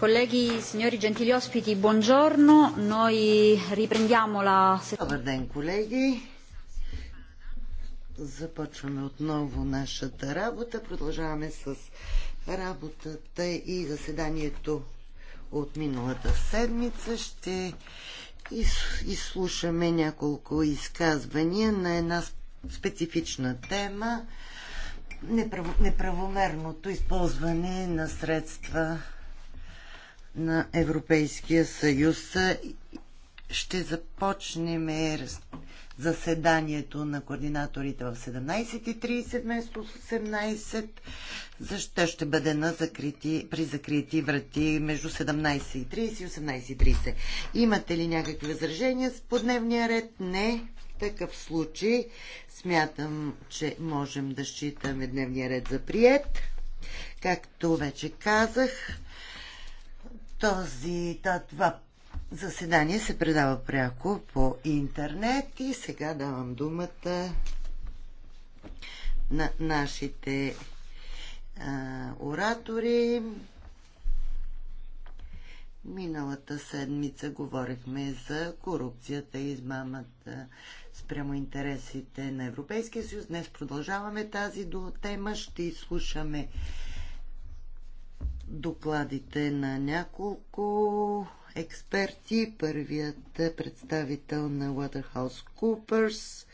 Колеги, signori gentili ospiti, buongiorno. Noi riprendiamo la... Добър ден, колеги. Започваме отново нашата работа. Продължаваме с работата и заседанието от миналата седмица. Ще изслушаме няколко изказвания на една специфична тема неправомерното използване на средства на Европейския съюз. Ще започнем заседанието на координаторите в 17.30 вместо 18, защо ще бъде на закрити, при закрити врати между 17.30 и 18.30. Имате ли някакви възражения по дневния ред? Не. В такъв случай смятам, че можем да считаме дневния ред за прият. Както вече казах, този, това заседание се предава пряко по интернет и сега давам думата на нашите а, оратори. Миналата седмица говорихме за корупцията и измамата спрямо интересите на Европейския съюз. Днес продължаваме тази тема. Ще изслушаме докладите на няколко експерти. Първият е представител на Waterhouse Coopers,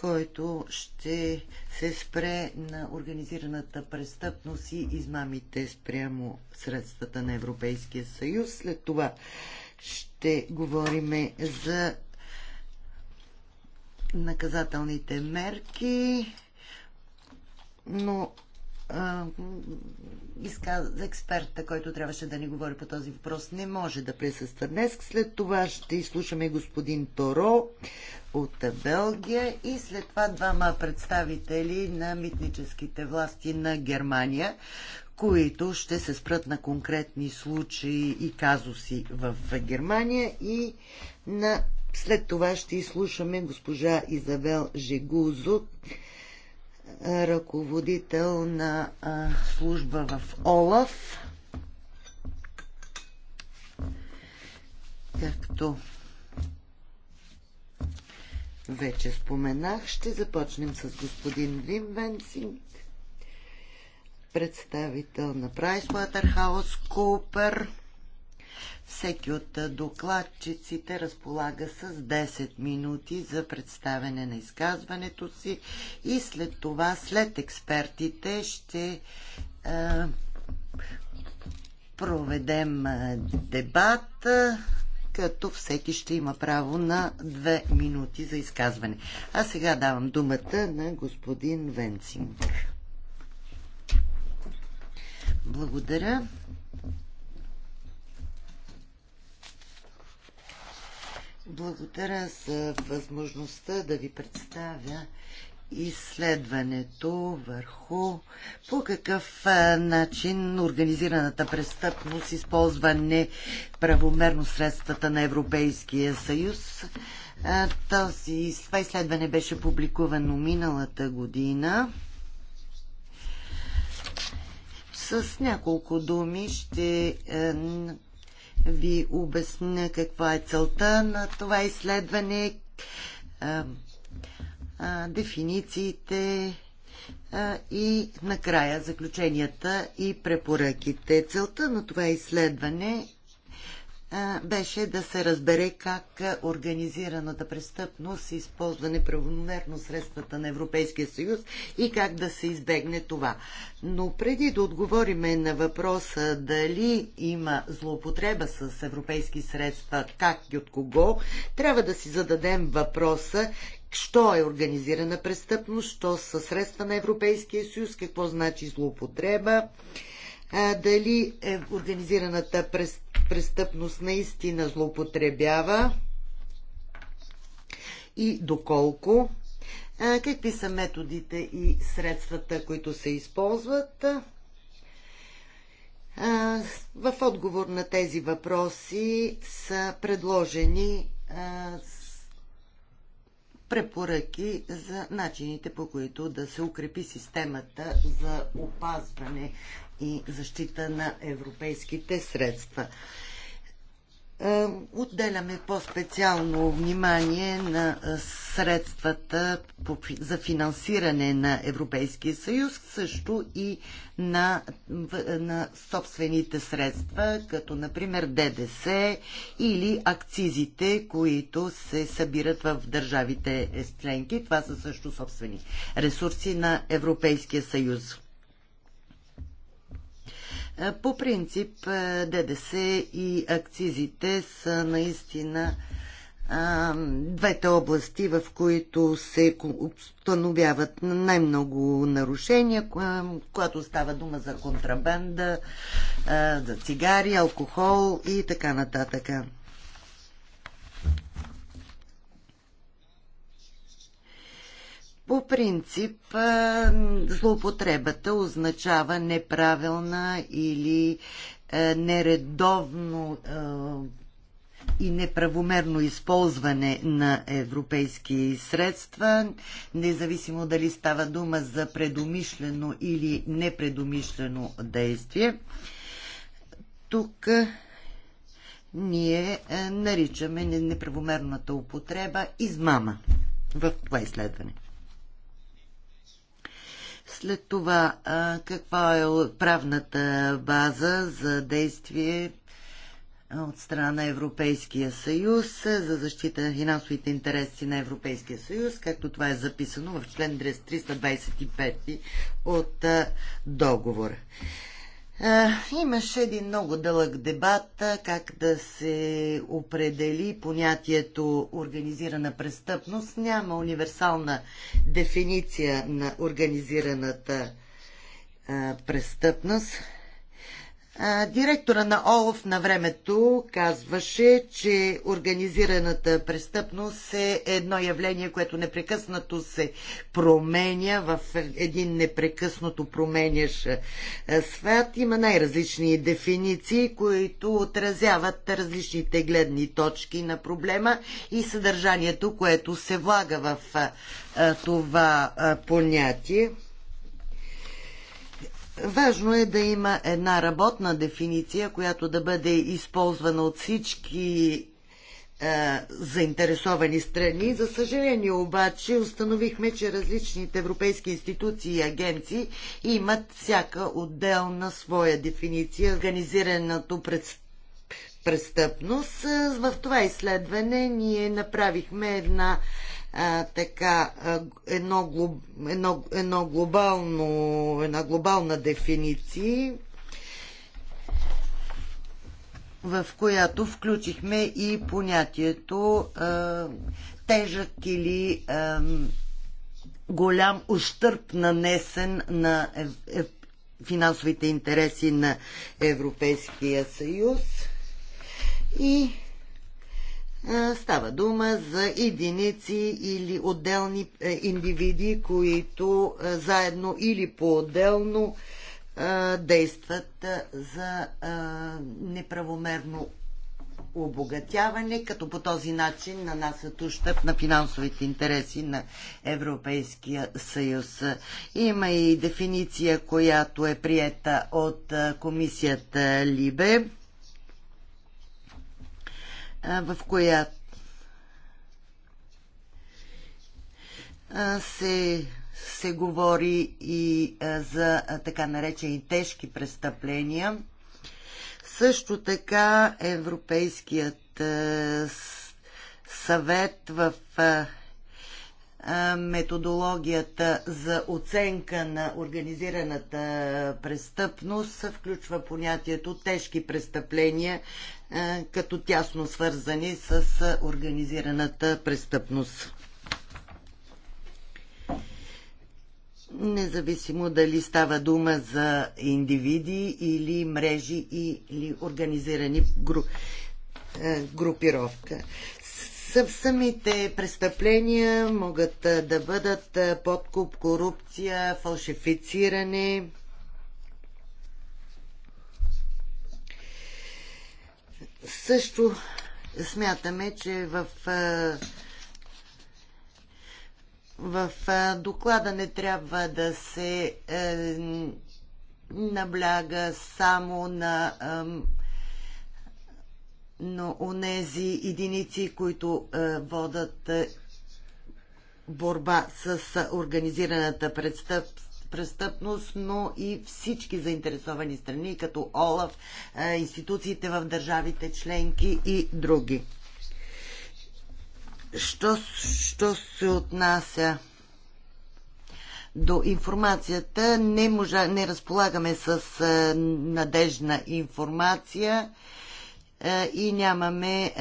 който ще се спре на организираната престъпност и измамите спрямо средствата на Европейския съюз. След това ще говорим за наказателните мерки, но експерта, който трябваше да ни говори по този въпрос, не може да присъства днес. След това ще изслушаме господин Торо от Белгия и след това двама представители на митническите власти на Германия, които ще се спрат на конкретни случаи и казуси в Германия и на след това ще изслушаме госпожа Изабел Жегузо, ръководител на служба в ОЛАФ. Както вече споменах, ще започнем с господин Вим Венсинг, представител на PricewaterhouseCoopers. Всеки от докладчиците разполага с 10 минути за представяне на изказването си и след това, след експертите, ще е, проведем е, дебат, е, като всеки ще има право на 2 минути за изказване. А сега давам думата на господин Венцинг. Благодаря. Благодаря за възможността да ви представя изследването върху по какъв начин организираната престъпност използва неправомерно средствата на Европейския съюз. Този, това изследване беше публикувано миналата година. С няколко думи ще е, ви обясня каква е целта на това изследване, дефинициите и накрая заключенията и препоръките. Целта на това изследване беше да се разбере как организираната престъпност използва неправомерно средствата на Европейския съюз и как да се избегне това. Но преди да отговориме на въпроса дали има злоупотреба с европейски средства, как и от кого, трябва да си зададем въпроса що е организирана престъпност, що са средства на Европейския съюз, какво значи злоупотреба дали е организираната престъпност наистина злоупотребява и доколко, какви са методите и средствата, които се използват. В отговор на тези въпроси са предложени препоръки за начините по които да се укрепи системата за опазване и защита на европейските средства. Е, отделяме по-специално внимание на е, средствата за финансиране на Европейския съюз, също и на, е, на собствените средства, като например ДДС или акцизите, които се събират в държавите членки. Това са също собствени ресурси на Европейския съюз. Е, по принцип е, ДДС и акцизите са наистина е, двете области, в които се установяват най-много нарушения, когато става дума за контрабанда, за цигари, алкохол и така нататък. По принцип, злоупотребата означава неправилна или нередовно и неправомерно използване на европейски средства, независимо дали става дума за предумишлено или непредумишлено действие. Тук ние наричаме неправомерната употреба измама в това изследване. След това, каква е правната база за действие от страна на Европейския съюз за защита на финансовите интереси на Европейския съюз, както това е записано в член 325 от договора. Имаше един много дълъг дебат как да се определи понятието организирана престъпност. Няма универсална дефиниция на организираната престъпност. Директора на ОЛФ на времето казваше, че организираната престъпност е едно явление, което непрекъснато се променя в един непрекъснато променяш свят. Има най-различни дефиниции, които отразяват различните гледни точки на проблема и съдържанието, което се влага в това понятие. Важно е да има една работна дефиниция, която да бъде използвана от всички е, заинтересовани страни. За съжаление обаче установихме, че различните европейски институции и агенции имат всяка отделна своя дефиниция. Организираното пред... престъпност. Е, в това изследване ние направихме една а, така едно, едно, едно глобално, една глобална дефиниция, в която включихме и понятието а, тежък или а, голям ущърп нанесен на е, е, финансовите интереси на Европейския съюз. И е, става дума за единици или отделни е, индивиди, които е, заедно или по-отделно действат за неправомерно обогатяване, като по този начин нанасят ущърп на финансовите интереси на Европейския съюз. Има и дефиниция, която е приета от комисията Либе в която се, се говори и за така наречени тежки престъпления. Също така Европейският съвет в методологията за оценка на организираната престъпност включва понятието тежки престъпления е, като тясно свързани с е, организираната престъпност. Независимо дали става дума за индивиди или мрежи или организирани е, групировка самите престъпления могат да бъдат подкуп, корупция, фалшифициране, Също смятаме, че в, в доклада не трябва да се е, набляга само на но онези единици, които е, водат е, борба с организираната престъп, престъпност, но и всички заинтересовани страни, като ОЛАФ, е, институциите в държавите членки и други. Що, що се отнася до информацията, не, можа, не разполагаме с е, надежна информация е, и нямаме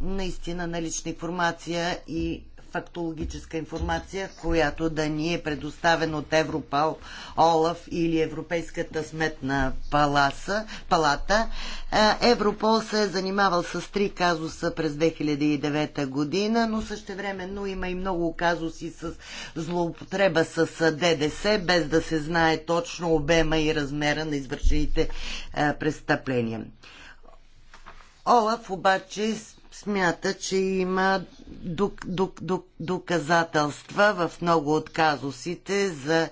наистина налична информация и фактологическа информация, която да ни е предоставена от Европал ОЛАФ или Европейската сметна паласа, палата. Европол се е занимавал с три казуса през 2009 година, но същевременно има и много казуси с злоупотреба с ДДС, без да се знае точно обема и размера на извършените престъпления. Олаф обаче смята, че има доказателства в много от казусите за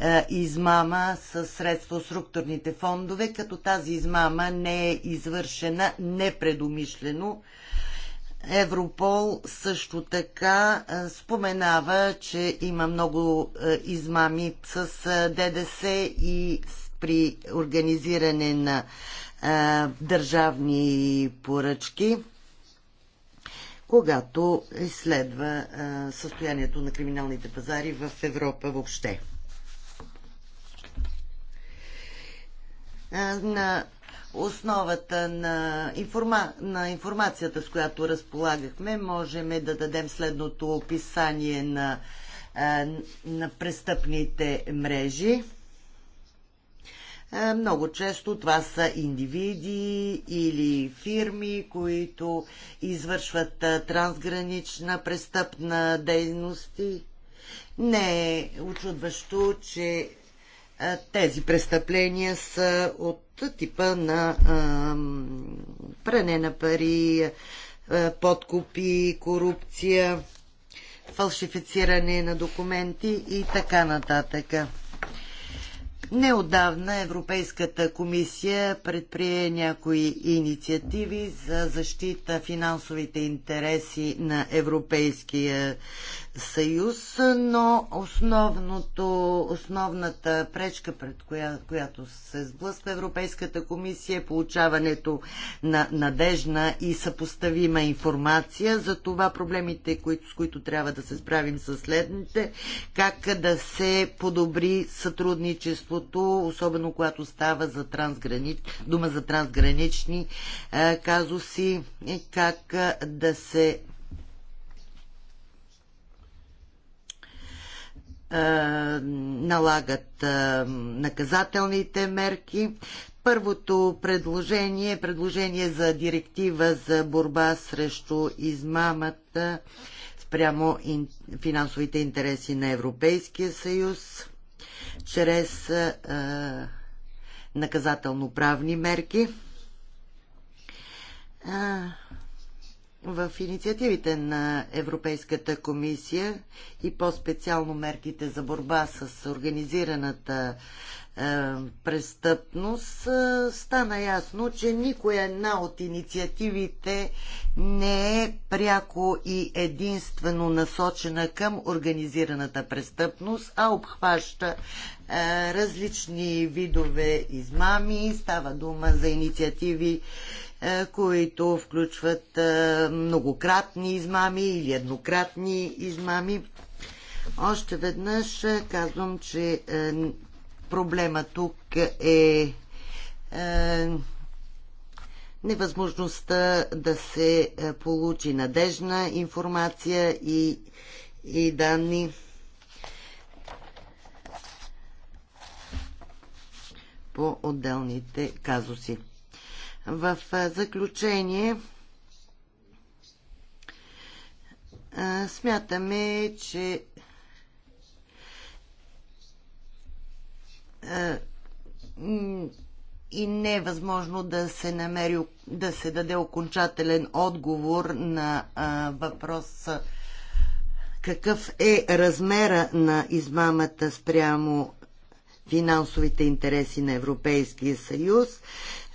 е, измама с средства от структурните фондове, като тази измама не е извършена непредумишлено. Европол също така е, споменава, че има много е, измами с ДДС и при организиране на държавни поръчки когато изследва състоянието на криминалните пазари в Европа въобще. На основата на, информа... на информацията, с която разполагахме, можем да дадем следното описание на, на престъпните мрежи. Е, много често това са индивиди или фирми, които извършват е, трансгранична престъпна дейност. Не е очудващо, че е, тези престъпления са от типа на пране на пари, подкупи, корупция, фалшифициране на документи и така нататък. Неодавна Европейската комисия предприе някои инициативи за защита финансовите интереси на Европейския съюз, но основното, основната пречка, пред коя, която се сблъсква Европейската комисия е получаването на надежна и съпоставима информация. За това проблемите, които, с които трябва да се справим са следните. Как да се подобри сътрудничеството, особено когато става за трансгранич... дума за трансгранични е, казуси, как да се налагат наказателните мерки. Първото предложение е предложение за директива за борба срещу измамата спрямо финансовите интереси на Европейския съюз чрез наказателно-правни мерки в инициативите на Европейската комисия и по-специално мерките за борба с организираната е, престъпност, е, стана ясно, че никоя една от инициативите не е пряко и единствено насочена към организираната престъпност, а обхваща е, различни видове измами. Става дума за инициативи е, които включват е, многократни измами или еднократни измами. Още веднъж е, казвам, че проблема тук е невъзможността да се получи надежна информация и, и данни. по отделните казуси. В заключение смятаме, че и не е възможно да се намери, да се даде окончателен отговор на въпрос, въпроса какъв е размера на измамата спрямо финансовите интереси на Европейския съюз.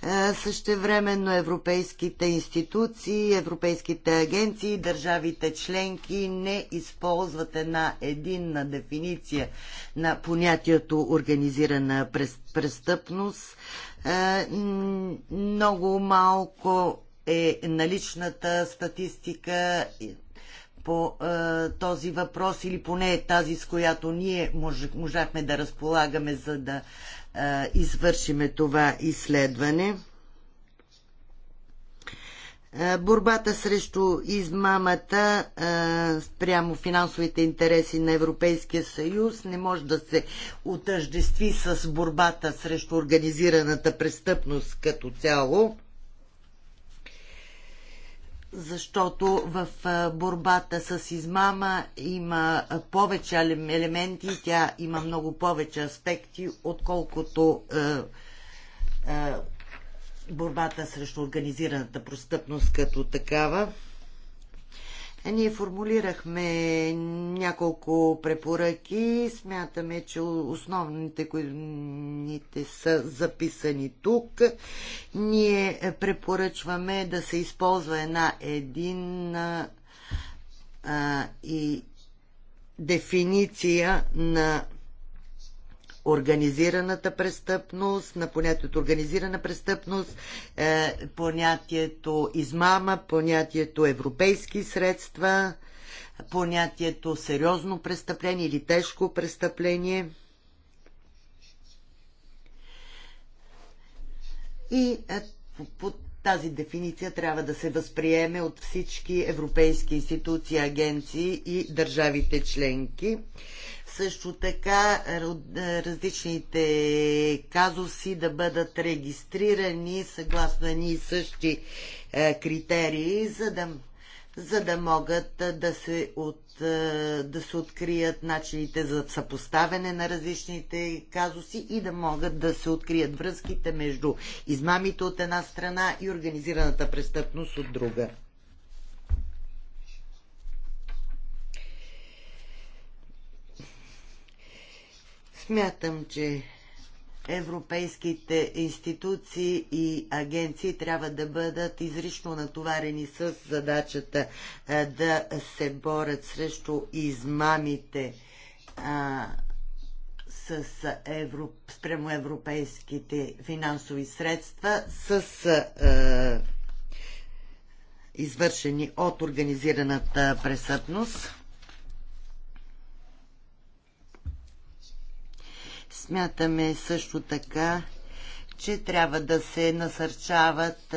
Е, същевременно европейските институции, европейските агенции, държавите членки не използват една единна дефиниция на понятието организирана престъпност. Е, много малко е наличната статистика по е, този въпрос или поне тази, с която ние мож, можахме да разполагаме, за да е, извършиме това изследване. Е, борбата срещу измамата прямо спрямо финансовите интереси на Европейския съюз не може да се отъждестви с борбата срещу организираната престъпност като цяло защото в борбата с измама има повече елементи, тя има много повече аспекти, отколкото е, е, борбата срещу организираната престъпност като такава. Ние формулирахме няколко препоръки. Смятаме, че основните, които са записани тук, ние препоръчваме да се използва една единна и дефиниция на организираната престъпност, на понятието организирана престъпност, е, понятието измама, понятието европейски средства, понятието сериозно престъпление или тежко престъпление. И е, по, по, тази дефиниция трябва да се възприеме от всички европейски институции, агенции и държавите членки. Също така е, различните казуси да бъдат регистрирани съгласно едни и същи е, критерии, за да, за да могат е, да се от е, да се открият начините за съпоставяне на различните казуси и да могат да се открият връзките между измамите от една страна и организираната престъпност от друга. Смятам, че европейските институции и агенции трябва да бъдат изрично натоварени с задачата да се борят срещу измамите а, с евро, спрямо европейските финансови средства с а, извършени от организираната престъпност. Смятаме също така, че трябва да се насърчават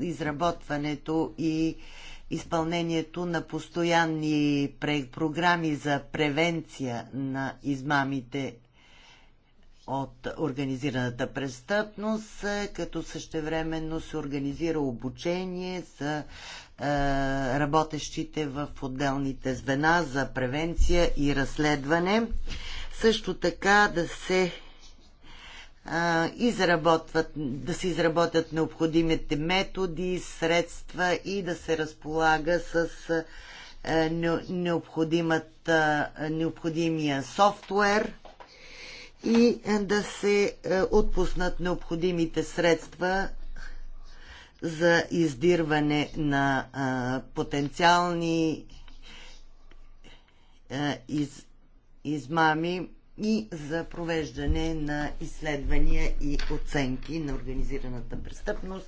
изработването и изпълнението на постоянни програми за превенция на измамите от организираната престъпност, е, като същевременно се организира обучение за е, работещите в отделните звена за превенция и разследване. Също така да се е, изработват, да се изработят необходимите методи, средства и да се разполага с необходимия софтуер, и е, да се е, отпуснат необходимите средства за издирване на е, потенциални из, измами и за провеждане на изследвания и оценки на организираната престъпност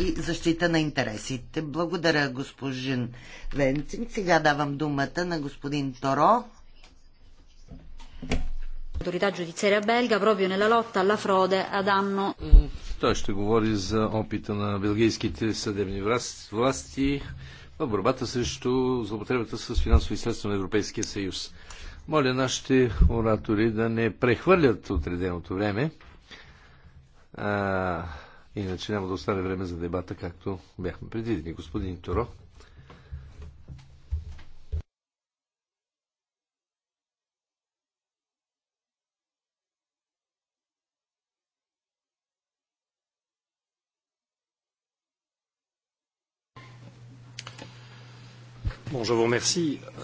и защита на интересите. Благодаря, госпожин Венцин. Сега давам думата на господин Торо. Mm, той ще говори за опита на белгийските съдебни власти в борбата срещу злоупотребата с финансови средства на Европейския съюз. Моля нашите оратори да не прехвърлят отреденото време, а, иначе няма да остане време за дебата, както бяхме предвидени. Господин Торо.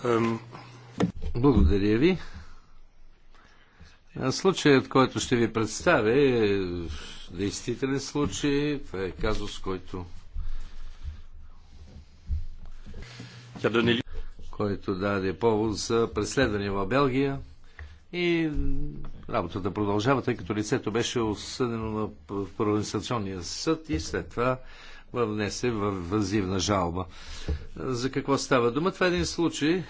Euh, Благодаря ви. Случаят, който ще ви представя, е действителен случай. Това е казус, който който даде повод за преследване в Белгия и работата продължава, тъй като лицето беше осъдено в първоинстанционния съд и след това внесе в възивна жалба. За какво става дума? Това е един случай,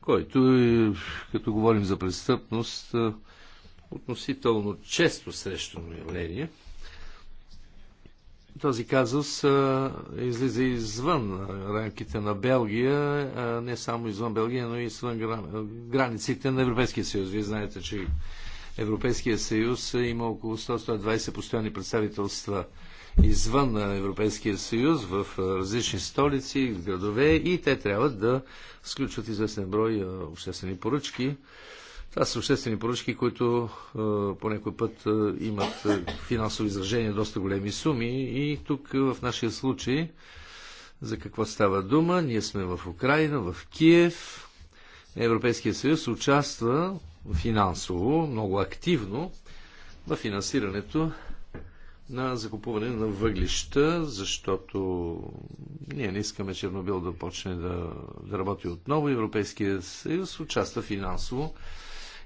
който, е, като говорим за престъпност, е, относително често срещано явление. Този казус а, е, излиза извън рамките на Белгия, а, не само извън Белгия, но и извън границите на Европейския съюз. Вие знаете, че Европейския съюз има около 100 120 постоянни представителства извън Европейския съюз, в различни столици, градове и те трябва да сключват известен брой обществени поръчки. Това са обществени поръчки, които по някой път имат финансово изражение доста големи суми и тук в нашия случай за какво става дума. Ние сме в Украина, в Киев. Европейския съюз участва финансово, много активно в финансирането на закупуване на въглища, защото ние не искаме Чернобил да почне да, да работи отново. Европейския съюз участва финансово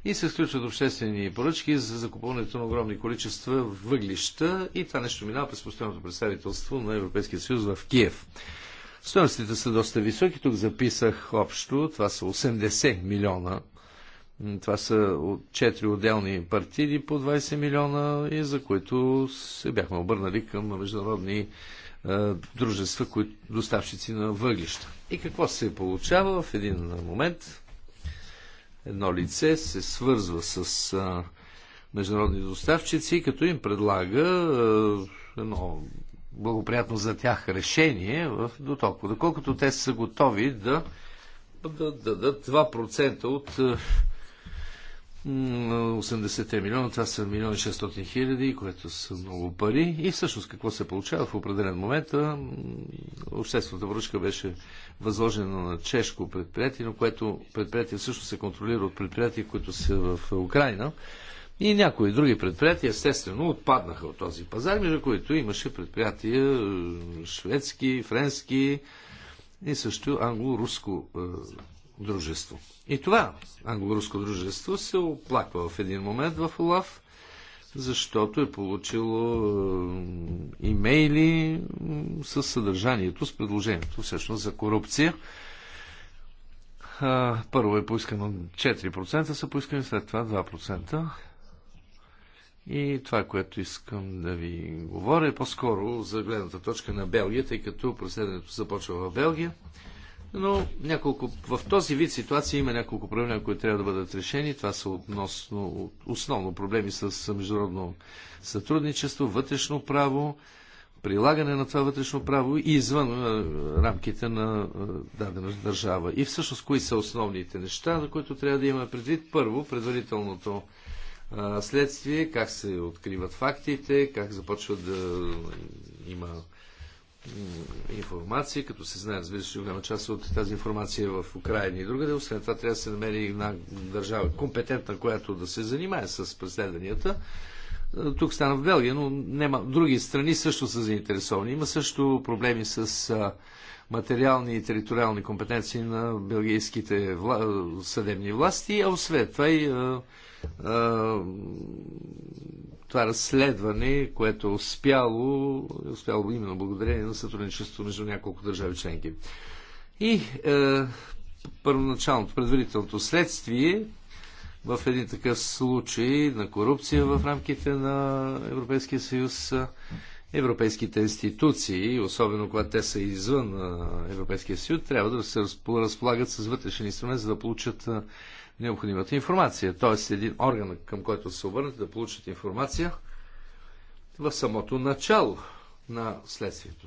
и се изключват обществени поръчки за закупуването на огромни количества въглища и това нещо минава през постоянното представителство на Европейския съюз в Киев. Стоеностите са доста високи. Тук записах общо, това са 80 милиона това са четири отделни партиди по 20 милиона и за които се бяхме обърнали към международни е, дружества, които доставчици на въглища. И какво се получава в един момент? Едно лице се свързва с е, международни доставчици, като им предлага е, едно благоприятно за тях решение в, до толкова, доколкото те са готови да, да, да дадат 2% от е, 80-те милиона, това са милиони 600 хиляди, което са много пари. И всъщност какво се получава в определен момент? Обществената връзка беше възложена на чешко предприятие, но което предприятие също се контролира от предприятия, които са в Украина. И някои други предприятия, естествено, отпаднаха от този пазар, между които имаше предприятия е, шведски, френски и също англо-руско е, дружество. И това англо-руско дружество се оплаква в един момент в ОЛАФ, защото е получило е, имейли с съдържанието, с предложението всъщност за корупция. Първо е поискано 4%, са поискани след това 2%. И това, което искам да ви говоря е по-скоро за гледната точка на Белгия, тъй като преследването започва в Белгия. Но няколко, в този вид ситуация има няколко проблеми, които трябва да бъдат решени. Това са относно, основно проблеми с международно сътрудничество, вътрешно право, прилагане на това вътрешно право и извън рамките на дадена държава. И всъщност кои са основните неща, на които трябва да имаме предвид? Първо, предварителното следствие, как се откриват фактите, как започват да има информация, като се знае, разбира се, голяма част от тази информация е в Украина и другаде. Освен това, трябва да се намери една държава компетентна, която да се занимае с преследванията. Е, тук стана в Белгия, но нема. други страни също са заинтересовани. Има също проблеми с материални и териториални компетенции на белгийските вла... Е, съдебни власти, а освен това и а, а, това разследване, което е успяло, е успяло именно благодарение на сътрудничество между няколко държави членки. И е, първоначалното, предварителното следствие в един такъв случай на корупция в рамките на Европейския съюз европейските институции, особено когато те са извън е, Европейския съюз, трябва да се разполагат с вътрешен инструмент, за да получат е, необходимата информация. Т.е. един орган, към който се обърнете да получат информация в самото начало на следствието.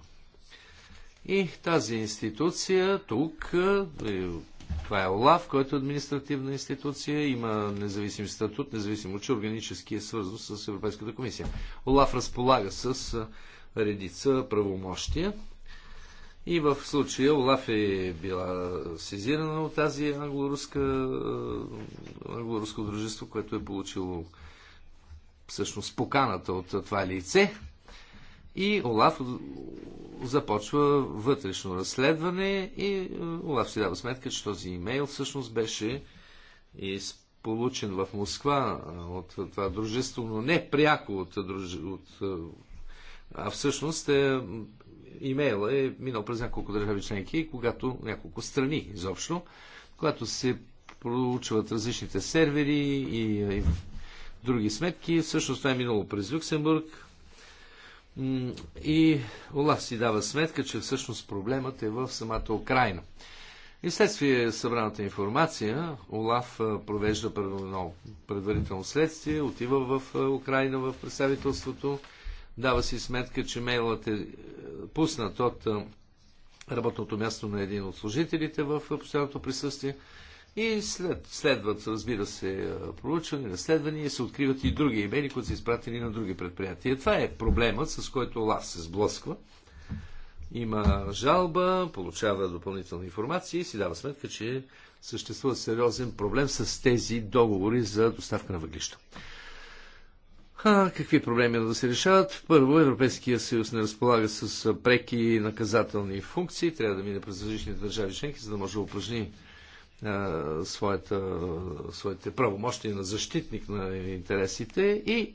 И тази институция тук, е, това е ОЛАВ, който е административна институция, има независим статут, независимо, че органически е свързан с Европейската комисия. ОЛАВ разполага с е, редица правомощия и в случая Олаф е била сезирана от тази е, англоруско дружество, което е получило всъщност поканата от това лице. И Олаф започва вътрешно разследване и е, Олаф си дава сметка, че този имейл всъщност беше получен в Москва от това дружество, но не пряко от, от е, а всъщност е имейла е минал през няколко държави членки когато няколко страни изобщо, когато се проучват различните сервери и, и други сметки, всъщност това е минало през Люксембург и Олаф си дава сметка, че всъщност проблемът е в самата Украина. И следствие събраната информация, Олаф провежда предварително следствие, отива в Украина в представителството, Дава си сметка, че мейлът е, е пуснат от е, работното място на един от служителите в е, постоянното присъствие. И след, следват, разбира се, проучване, разследвания и се откриват и други имейли, които са изпратени на други предприятия. Това е проблемът, с който ЛАВ се сблъсква. Има жалба, получава допълнителна информация и си дава сметка, че съществува сериозен проблем с тези договори за доставка на въглища. А, какви проблеми да се решават? Първо, Европейския съюз не разполага с преки наказателни функции, трябва да мине през различните държави членки, за да може да упражни а, своята, своите правомощия на защитник на интересите и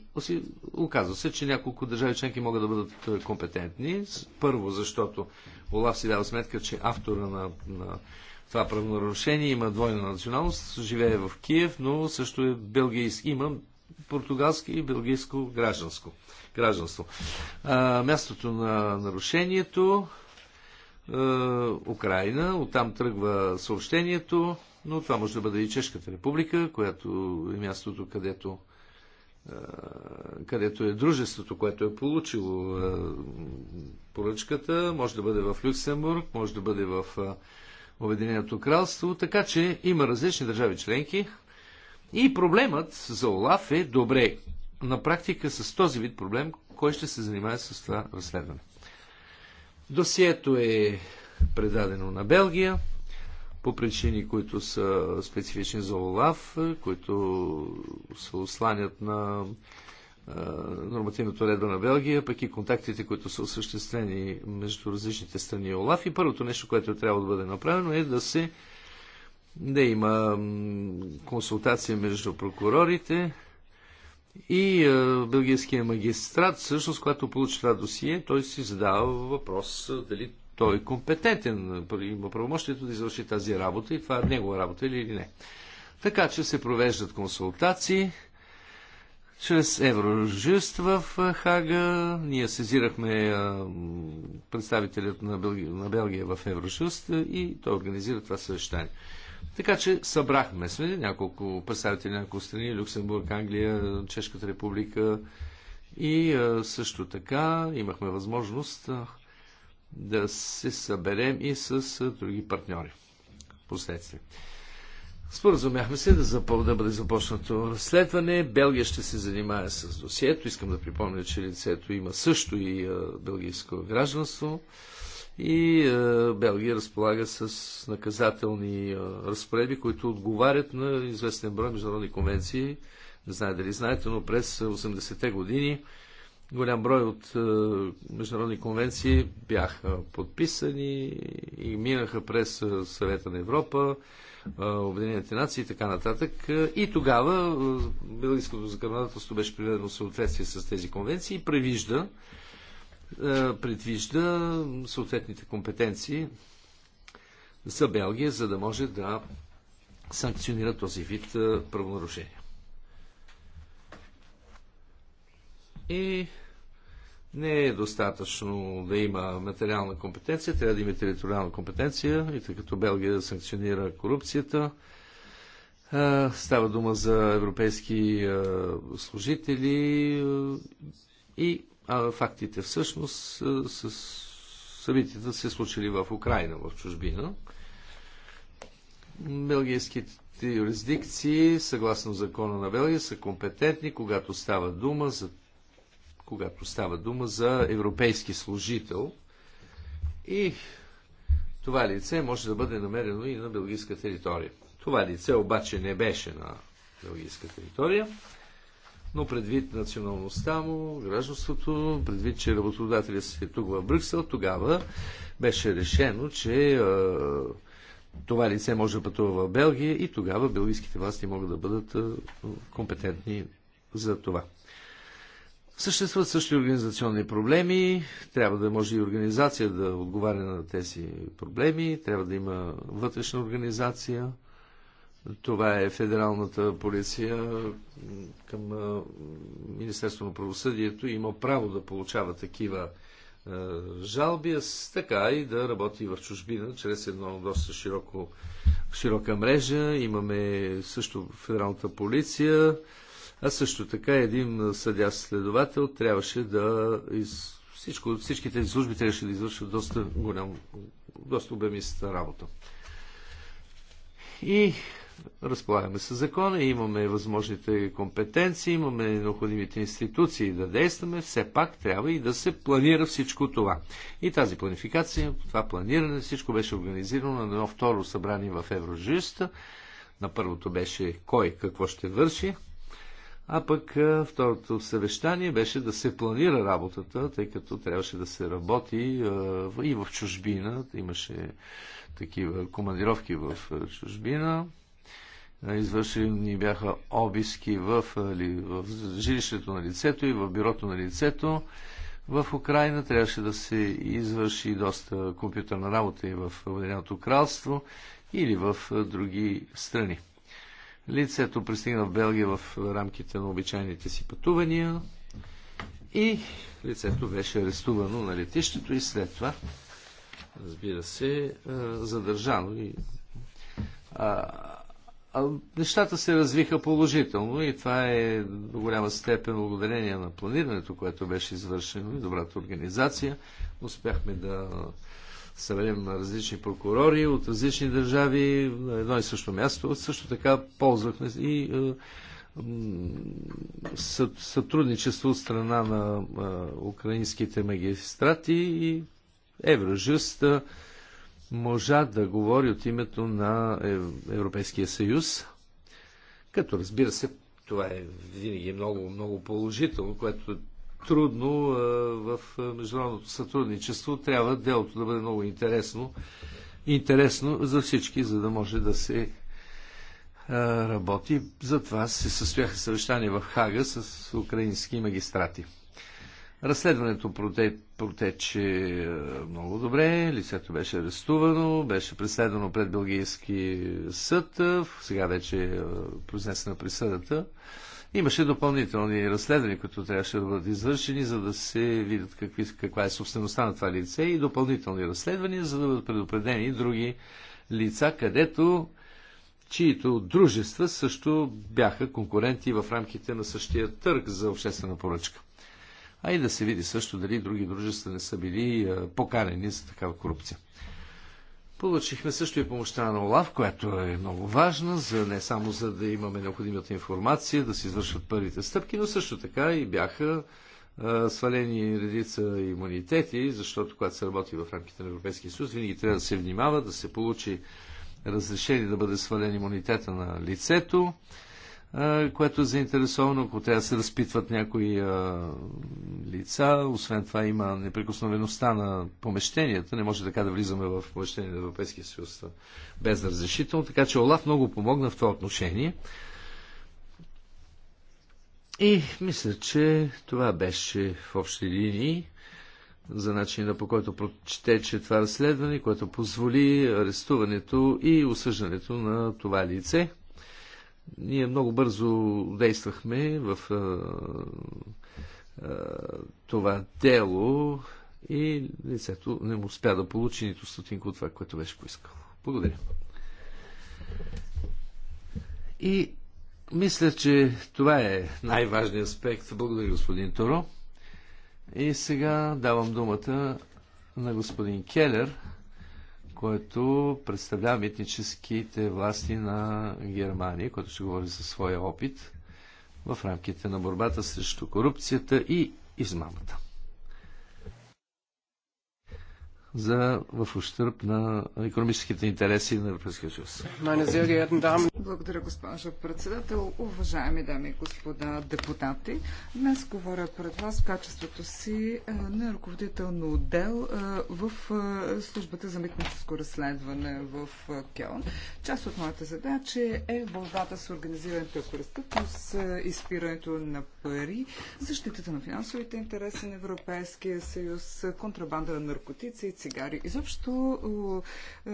оказва се, че няколко държави членки могат да бъдат компетентни. Първо, защото Олаф си дава сметка, че автора на, на това правонарушение има двойна националност, живее в Киев, но също е белгийски, има португалски и белгийско гражданско, гражданство. А, мястото на нарушението а, Украина, оттам тръгва съобщението, но това може да бъде и Чешката република, която е мястото, където където е дружеството, което е получило поръчката, може да бъде в Люксембург, може да бъде в Обединеното кралство, така че има различни държави членки, и проблемът за Олаф е добре. На практика с този вид проблем, кой ще се занимае с това разследване? Досието е предадено на Белгия по причини, които са специфични за ОЛАВ, които се осланят на нормативната редба на Белгия, пък и контактите, които са осъществени между различните страни и ОЛАФ. И първото нещо, което трябва да бъде направено е да се да има консултация между прокурорите и е, бългийския магистрат. Всъщност, когато получи това досие, той си задава въпрос е, дали той е компетентен, е, има правомощието да извърши тази работа и това е негова работа или не. Така че се провеждат консултации чрез Евроюст в Хага. Ние сезирахме представителят на Белгия, в Евроюст и той организира това съвещание. Така че събрахме сме няколко представители на няколко страни, Люксембург, Англия, Чешката република и също така имахме възможност да се съберем и с други партньори. Последствие. Споразумяхме се да, запъл, да бъде започнато разследване. Белгия ще се занимае с досието. Искам да припомня, че лицето има също и белгийско гражданство и е, Белгия разполага с наказателни е, разпоредби, които отговарят на известен брой международни конвенции. Не знае дали знаете, но през 80-те години голям брой от е, международни конвенции бяха подписани и минаха през Съвета на Европа, Обединените нации и така нататък. И тогава Белгийското законодателство беше приведено в съответствие с тези конвенции и превижда е, предвижда съответните компетенции за Белгия, за да може да санкционира този вид е, правонарушения. И не е достатъчно да има материална компетенция, трябва да има териториална компетенция и тъй като Белгия санкционира корупцията, е, става дума за европейски служители и а фактите всъщност с събитията се случили в Украина, в чужбина. Белгийските юрисдикции, съгласно закона на Белгия, са компетентни, когато става дума за, когато става дума за европейски служител. И това лице може да бъде намерено и на белгийска територия. Това лице обаче не беше на белгийска територия но предвид националността му, гражданството, предвид, че работодателя си е тук в Брюксел, тогава беше решено, че а, това лице може да пътува в Белгия и тогава белгийските власти могат да бъдат а, компетентни за това. Съществуват също и организационни проблеми, трябва да може и организация да отговаря на тези проблеми, трябва да има вътрешна организация, това е федералната полиция към Министерство на правосъдието има право да получава такива жалби, така и да работи в чужбина, чрез едно доста широко, широка мрежа. Имаме също федералната полиция, а също така един съдя-следовател трябваше да из... Всичко, всички тези служби трябваше да извършат доста голям, доста обемиста работа. И разполагаме с закона, имаме възможните компетенции, имаме необходимите институции да действаме, все пак трябва и да се планира всичко това. И тази планификация, това планиране, всичко беше организирано на едно второ събрание в Еврожиста. На първото беше кой какво ще върши, а пък второто съвещание беше да се планира работата, тъй като трябваше да се работи и в чужбина. Имаше такива командировки в чужбина извършени бяха обиски в, в жилището на лицето и в бюрото на лицето. В Украина трябваше да се извърши доста компютърна работа и в Обединеното кралство или в други страни. Лицето пристигна в Белгия в рамките на обичайните си пътувания и лицето беше арестувано на летището и след това, разбира се, задържано и а, нещата се развиха положително и това е до голяма степен благодарение на планирането, което беше извършено и добрата организация. Успяхме да съберем на различни прокурори от различни държави на едно и също място. Също така ползвахме и сътрудничество от страна на украинските магистрати и Евражиста можа да говори от името на Европейския съюз, като разбира се, това е винаги много, много положително, което е трудно в международното сътрудничество. Трябва делото да бъде много интересно, интересно за всички, за да може да се работи. Затова се състояха съвещания в Хага с украински магистрати. Разследването проте, протече е, много добре. Лицето беше арестувано, беше преследвано пред Белгийски съд. Е, сега вече е произнесена присъдата. Имаше допълнителни разследвания, които трябваше да бъдат извършени, за да се видят какви, каква е собствеността на това лице и допълнителни разследвания, за да бъдат предупредени други лица, където чието дружества също бяха конкуренти в рамките на същия търг за обществена поръчка а и да се види също дали други дружества не са били поканени за такава корупция. Получихме също и помощта на ОЛАВ, която е много важна, за не само за да имаме необходимата информация, да се извършват първите стъпки, но също така и бяха а, свалени редица имунитети, защото когато се работи в рамките на Европейския съюз, винаги трябва да се внимава, да се получи разрешение да бъде свален имунитета на лицето, което е заинтересовано, ако трябва да се разпитват някои а, лица. Освен това има неприкосновеността на помещенията. Не може така да влизаме в помещение на Европейския съюз без разрешително. Така че Олаф много помогна в това отношение. И мисля, че това беше в общи линии за начина по който прочетече това разследване, което позволи арестуването и осъждането на това лице. Ние много бързо действахме в а, а, това дело и лицето не му успя да получи нито стотинка от това, което беше поискало. Благодаря. И мисля, че това е най-важният аспект. Благодаря, господин Торо. И сега давам думата на господин Келер което представлява митническите власти на Германия, който ще говори за своя опит в рамките на борбата срещу корупцията и измамата за, в ущърп на економическите интереси на Европейския съюз. Благодаря, госпожо председател. Уважаеми дами и господа депутати, днес говоря пред вас в качеството си е, на ръководител на отдел е, в е, службата за митническо разследване в Келн. Част от моята задача е борбата с организирането престъпност, изпирането на пари, защитата на финансовите интереси на Европейския съюз, контрабанда на наркотици и цигари. Изобщо е,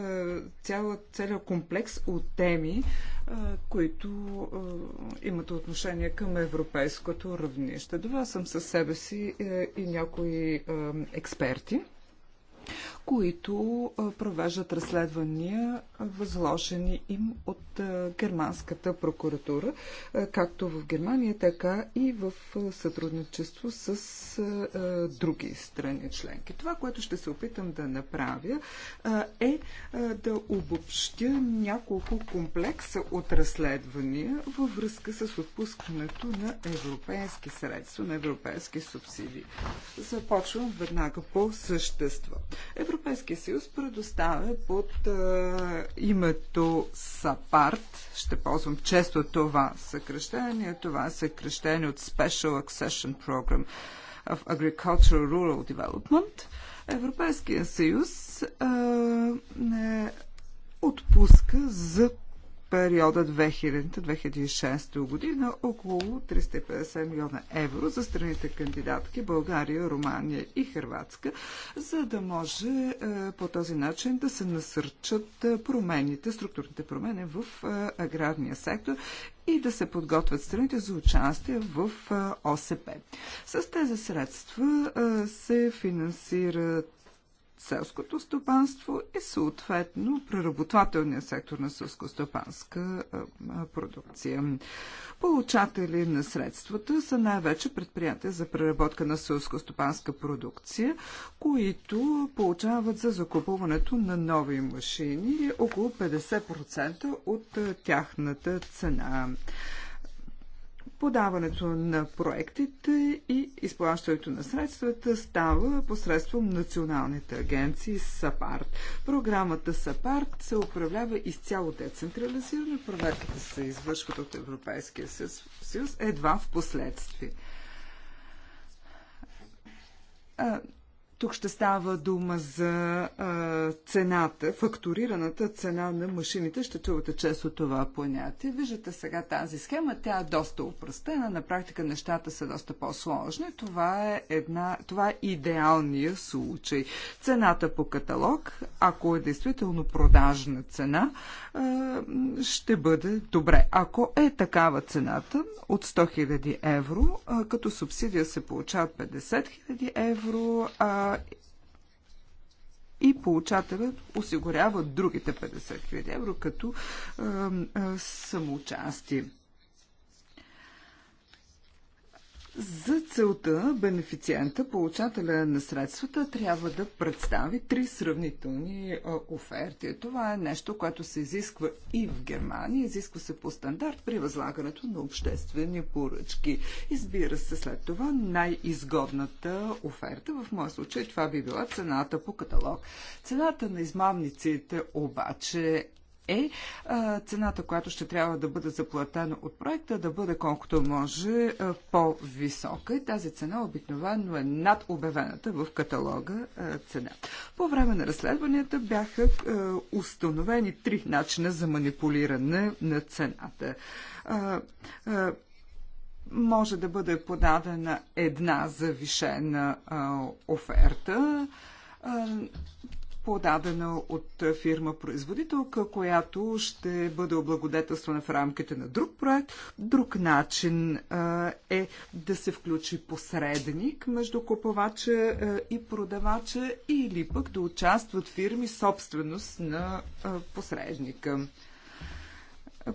цялът, целият комплекс от теми, е, които имат отношение към европейското равнище. това съм със себе си е, и някои експерти които провеждат разследвания, възложени им от германската прокуратура, както в Германия, така и в сътрудничество с други страни членки. Това, което ще се опитам да направя, е да обобщя няколко комплекса от разследвания във връзка с отпускането на европейски средства, на европейски субсидии. Започвам веднага по същество. Европейския съюз предоставя под а, името САПАРТ, ще ползвам често това съкрещение, това е съкрещение от Special Accession Program of Agricultural Rural Development. Европейския съюз а, не отпуска за периода 2000-2006 година около 350 милиона евро за страните кандидатки България, Румъния и Хрватска, за да може е, по този начин да се насърчат е, промените, структурните промени в е, аграрния сектор и да се подготвят страните за участие в ОСП. С тези средства се финансират селското стопанство и съответно преработвателния сектор на селско-стопанска продукция. Получатели на средствата са най-вече предприятия за преработка на селско-стопанска продукция, които получават за закупуването на нови машини около 50% от тяхната цена. Подаването на проектите и изплащането на средствата става посредством националните агенции САПАРТ. Програмата САПАРТ се управлява изцяло децентрализирано. Проверките се извършват от Европейския съюз едва в последствие. Тук ще става дума за а, цената, фактурираната цена на машините. Ще чувате често това понятие. Виждате сега тази схема. Тя е доста упростена. На практика нещата са доста по-сложни. Това е, една, това е идеалния случай. Цената по каталог, ако е действително продажна цена, а, ще бъде добре. Ако е такава цената от 100 000 евро, а, като субсидия се получават 50 000 евро, а и получателят осигурява другите 50 000 евро като самоучастие. За целта бенефициента, получателя на средствата, трябва да представи три сравнителни е, оферти. Това е нещо, което се изисква и в Германия, изисква се по стандарт при възлагането на обществени поръчки. Избира се след това най-изгодната оферта. В моя случай това би била цената по каталог. Цената на измамниците обаче е цената, която ще трябва да бъде заплатена от проекта, да бъде колкото може по-висока. И тази цена обикновено е над обявената в каталога цена. По време на разследванията бяха установени три начина за манипулиране на цената може да бъде подадена една завишена а, оферта подадена от фирма-производителка, която ще бъде облагодетелствана в рамките на друг проект. Друг начин е да се включи посредник между купувача и продавача или пък да участват фирми собственост на посредника.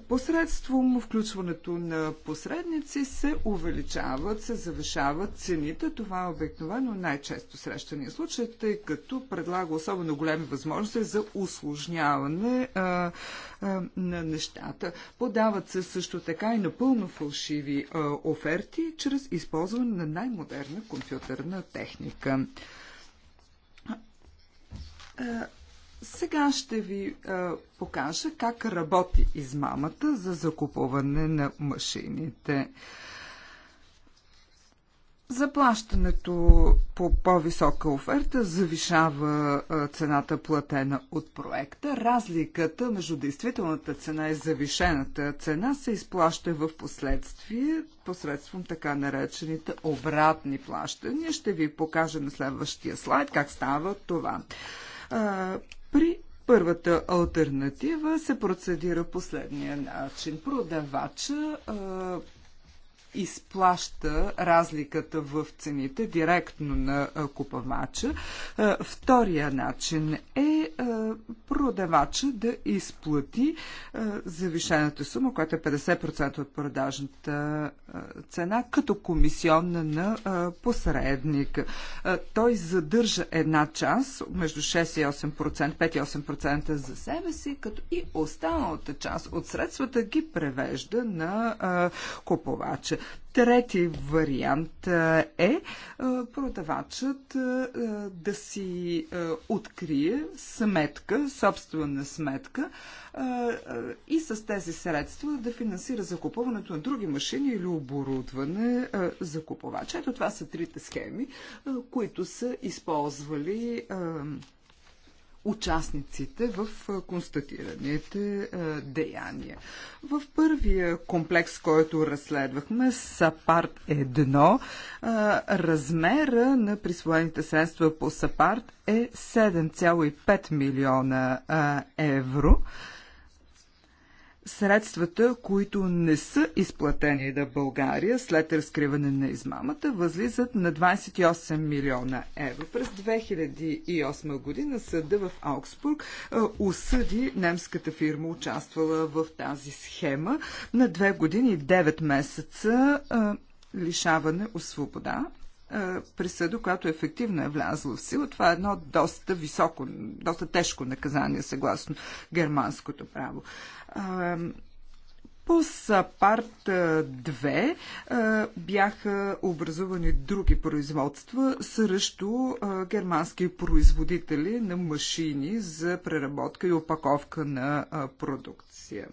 Посредством включването на посредници се увеличават, се завишават цените. Това е обикновено най-често срещания случай, тъй като предлага особено големи възможности за усложняване а, а, на нещата. Подават се също така и напълно фалшиви а, оферти чрез използване на най-модерна компютърна техника. Сега ще ви а, покажа как работи измамата за закупуване на машините. Заплащането по по-висока оферта завишава цената платена от проекта. Разликата между действителната цена и завишената цена се изплаща в последствие посредством така наречените обратни плащания. Ще ви покажа на следващия слайд как става това при първата альтернатива се процедира последния начин. Продавача изплаща разликата в цените директно на купавача. Втория начин е продавача да изплати завишената сума, която е 50% от продажната цена, като комисионна на посредника. Той задържа една част, между 6 и 8%, 5 и 8% за себе си, като и останалата част от средствата ги превежда на купувача. Трети вариант е продавачът да си открие сметка, собствена сметка и с тези средства да финансира закупуването на други машини или оборудване за купувача. Ето това са трите схеми, които са използвали участниците в констатираните деяния. В първия комплекс, който разследвахме, САПАРТ 1, размера на присвоените средства по САПАРТ е 7,5 милиона евро средствата, които не са изплатени на България след разкриване на измамата, възлизат на 28 милиона евро. През 2008 година съда в Аугсбург осъди немската фирма, участвала в тази схема, на 2 години и 9 месеца лишаване от свобода. Е, присъда, която ефективно е влязла в сила. Това е едно доста високо, доста тежко наказание, съгласно германското право. Е, по САПАРТ 2 е, бяха образувани други производства срещу германски производители на машини за преработка и опаковка на продукция.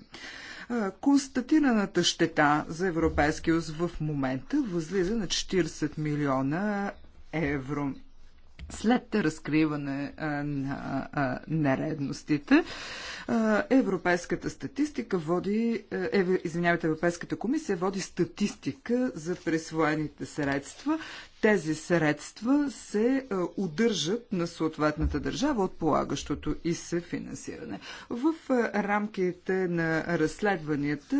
Констатираната щета за Европейския съюз в момента възлиза на 40 милиона евро. След разкриване на нередностите, Европейската статистика води, извинявайте, Европейската комисия води статистика за присвоените средства тези средства се е, удържат на съответната държава от полагащото и се финансиране. В е, рамките на разследванията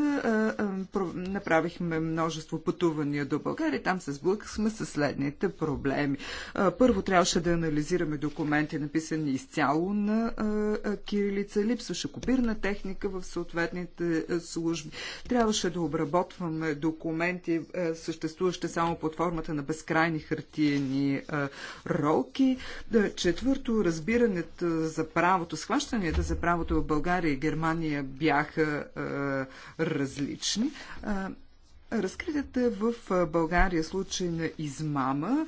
е, направихме множество пътувания до България. Там се сблъкахме с следните проблеми. Първо трябваше да анализираме документи, написани изцяло на кирилица. Липсваше копирна техника в съответните служби. Трябваше да обработваме документи, съществуващи само под формата на безкрайни специални хартиени ролки. Четвърто, разбирането за правото, схващанията за правото в България и Германия бяха различни. Разкритите в България случай на измама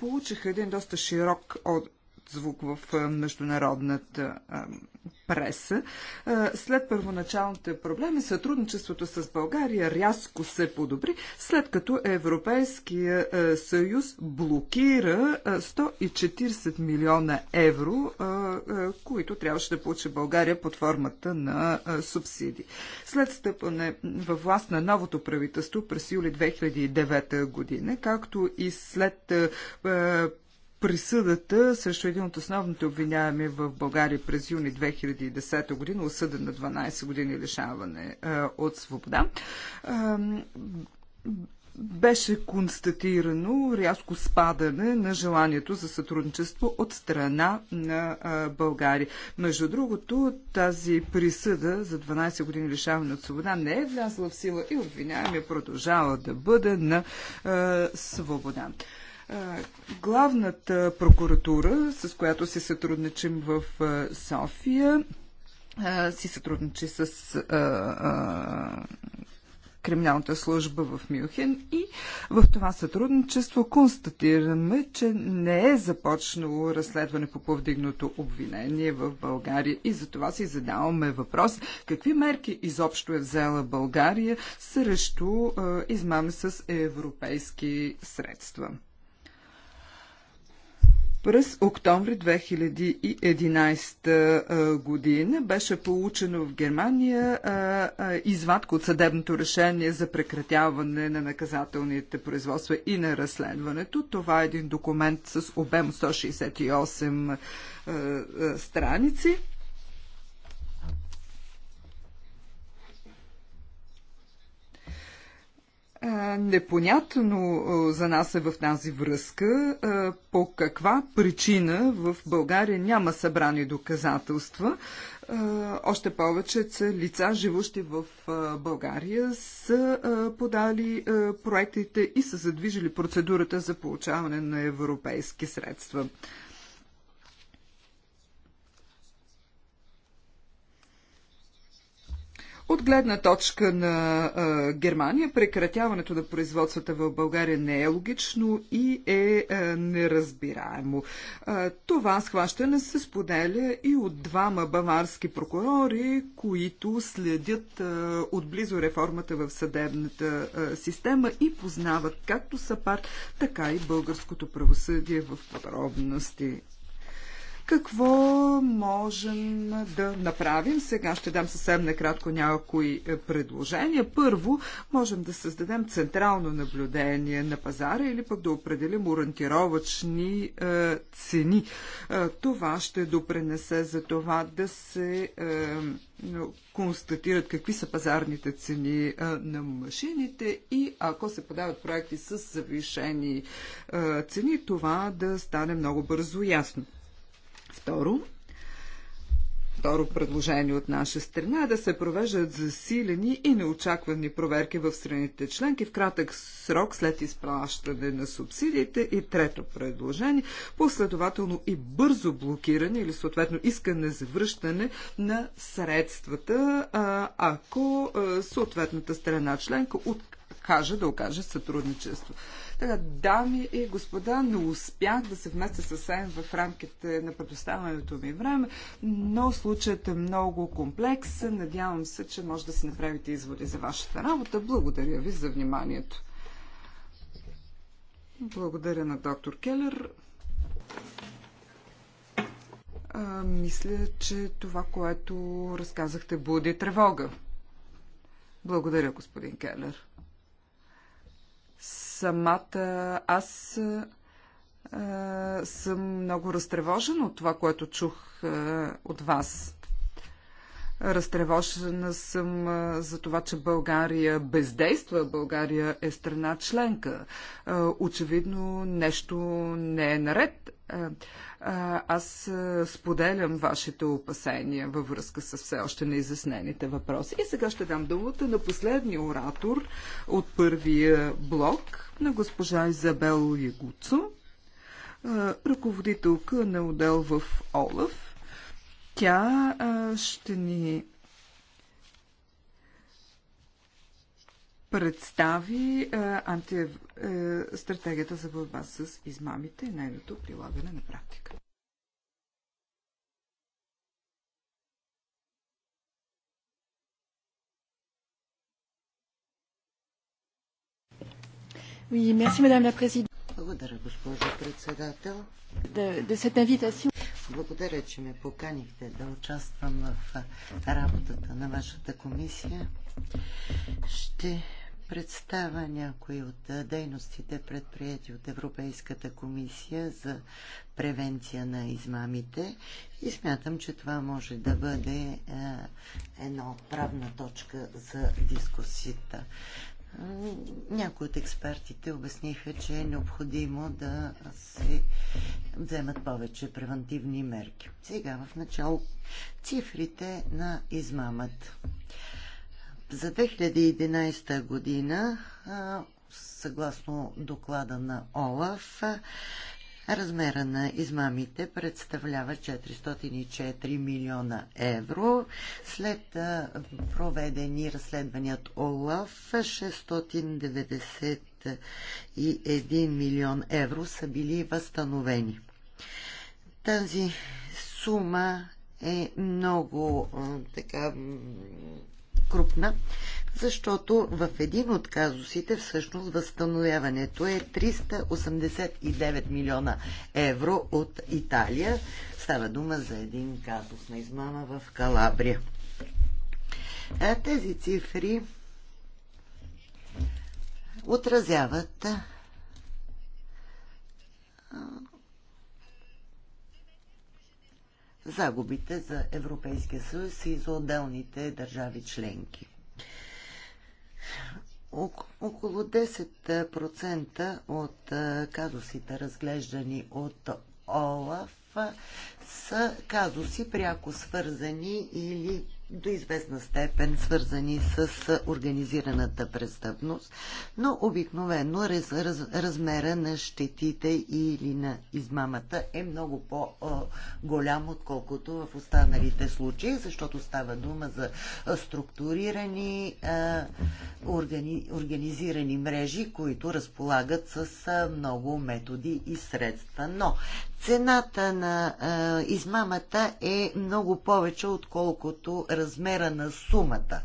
получиха един доста широк отзвук в международната преса. Е, след първоначалните проблеми сътрудничеството с България рязко се подобри, след като Европейския е, съюз блокира 140 е, милиона евро, които трябваше да получи България под формата на субсидии. След стъпане във власт на новото правителство през юли 2009 година, както и след присъдата срещу един от основните обвиняеми в България през юни 2010 година, осъден на 12 години лишаване от свобода, беше констатирано рязко спадане на желанието за сътрудничество от страна на България. Между другото, тази присъда за 12 години лишаване от свобода не е влязла в сила и обвиняемия продължава да бъде на свобода. Главната прокуратура, с която си сътрудничим в София, си сътрудничи с криминалната служба в Мюнхен и в това сътрудничество констатираме, че не е започнало разследване по повдигнато обвинение в България и за това си задаваме въпрос какви мерки изобщо е взела България срещу измами с европейски средства. През октомври 2011 година беше получено в Германия извадка от съдебното решение за прекратяване на наказателните производства и на разследването. Това е един документ с обем 168 страници. Непонятно за нас е в тази връзка по каква причина в България няма събрани доказателства. Още повече, лица, живущи в България, са подали проектите и са задвижили процедурата за получаване на европейски средства. От гледна точка на а, Германия, прекратяването на производствата в България не е логично и е а, неразбираемо. А, това схващане се споделя и от двама баварски прокурори, които следят а, отблизо реформата в съдебната а, система и познават както САПАР, така и българското правосъдие в подробности. Какво можем да направим? Сега ще дам съвсем накратко някои е, предложения. Първо, можем да създадем централно наблюдение на пазара или пък да определим ориентировачни е, цени. Е, това ще допренесе за това да се констатират какви са пазарните цени на машините и ако се подават проекти с завишени цени, това да стане много бързо ясно. Второ, Второ предложение от наша страна е да се провеждат засилени и неочаквани проверки в страните членки в кратък срок след изплащане на субсидиите. И трето предложение последователно и бързо блокиране или съответно искане за връщане на средствата, ако съответната страна членка откаже да окаже сътрудничество. Така, дами и господа, не успях да се вместя съвсем в рамките на предоставянето ми време, но случаят е много комплексен. Надявам се, че може да си направите изводи за вашата работа. Благодаря ви за вниманието. Благодаря на доктор Келер. А, мисля, че това, което разказахте, буди тревога. Благодаря, господин Келер самата аз съм много разтревожена от това, което чух от вас. Разтревожена съм за това, че България бездейства. България е страна членка. Очевидно нещо не е наред. Аз споделям вашите опасения във връзка с все още неизяснените въпроси. И сега ще дам думата на последния оратор от първия блок на госпожа Изабел Ягуцо, ръководителка на отдел в ОЛАФ тя ще ни представи анти... стратегията за борба с измамите и нейното прилагане на практика. Благодаря, госпожо председател. De, de cette invitation. Благодаря, че ме поканихте да участвам в работата на вашата комисия. Ще представя някои от дейностите, предприяти от Европейската комисия за превенция на измамите и смятам, че това може да бъде е, едно една отправна точка за дискусията. Някои от експертите обясниха, че е необходимо да се вземат повече превентивни мерки. Сега в начало цифрите на измамата. За 2011 година, съгласно доклада на ОЛАФ, Размера на измамите представлява 404 милиона евро. След проведени разследвания от ОЛАФ 691 милион евро са били възстановени. Тази сума е много така крупна, защото в един от казусите всъщност възстановяването е 389 милиона евро от Италия. Става дума за един казус на измама в Калабрия. А тези цифри отразяват загубите за Европейския съюз и за отделните държави членки около 10% от казусите, разглеждани от ОЛАФ, са казуси пряко свързани или до известна степен свързани с организираната престъпност, но обикновено раз, раз, размера на щетите или на измамата е много по-голям, отколкото в останалите случаи, защото става дума за структурирани, органи, организирани мрежи, които разполагат с много методи и средства. Но цената на а, измамата е много повече, отколкото размера на сумата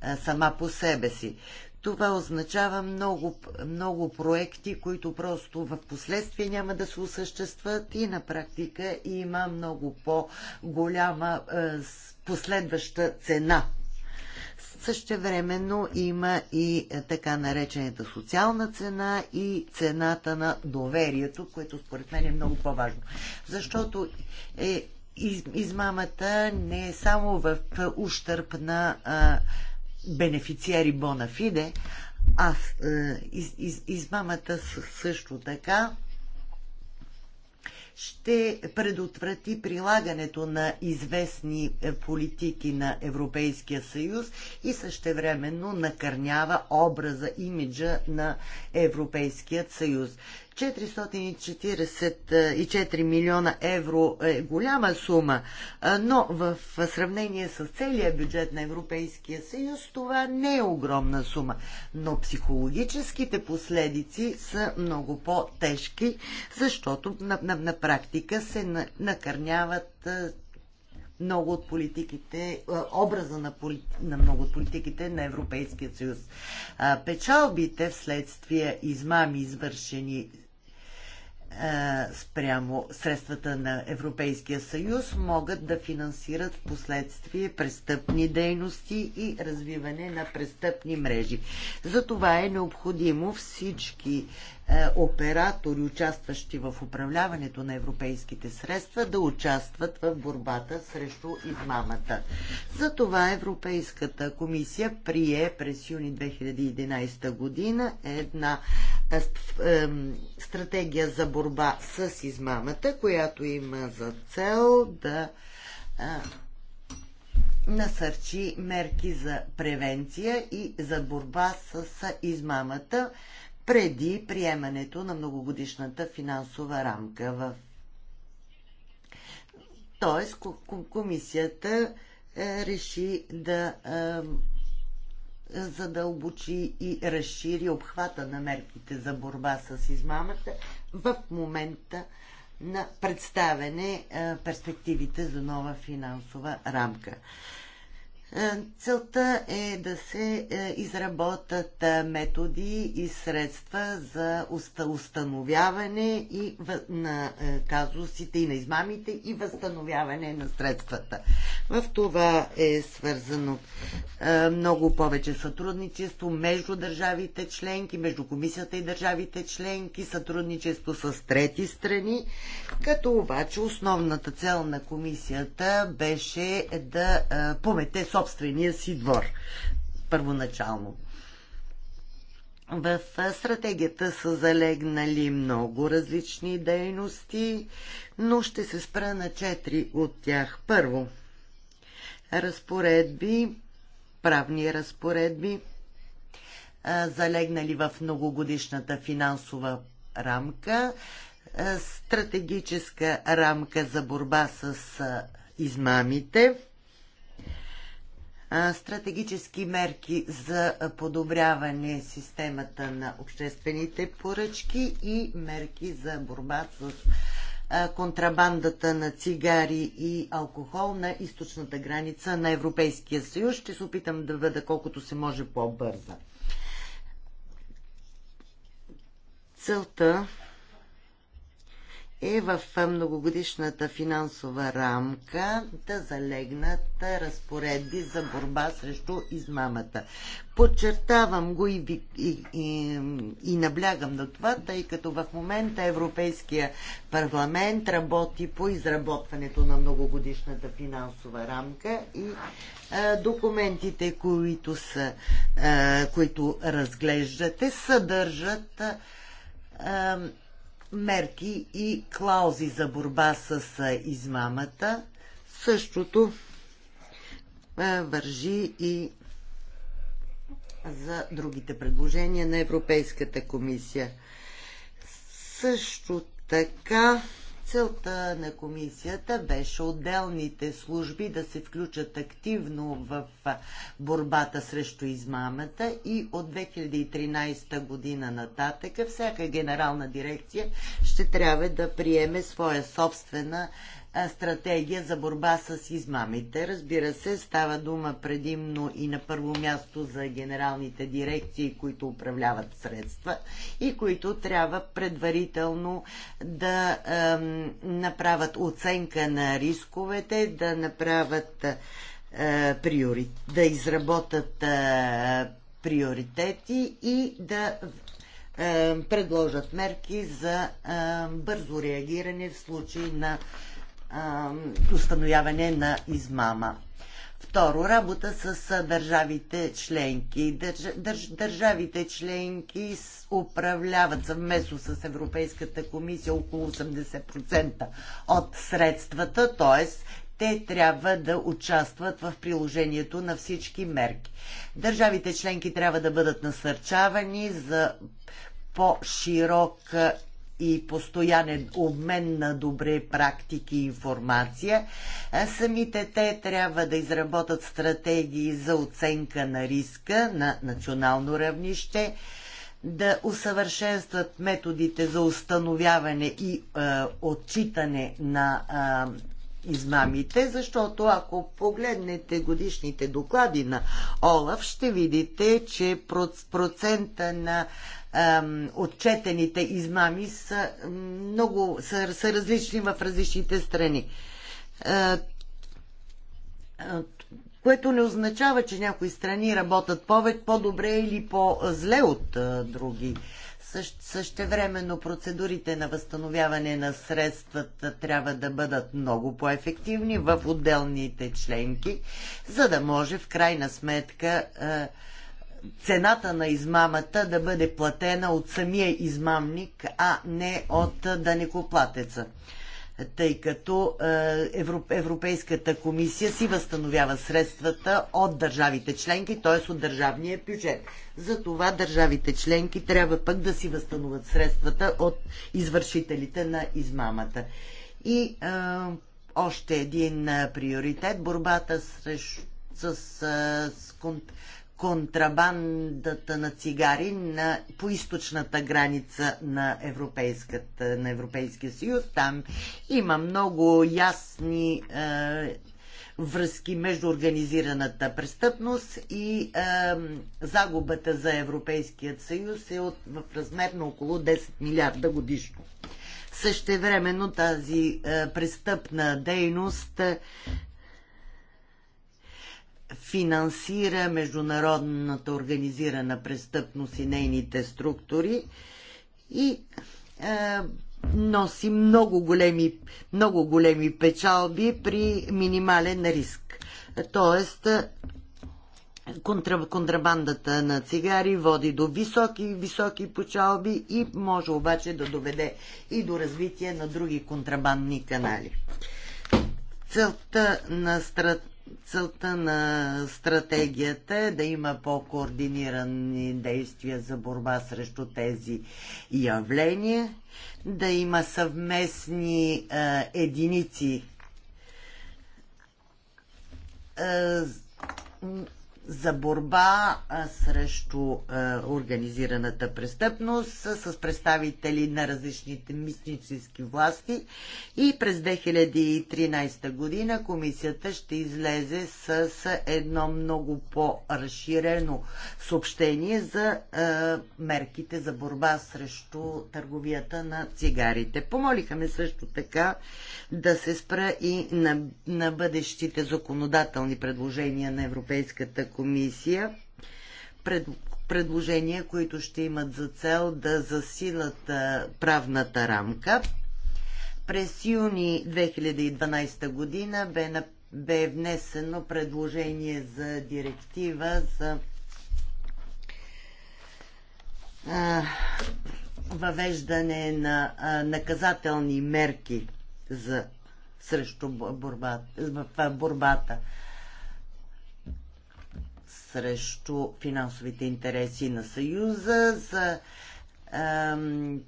а, сама по себе си. Това означава много, много проекти, които просто в последствие няма да се осъществят и на практика има много по-голяма е, последваща цена Същевременно има и е, така наречената социална цена и цената на доверието, което според мен е много по-важно. Защото е, из, измамата не е само в ущърп на а, бенефициари Бонафиде, а е, из, из, измамата също така ще предотврати прилагането на известни е, политики на Европейския съюз и същевременно накърнява образа, имиджа на Европейския съюз. 444 милиона евро е голяма сума, но в сравнение с целия бюджет на Европейския съюз това не е огромна сума. Но психологическите последици са много по-тежки, защото на, на, на практика се накърняват много от политиките, образа на, на много от политиките на Европейския съюз. Печалбите вследствие измами, извършени е, спрямо средствата на Европейския съюз могат да финансират в последствие престъпни дейности и развиване на престъпни мрежи. За това е необходимо всички е, оператори, участващи в управляването на европейските средства, да участват в борбата срещу измамата. Затова Европейската комисия прие през юни 2011 година една е, е, стратегия за борба с измамата, която има за цел да насърчи мерки за превенция и за борба с измамата преди приемането на многогодишната финансова рамка. В... Тоест, комисията е, реши да е, задълбочи и разшири обхвата на мерките за борба с измамата в момента на представяне е, перспективите за нова финансова рамка. Е, целта е да се е, изработат е, методи и средства за установяване и на казусите и на измамите и възстановяване на средствата. В това е свързано много повече сътрудничество между държавите членки, между комисията и държавите членки, сътрудничество с трети страни, като обаче основната цел на комисията беше да помете собствения си двор първоначално. В стратегията са залегнали много различни дейности, но ще се спра на четири от тях. Първо, разпоредби, правни разпоредби, залегнали в многогодишната финансова рамка, стратегическа рамка за борба с измамите – стратегически мерки за подобряване системата на обществените поръчки и мерки за борба с контрабандата на цигари и алкохол на източната граница на Европейския съюз. Ще се опитам да бъда колкото се може по-бърза. Целта е в многогодишната финансова рамка да залегнат разпоредби за борба срещу измамата. Подчертавам го и, и, и, и наблягам на това, тъй като в момента Европейския парламент работи по изработването на многогодишната финансова рамка и а, е, документите, които, са, а, е, които разглеждате, съдържат а, е, мерки и клаузи за борба с измамата. Същото вържи и за другите предложения на Европейската комисия. Също така Целта на комисията беше отделните служби да се включат активно в борбата срещу измамата и от 2013 година нататък всяка генерална дирекция ще трябва да приеме своя собствена стратегия за борба с измамите. Разбира се, става дума предимно и на първо място за генералните дирекции, които управляват средства и които трябва предварително да ем, направят оценка на рисковете, да направят е, да изработат е, приоритети и да предложат мерки за бързо реагиране в случай на а, установяване на измама. Второ, работа с държавите членки. Държ, държ, държавите членки управляват съвместно с Европейската комисия около 80% от средствата, т.е. те трябва да участват в приложението на всички мерки. Държавите членки трябва да бъдат насърчавани за по-широк и постоянен обмен на добре практики и информация. Самите те трябва да изработат стратегии за оценка на риска на национално равнище, да усъвършенстват методите за установяване и е, отчитане на е, измамите, защото ако погледнете годишните доклади на ОЛАФ, ще видите, че процента на ем, отчетените измами са много са, са различни в различните страни. което не означава, че някои страни работят повече, по-добре или по-зле от други. Също, същевременно процедурите на възстановяване на средствата трябва да бъдат много по-ефективни в отделните членки, за да може в крайна сметка е, цената на измамата да бъде платена от самия измамник, а не от е, данекоплатеца тъй като е, Европейската комисия си възстановява средствата от държавите членки, т.е. от държавния бюджет. Затова държавите членки трябва пък да си възстановят средствата от извършителите на измамата. И а, е, още един е, приоритет борбата срещу с, с, с контрабандата на цигари на, по източната граница на, Европейската, на Европейския съюз. Там има много ясни е, връзки между организираната престъпност и е, загубата за Европейският съюз е от, в размер на около 10 милиарда годишно. Същевременно тази е, престъпна дейност е, финансира международната организирана престъпност и нейните структури и е, носи много големи, много големи печалби при минимален риск. Тоест, е, контра, контрабандата на цигари води до високи, високи почалби и може обаче да доведе и до развитие на други контрабандни канали. Целта на стратегията целта на стратегията е да има по-координирани действия за борба срещу тези явления, да има съвместни а, единици а, за борба срещу организираната престъпност с представители на различните мистически власти и през 2013 година комисията ще излезе с едно много по-разширено съобщение за мерките за борба срещу търговията на цигарите. Помолиха ме също така да се спра и на, на бъдещите законодателни предложения на Европейската комисия комисия пред, предложения, които ще имат за цел да а, правната рамка. През юни 2012 година бе, на, бе внесено предложение за директива за а, въвеждане на а, наказателни мерки за срещу борбата, в борбата срещу финансовите интереси на Съюза, за ам,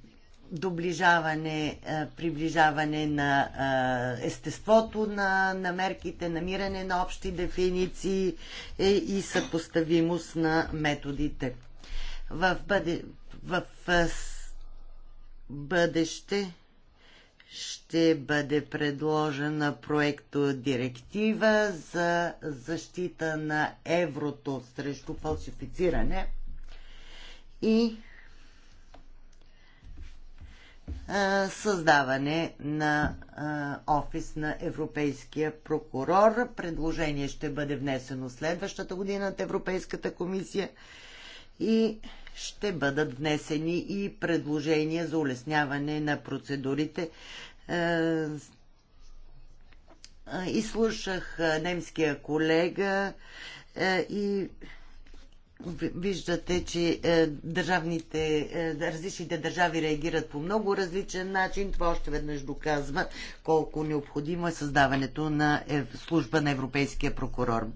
доближаване, приближаване на естеството на, на мерките, намиране на общи дефиниции е, и съпоставимост на методите. В, бъде, в бъдеще ще бъде предложена проекто директива за защита на еврото срещу фалшифициране и създаване на офис на Европейския прокурор. Предложение ще бъде внесено следващата година от Европейската комисия и ще бъдат внесени и предложения за улесняване на процедурите. Е, е, изслушах е, немския колега и виждате, че държавните, различните държави реагират по много различен начин. Това още веднъж доказва колко необходимо е създаването на служба на Европейския прокурор.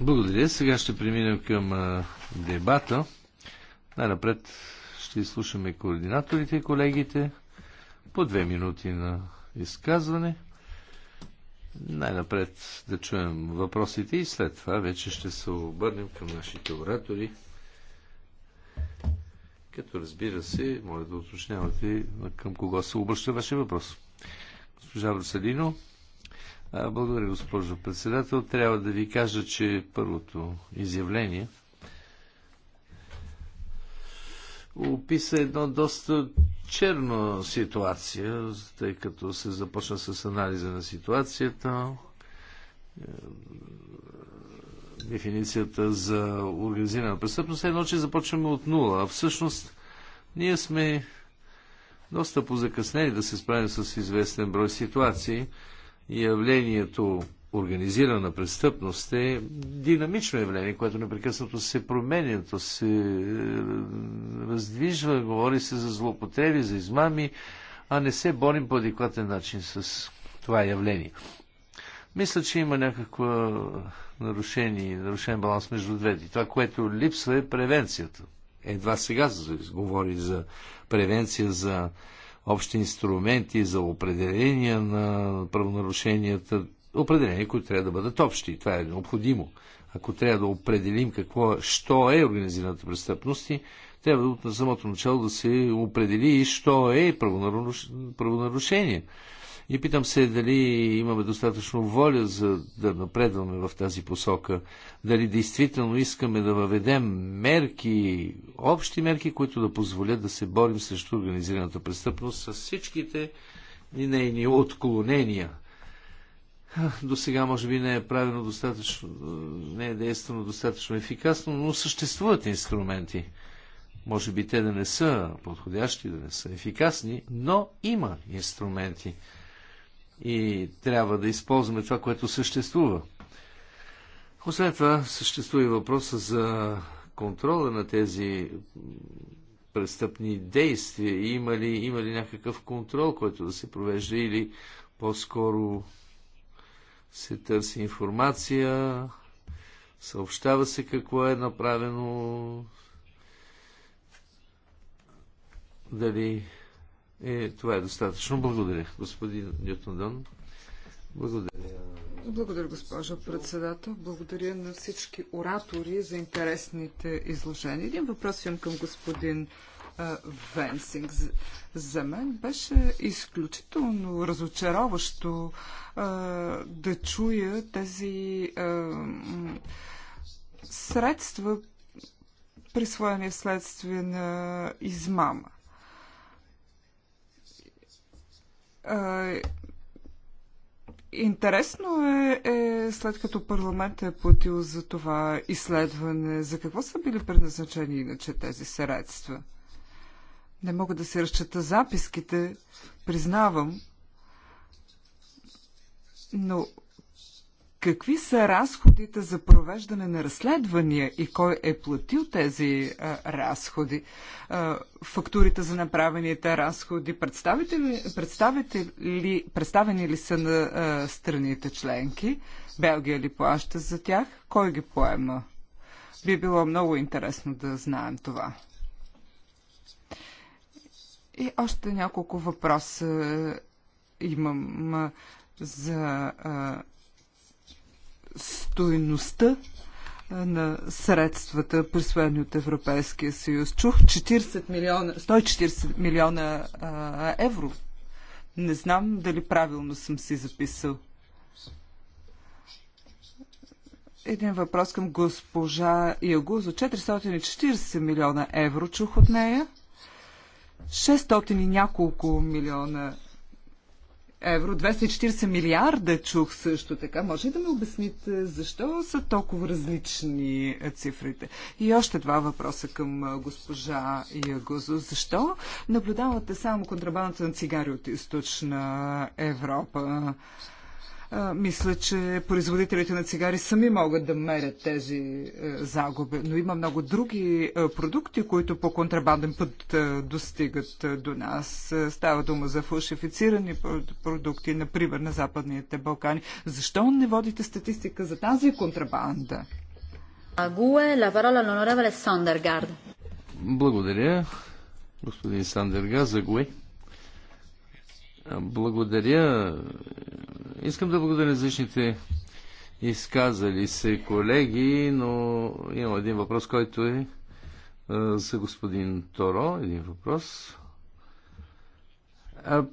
Благодаря. Сега ще преминем към дебата. Най-напред ще изслушаме координаторите и колегите по две минути на изказване. Най-напред да чуем въпросите и след това вече ще се обърнем към нашите оратори. Като разбира се, моля да уточнявате към кого се обръща вашия въпрос госпожа Василино. Благодаря, госпожо председател. Трябва да ви кажа, че първото изявление описа едно доста черна ситуация, тъй като се започна с анализа на ситуацията, е, дефиницията за организирана престъпност, е едно, че започваме от нула, а всъщност ние сме доста позакъснени да се справим с известен брой ситуации. Явлението организирана престъпност е динамично явление, което непрекъснато се променя, то се е, раздвижва, говори се за злоупотреби, за измами, а не се борим по адекватен начин с това явление. Мисля, че има някакво нарушение, нарушен баланс между двете. Това, което липсва е превенцията едва сега говори за превенция, за общи инструменти, за определения на правонарушенията, определения, които трябва да бъдат общи. Това е необходимо. Ако трябва да определим какво, що е организираната престъпност, трябва от на самото начало да се определи и що е правонаруш... правонарушение. И питам се дали имаме достатъчно воля за да напредваме в тази посока. Дали действително искаме да въведем мерки, общи мерки, които да позволят да се борим срещу организираната престъпност с всичките и нейни отклонения. До сега може би не е правено достатъчно, не е действано достатъчно ефикасно, но съществуват инструменти. Може би те да не са подходящи, да не са ефикасни, но има инструменти и трябва да използваме това, което съществува. Освен това, съществува и въпроса за контрола на тези престъпни действия. Има ли, има ли някакъв контрол, който да се провежда или по-скоро се търси информация, съобщава се какво е направено, дали е, това е достатъчно. Благодаря, господин Ньютон Благодаря. Благодаря, госпожо председател. Благодаря на всички оратори за интересните изложения. Един въпрос имам към господин Венсинг. За мен беше изключително разочароващо а, да чуя тези а, средства, присвоени вследствие на измама. Интересно е, е, след като парламент е платил за това изследване, за какво са били предназначени иначе тези средства? Не мога да се разчета записките, признавам, но Какви са разходите за провеждане на разследвания и кой е платил тези а, разходи? А, фактурите за направените разходи представени ли са на а, страните членки? Белгия ли плаща за тях? Кой ги поема? Би било много интересно да знаем това. И още няколко въпроса имам за а, стойността на средствата, присвоени от Европейския съюз. Чух 40 милиона, 140 милиона а, евро. Не знам дали правилно съм си записал. Един въпрос към госпожа Ягу за 440 милиона евро чух от нея. 600 и няколко милиона евро, 240 милиарда чух също така. Може ли да ми обясните защо са толкова различни е, цифрите? И още два въпроса към е, госпожа Ягозо. Защо наблюдавате само контрабандата на цигари от източна Европа? мисля, че производителите на цигари сами могат да мерят тези е, загуби, но има много други е, продукти, които по контрабанден път е, достигат до нас. Става дума за фалшифицирани продукти, например на Западните Балкани. Защо не водите статистика за тази контрабанда? Благодаря, господин Сандерга, за ГУЕ. Благодаря. Искам да благодаря различните изказали се колеги, но имам един въпрос, който е за господин Торо. Един въпрос. А,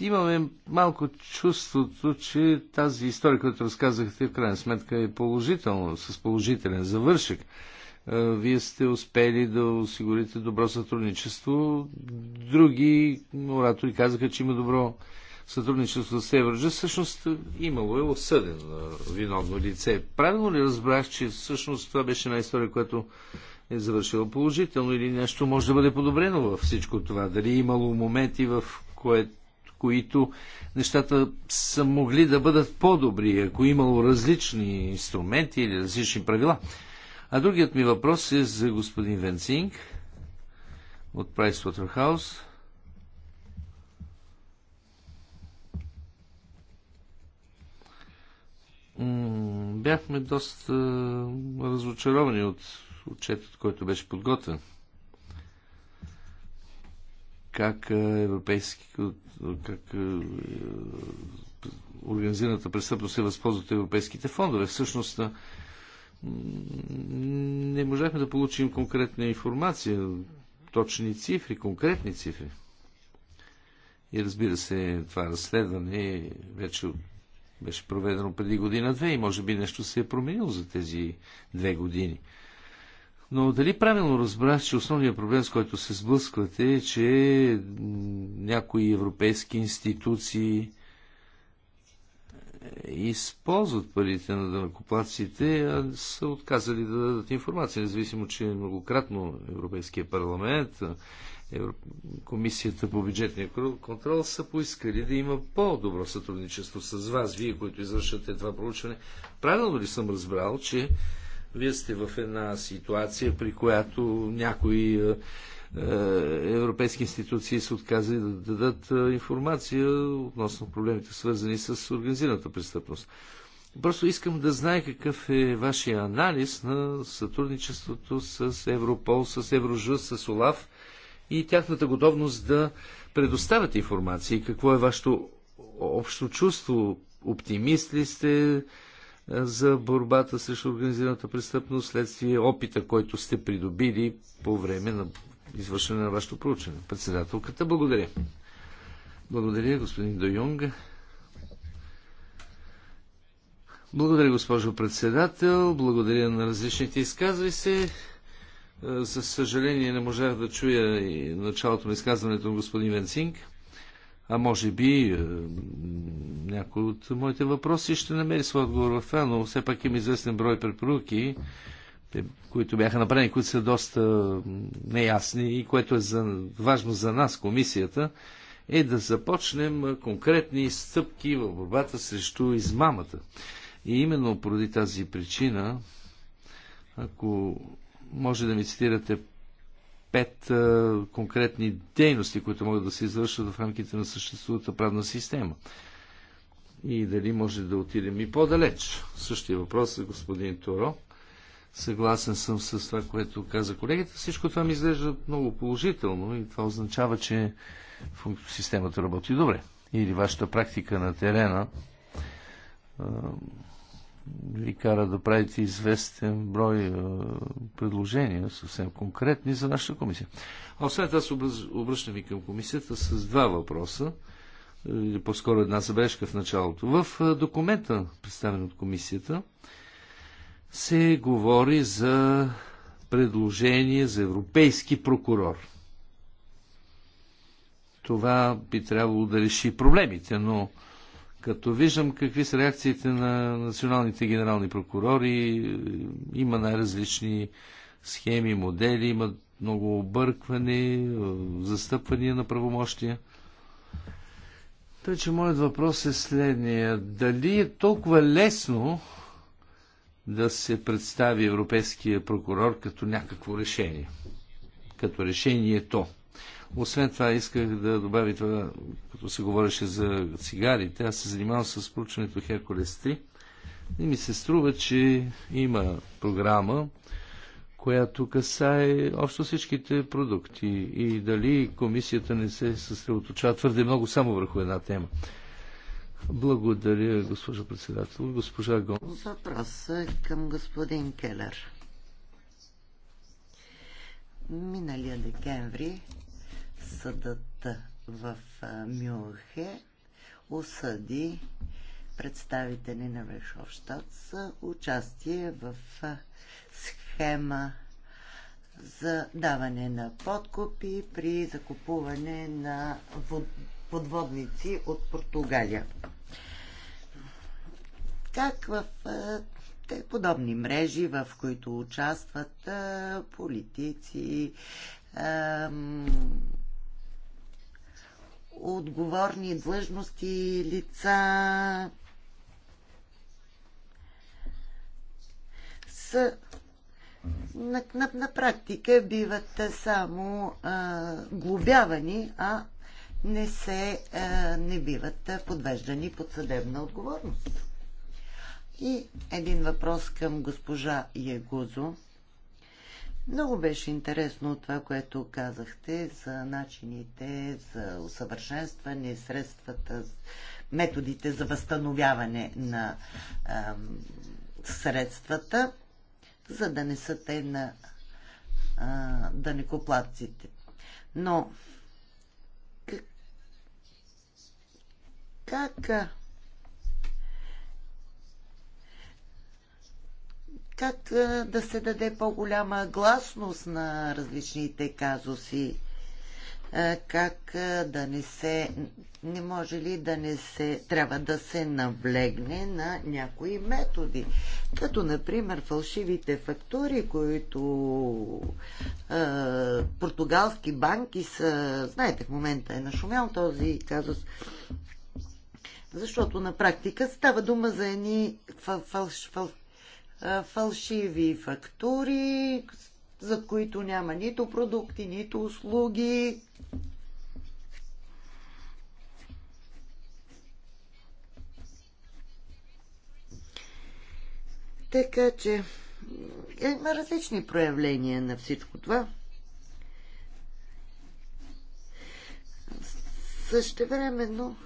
имаме малко чувството, че тази история, която разказахте, в крайна сметка е положително, с положителен завършек. Е, вие сте успели да осигурите добро сътрудничество. Други оратори казаха, че има добро сътрудничество с Евържа. Всъщност е, имало е осъден е, виновно лице. Правилно ли разбрах, че всъщност това беше една история, която е завършила положително или нещо може да бъде подобрено във всичко това? Дали имало моменти, в което които нещата са могли да бъдат по-добри, ако имало различни инструменти или различни правила. А другият ми въпрос е за господин Венцинг от Pricewaterhouse. Бяхме доста разочаровани от отчетът, който беше подготвен. Как европейски, как организираната престъпност се възползват европейските фондове. Всъщност не можахме да получим конкретна информация, точни цифри, конкретни цифри. И разбира се, това разследване вече беше проведено преди година-две и може би нещо се е променило за тези две години. Но дали правилно разбрах, че основният проблем, с който се сблъсквате, е, че някои европейски институции използват парите на дънакоплаците, а са отказали да дадат информация, независимо, че многократно Европейския парламент, Евро... Комисията по бюджетния контрол са поискали да има по-добро сътрудничество с вас, вие, които извършвате това проучване. Правилно ли съм разбрал, че вие сте в една ситуация, при която някои е, европейски институции са отказали да дадат е, информация относно проблемите, свързани с организираната престъпност. Просто искам да знае какъв е вашия анализ на сътрудничеството с Европол, с Еврожу, с ОЛАВ и тяхната готовност да предоставят информация и какво е вашето общо чувство. Оптимист ли сте е, за борбата срещу организираната престъпност следствие опита, който сте придобили по време на извършване на вашето проучване. Председателката, благодаря. Благодаря, господин Дойонг. Благодаря, госпожо председател. Благодаря на различните изказвай се. Е, за съжаление не можах да чуя и началото на изказването на господин Венцинг. А може би е, някой от моите въпроси ще намери своя отговор в това, но все пак има известен брой препоръки които бяха направени, които са доста неясни и което е за, важно за нас, комисията, е да започнем конкретни стъпки в борбата срещу измамата. И именно поради тази причина, ако може да ми цитирате пет а, конкретни дейности, които могат да се извършват в рамките на съществуващата правна система. И дали може да отидем и по-далеч. Същия въпрос е господин Торо. Съгласен съм с това, което каза колегите. Всичко това ми изглежда много положително и това означава, че системата работи добре. Или вашата практика на терена ви кара да правите известен брой а, предложения, съвсем конкретни, за нашата комисия. А освен това се обръщам и към комисията с два въпроса, или по-скоро една забележка в началото. В документа, представен от комисията, се говори за предложение за европейски прокурор. Това би трябвало да реши проблемите, но като виждам какви са реакциите на националните генерални прокурори, има най-различни схеми, модели, има много объркване, застъпвания на правомощия. Тъй, че моят въпрос е следния. Дали е толкова лесно да се представи европейския прокурор като някакво решение. Като решение то. Освен това, исках да добавя това, като се говореше за цигарите. Аз се занимавам с проучването Херкулес 3 и ми се струва, че има програма, която касае общо всичките продукти и дали комисията не се съсредоточава твърде много само върху една тема. Благодаря, госпожо председател. Госпожа Гон. Въпрос е към господин Келер. Миналия декември съдът в Мюнхе осъди представители на Вешовщад за участие в схема за даване на подкупи при закупуване на вод подводници от Португалия. Как в те, подобни мрежи, в които участват политици, отговорни длъжности, лица, са на, на, на практика биват само а, глобявани, а не се е, не биват подвеждани под съдебна отговорност. И един въпрос към госпожа Ягузо. Много беше интересно това, което казахте за начините за усъвършенстване, средствата, методите за възстановяване на а, средствата, за да не са те на а, да не Но Как как да се даде по-голяма гласност на различните казуси? Как да не се, не може ли да не се, трябва да се навлегне на някои методи, като например фалшивите фактури, които е, португалски банки са, знаете, в момента е нашумял този казус, защото на практика става дума за едни фал, фал, фал, фалшиви фактури, за които няма нито продукти, нито услуги. Така че е, има различни проявления на всичко това. Същевременно, времено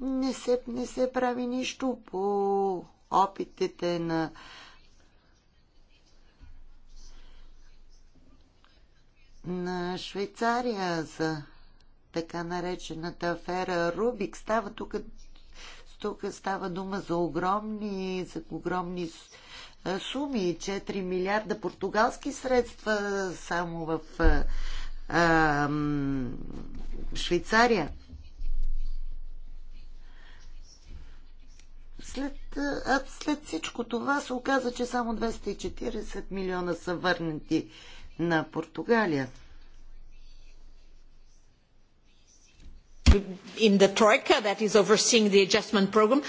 не се, не се прави нищо по опитите на на Швейцария за така наречената афера Рубик. Става тук, тук става дума за огромни, за огромни суми, 4 милиарда португалски средства само в а, Швейцария. след, а след всичко това се оказа, че само 240 милиона са върнати на Португалия. In the Troika that is overseeing the adjustment program.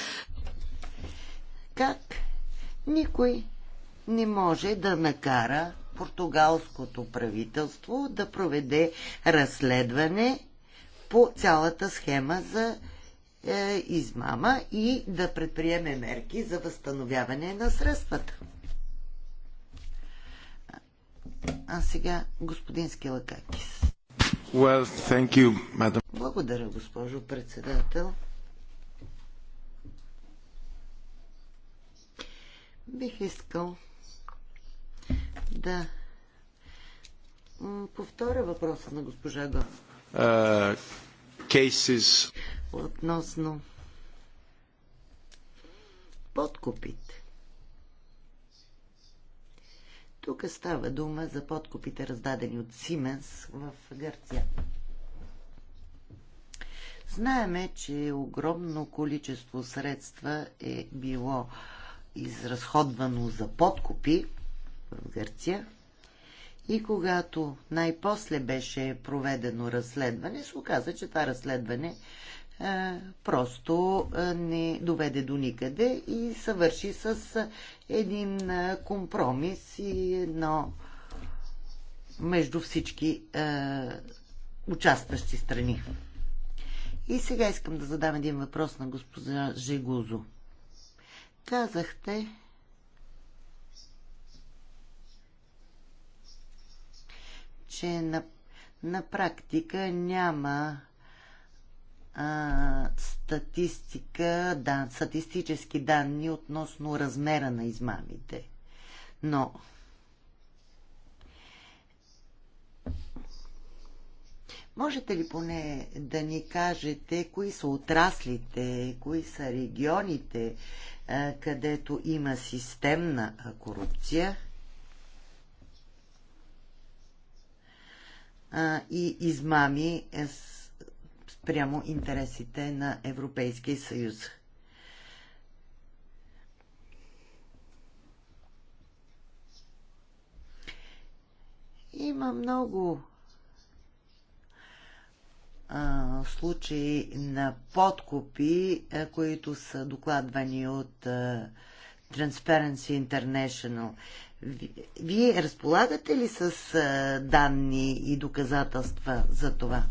Как никой не може да накара португалското правителство да проведе разследване по цялата схема за е, измама и да предприеме мерки за възстановяване на средствата. А сега господин Скилакакис. Well, thank you, madam. Благодаря, госпожо председател. Бих искал да повторя въпроса на госпожа Гон. Uh, cases относно подкупите. Тук става дума за подкупите, раздадени от Сименс в Гърция. Знаеме, че огромно количество средства е било изразходвано за подкупи в Гърция. И когато най-после беше проведено разследване, се оказа, че това разследване просто не доведе до никъде и съвърши с един компромис и едно между всички участващи страни. И сега искам да задам един въпрос на госпожа Жегузо. Казахте, че на, на практика няма статистика, да, статистически данни относно размера на измамите. Но Можете ли поне да ни кажете кои са отраслите, кои са регионите, където има системна корупция и измами с спрямо интересите на Европейския съюз. Има много а, случаи на подкупи, а, които са докладвани от а, Transparency International. Вие разполагате ли с а, данни и доказателства за това?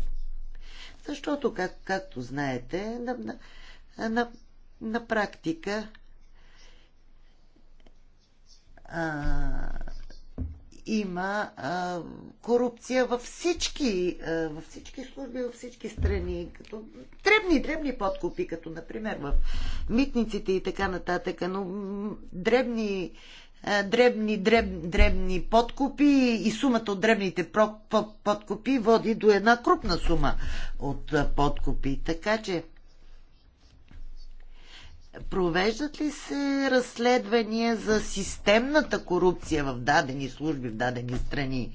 Защото, как, както знаете, на, на, на, на практика а, има а, корупция във всички, а, във всички служби, във всички страни, като дребни, дребни подкупи, като например в митниците и така нататък, но дребни е, дребни, дреб, дребни подкупи и сумата от дребните подкупи води до една крупна сума от е, подкупи. Така че провеждат ли се разследвания за системната корупция в дадени служби, в дадени страни?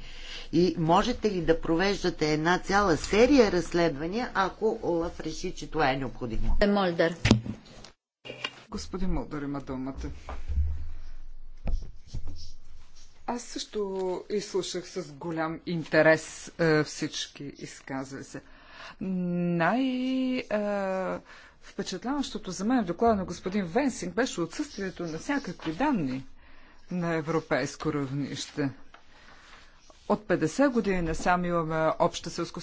И можете ли да провеждате една цяла серия разследвания, ако Олаф реши, че това е необходимо? Молдър. Господин Молдър има думата. Аз също изслушах с голям интерес е, всички изказвали се. Най- е, Впечатляващото за мен в доклада на господин Венсинг беше отсъствието на всякакви данни на европейско равнище. От 50 години насам имаме обща селско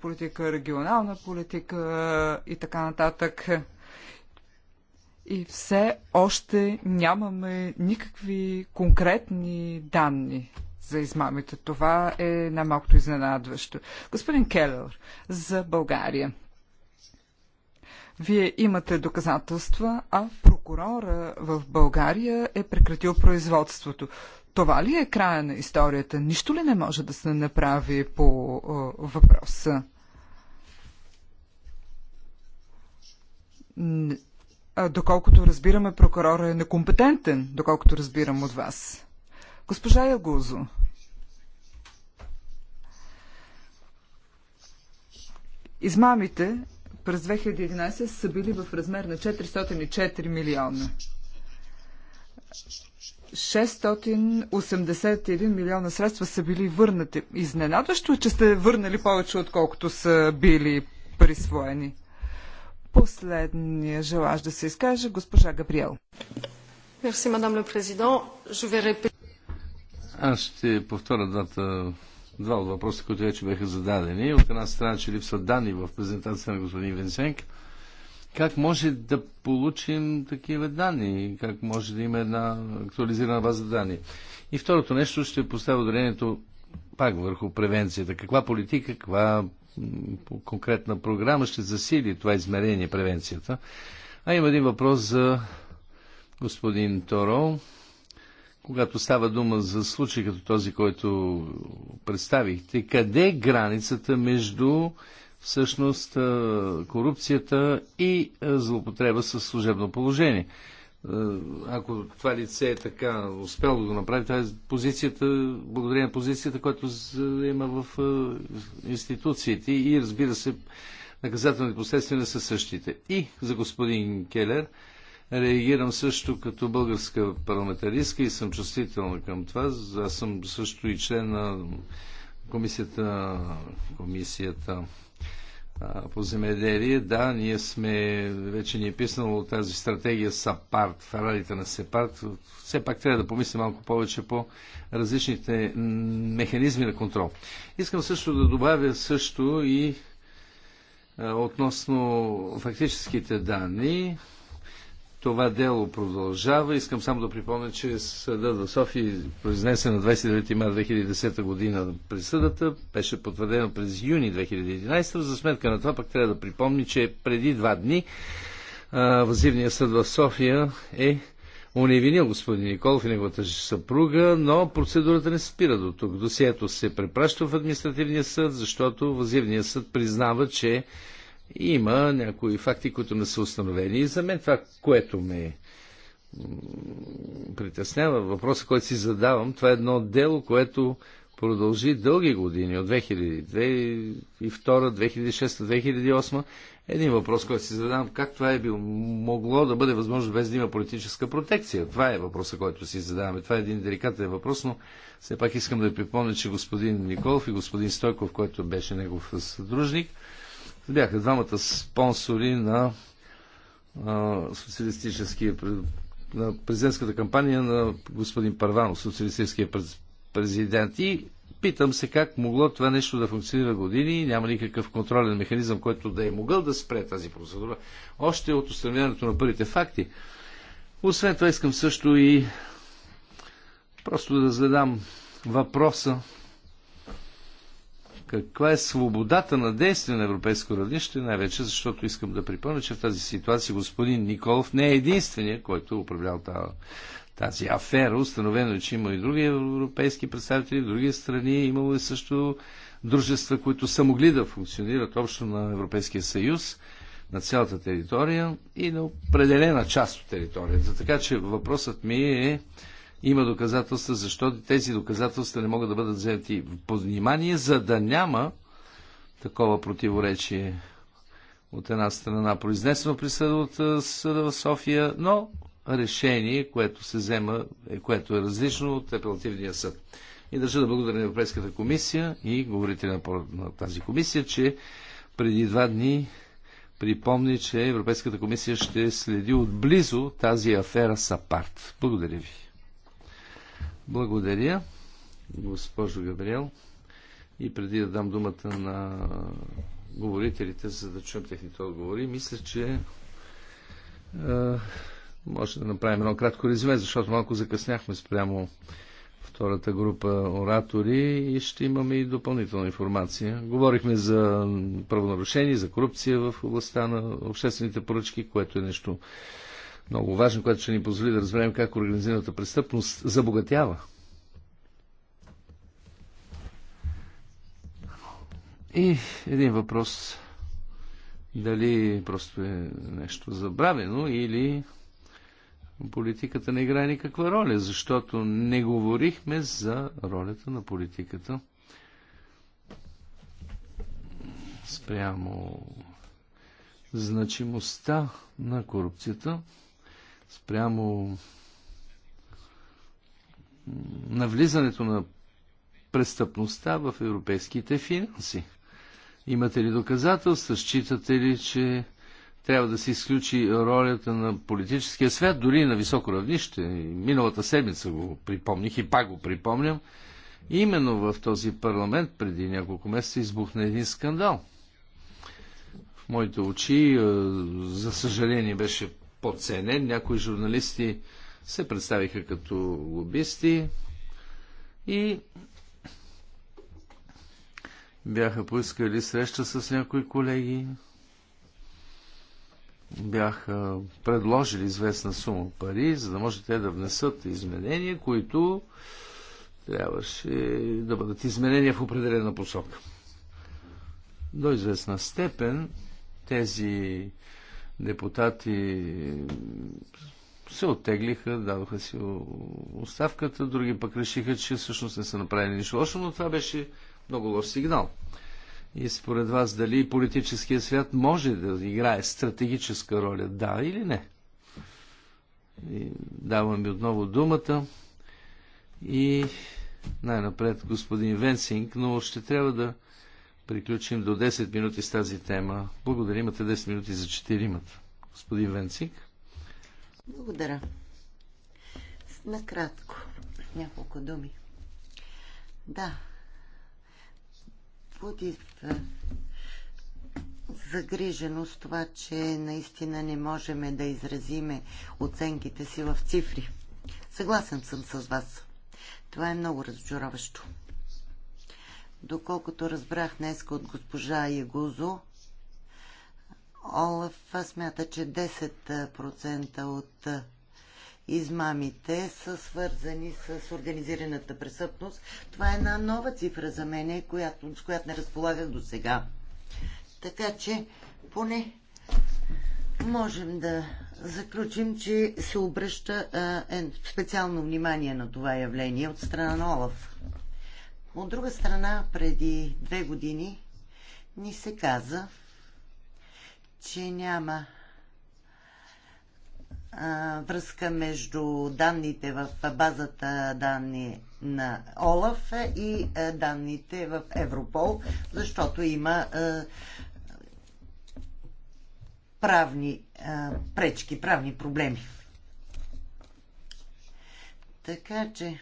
политика, регионална политика и така нататък и все още нямаме никакви конкретни данни за измамите. Това е най-малкото изненадващо. Господин Келер, за България. Вие имате доказателства, а прокурора в България е прекратил производството. Това ли е края на историята? Нищо ли не може да се направи по въпроса? Доколкото разбираме, прокурор е некомпетентен, доколкото разбирам от вас. Госпожа Ягузо. Измамите през 2011 са били в размер на 404 милиона. 681 милиона средства са били върнати. Изненадващо е, че сте върнали повече, отколкото са били присвоени. Последния желаж да се изкаже госпожа Габриел. Мерси, мадам ле президент. Аз ще повторя двата, два от въпроса, които вече бяха зададени. От една страна, че липсват данни в презентацията на господин Венсенк. Как може да получим такива данни? Как може да има една актуализирана база данни? И второто нещо ще поставя ударението пак върху превенцията. Каква политика, каква по конкретна програма ще засили това измерение, превенцията. А има един въпрос за господин Торо. Когато става дума за случай като този, който представихте, къде е границата между всъщност корупцията и злопотреба с служебно положение? Е, ако това лице е така успяло да го направи, това е позицията, благодарение на позицията, която има в е, институциите и разбира се, наказателните последствия не са същите. И за господин Келер реагирам също като българска парламентаристка и съм чувствителна към това. Аз съм също и член на комисията, комисията по земеделие. Да, ние сме, вече ни е писано тази стратегия САПАРТ, фаралите на СЕПАРТ. Все пак трябва да помислим малко повече по различните механизми на контрол. Искам също да добавя също и а, относно фактическите данни. Това дело продължава. Искам само да припомня, че съда в София произнесе на 29 мая 2010 година присъдата. Беше потвърдена през юни 2011. За сметка на това пък трябва да припомни, че преди два дни Възивният съд в София е уневинил господин Николов и неговата съпруга, но процедурата не спира до тук. Досието се препраща в административния съд, защото Възивният съд признава, че има някои факти, които не са установени. И за мен това, което ме притеснява, въпроса, който си задавам, това е едно дело, което продължи дълги години, от 2002, 2006, 2008. Един въпрос, който си задавам, как това е било, могло да бъде възможно без да има политическа протекция? Това е въпросът, който си задаваме. Това е един деликатен въпрос, но все пак искам да припомня, че господин Николов и господин Стойков, който беше негов съдружник, бяха двамата спонсори на социалистическия на президентската кампания на господин Парванов, социалистическия президент. И питам се как могло това нещо да функционира години, няма никакъв контролен механизъм, който да е могъл да спре тази процедура, още от установяването на първите факти. Освен това искам също и просто да задам въпроса каква е свободата на действие на европейско равнище, най-вече защото искам да припомня, че в тази ситуация господин Николов не е единствения, който управлял тази афера. Установено е, че има и други европейски представители, в други страни, имало и е също дружества, които са могли да функционират общо на Европейския съюз, на цялата територия и на определена част от територията. Така че въпросът ми е има доказателства, защото тези доказателства не могат да бъдат взети под внимание, за да няма такова противоречие от една страна произнесено присъда от съда в София, но решение, което се взема, е, което е различно от апелативния съд. И държа да благодаря на Европейската комисия и говорите на, на тази комисия, че преди два дни припомни, че Европейската комисия ще следи отблизо тази афера Сапарт. Благодаря ви. Благодаря, госпожо Габриел. И преди да дам думата на говорителите, за да чуем техните отговори, мисля, че е, може да направим едно кратко резюме, защото малко закъсняхме спрямо втората група оратори и ще имаме и допълнителна информация. Говорихме за правонарушение, за корупция в областта на обществените поръчки, което е нещо много важно, което ще ни позволи да разберем как организираната престъпност забогатява. И един въпрос. Дали просто е нещо забравено или политиката не играе никаква роля, защото не говорихме за ролята на политиката спрямо значимостта на корупцията спрямо навлизането на престъпността в европейските финанси. Имате ли доказателства? Считате ли, че трябва да се изключи ролята на политическия свят, дори на високо равнище? Миналата седмица го припомних и пак го припомням. Именно в този парламент преди няколко месеца избухна един скандал. В моите очи, е, за съжаление, беше подценен. Някои журналисти се представиха като лобисти и бяха поискали среща с някои колеги. Бяха предложили известна сума пари, за да може те да внесат изменения, които трябваше да бъдат изменения в определена посока. До известна степен тези депутати се оттеглиха, дадоха си оставката, други пък решиха, че всъщност не са направили нищо лошо, но това беше много лош сигнал. И според вас дали политическия свят може да играе стратегическа роля, да или не? И давам ви отново думата. И най-напред господин Венсинг, но ще трябва да приключим до 10 минути с тази тема. Благодаря, имате 10 минути за 4 четиримата. Господин Венцик. Благодаря. Накратко, няколко думи. Да, буди загриженост това, че наистина не можем да изразиме оценките си в цифри. Съгласен съм с вас. Това е много разочароващо. Доколкото разбрах днес от госпожа Ягузо, Олаф смята, че 10% от измамите са свързани с организираната престъпност. Това е една нова цифра за мен, която, с която не разполагах до сега. Така че, поне можем да заключим, че се обръща а, е, специално внимание на това явление от страна на Олаф. От друга страна, преди две години ни се каза, че няма а, връзка между данните в базата данни на ОЛАФ и а, е, данните в Европол, защото има а, е, правни а, е, пречки, правни проблеми. Така че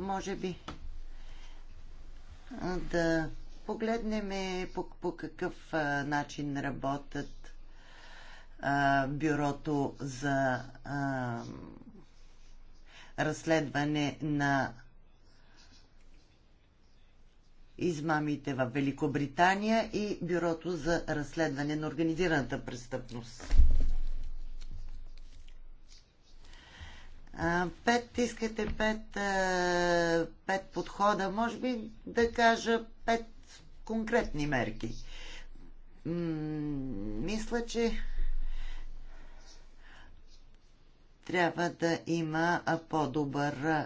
може би да погледнем е, по, по какъв а, начин работят а, бюрото за а, разследване на измамите в Великобритания и Бюрото за разследване на организираната престъпност. пет, искате пет, пет подхода, може би да кажа пет конкретни мерки. мисля, че трябва да има по-добър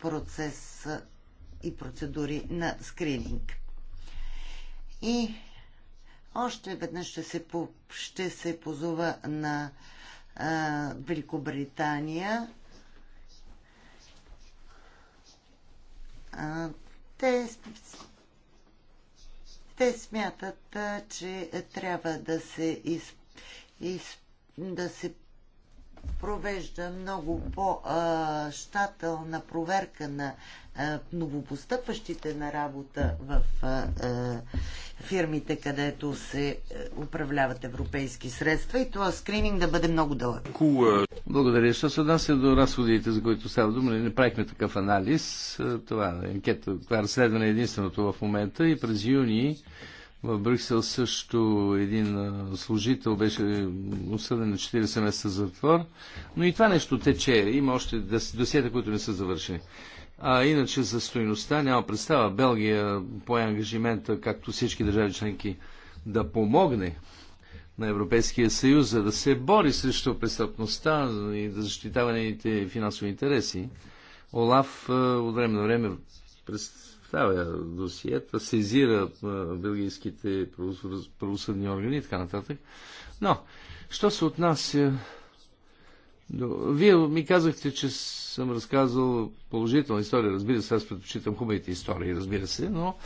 процес и процедури на скрининг. И още веднъж ще се, ще се позова на Великобритания те, те смятат, а, че трябва да се, из, из, да се провежда много по-щателна проверка на новопостъпващите на работа в фирмите, където се управляват европейски средства и това скрининг да бъде много дълъг. Благодаря. Що се отнася до разходите, за които става дума, не правихме такъв анализ. Това, е анкета, това е разследване е единственото в момента и през юни в Брюксел също един служител беше осъден на 40 месеца затвор, но и това нещо тече. Има още досиета, които не са завършени. А иначе за стоеността няма представа. Белгия пое ангажимента, както всички държави членки, да помогне на Европейския съюз, за да се бори срещу престъпността и да защитава нейните финансови интереси. Олаф от време на време представя досиета, сезира белгийските правосъдни органи и така нататък. Но, що се отнася но, вие ми казахте, че съм разказал положителна история. Разбира се, аз предпочитам хубавите истории, разбира се, но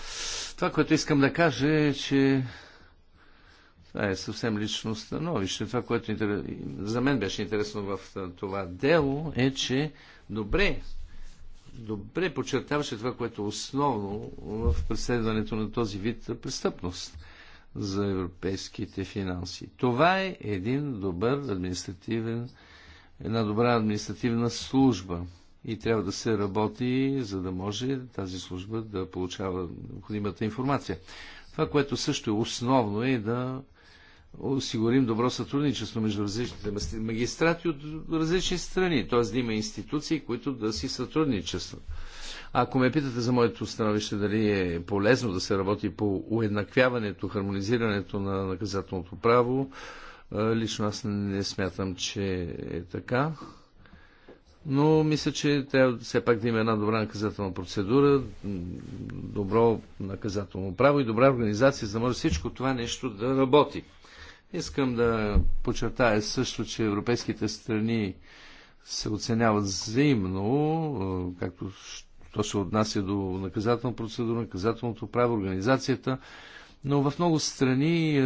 това, което искам да кажа е, че това е съвсем лично становище. Това, което за мен беше интересно в това дело, е, че добре, добре подчертаваше това, което е основно в преследването на този вид престъпност за европейските финанси. Това е един добър административен една добра административна служба и трябва да се работи, за да може тази служба да получава необходимата информация. Това, което също е основно, е да осигурим добро сътрудничество между различните магистрати от различни страни, т.е. да има институции, които да си сътрудничат. Ако ме питате за моето становище дали е полезно да се работи по уеднаквяването, хармонизирането на наказателното право, Лично аз не смятам, че е така. Но мисля, че трябва все пак да има една добра наказателна процедура, добро наказателно право и добра организация, за да може всичко това нещо да работи. Искам да подчертая също, че европейските страни се оценяват взаимно, както то се отнася до наказателна процедура, наказателното право, организацията, но в много страни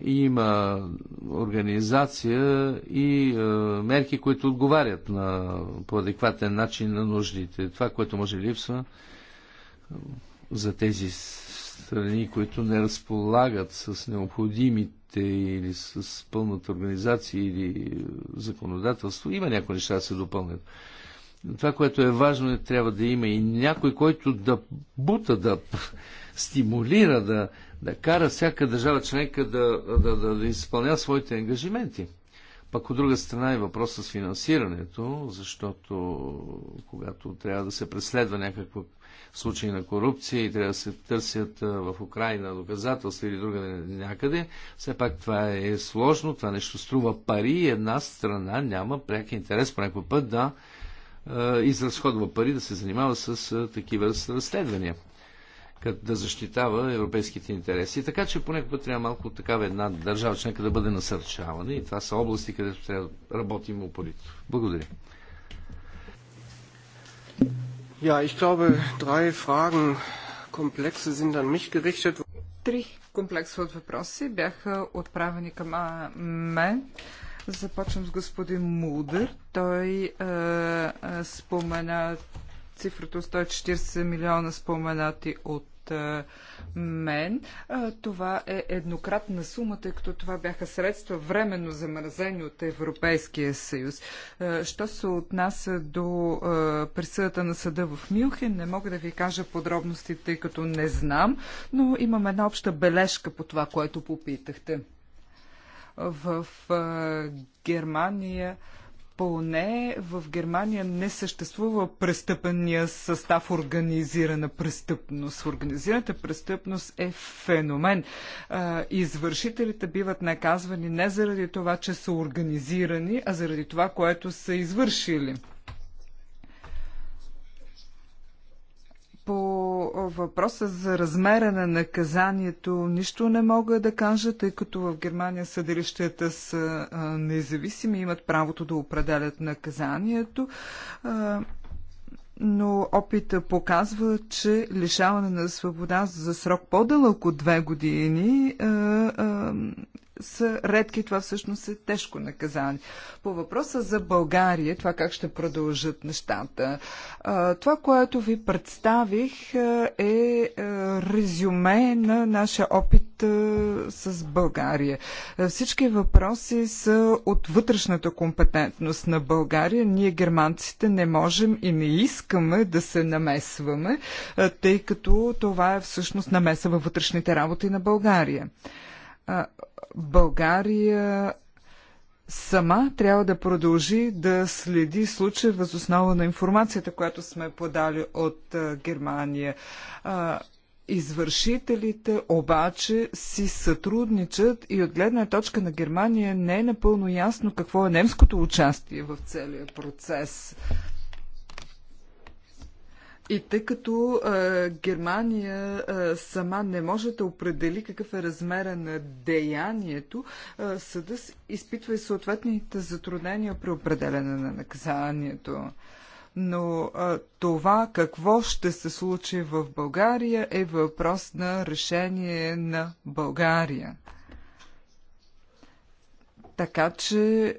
има организация и е, мерки, които отговарят на, по адекватен начин на нуждите. Това, което може липсва е, за тези страни, които не разполагат с необходимите или с пълната организация или е, законодателство, има някои неща да се допълнят. Това, което е важно, е трябва да има и някой, който да бута, да стимулира, да да кара всяка държава членка да, да, да, да изпълня своите ангажименти. Пък от друга страна е въпрос с финансирането, защото когато трябва да се преследва някакво случай на корупция и трябва да се търсят в Украина доказателства или друга някъде, все пак това е сложно, това нещо струва пари и една страна няма пряк интерес по някакъв път да изразходва пари да се занимава с такива разследвания да защитава европейските интереси. Така че понякога трябва малко такава една държава членка да бъде насърчавана и това са области, където трябва да работим упорито. Благодаря. Ja, ich glaube, drei Fragen, Komplexe sind an mich gerichtet. Три комплекса от въпроси бяха отправени към мен. Започвам с господин Мудър. Той е, е, спомена цифрата 140 милиона споменати от от мен. Това е еднократна сума, тъй като това бяха средства временно замразени от Европейския съюз. Що се отнася до присъдата на съда в Мюнхен, не мога да ви кажа подробности, тъй като не знам, но имам една обща бележка по това, което попитахте. В Германия поне в Германия не съществува престъпния състав организирана престъпност. Организираната престъпност е феномен. Извършителите биват наказвани не заради това, че са организирани, а заради това, което са извършили. По въпроса за размера на наказанието нищо не мога да кажа, тъй като в Германия съдилищата са независими, имат правото да определят наказанието но опита показва, че лишаване на свобода за срок по-дълъг от две години са редки. Това всъщност е тежко наказание. По въпроса за България, това как ще продължат нещата. Това, което ви представих е резюме на нашия опит с България. Всички въпроси са от вътрешната компетентност на България. Ние, германците, не можем и не искаме да се намесваме, тъй като това е всъщност намеса във вътрешните работи на България. България сама трябва да продължи да следи случая възоснова на информацията, която сме подали от Германия. Извършителите обаче си сътрудничат и от гледна точка на Германия не е напълно ясно какво е немското участие в целия процес. И тъй като а, Германия а, сама не може да определи какъв е размера на деянието, съда изпитва и съответните затруднения при определене на наказанието. Но а, това какво ще се случи в България е въпрос на решение на България. Така че е,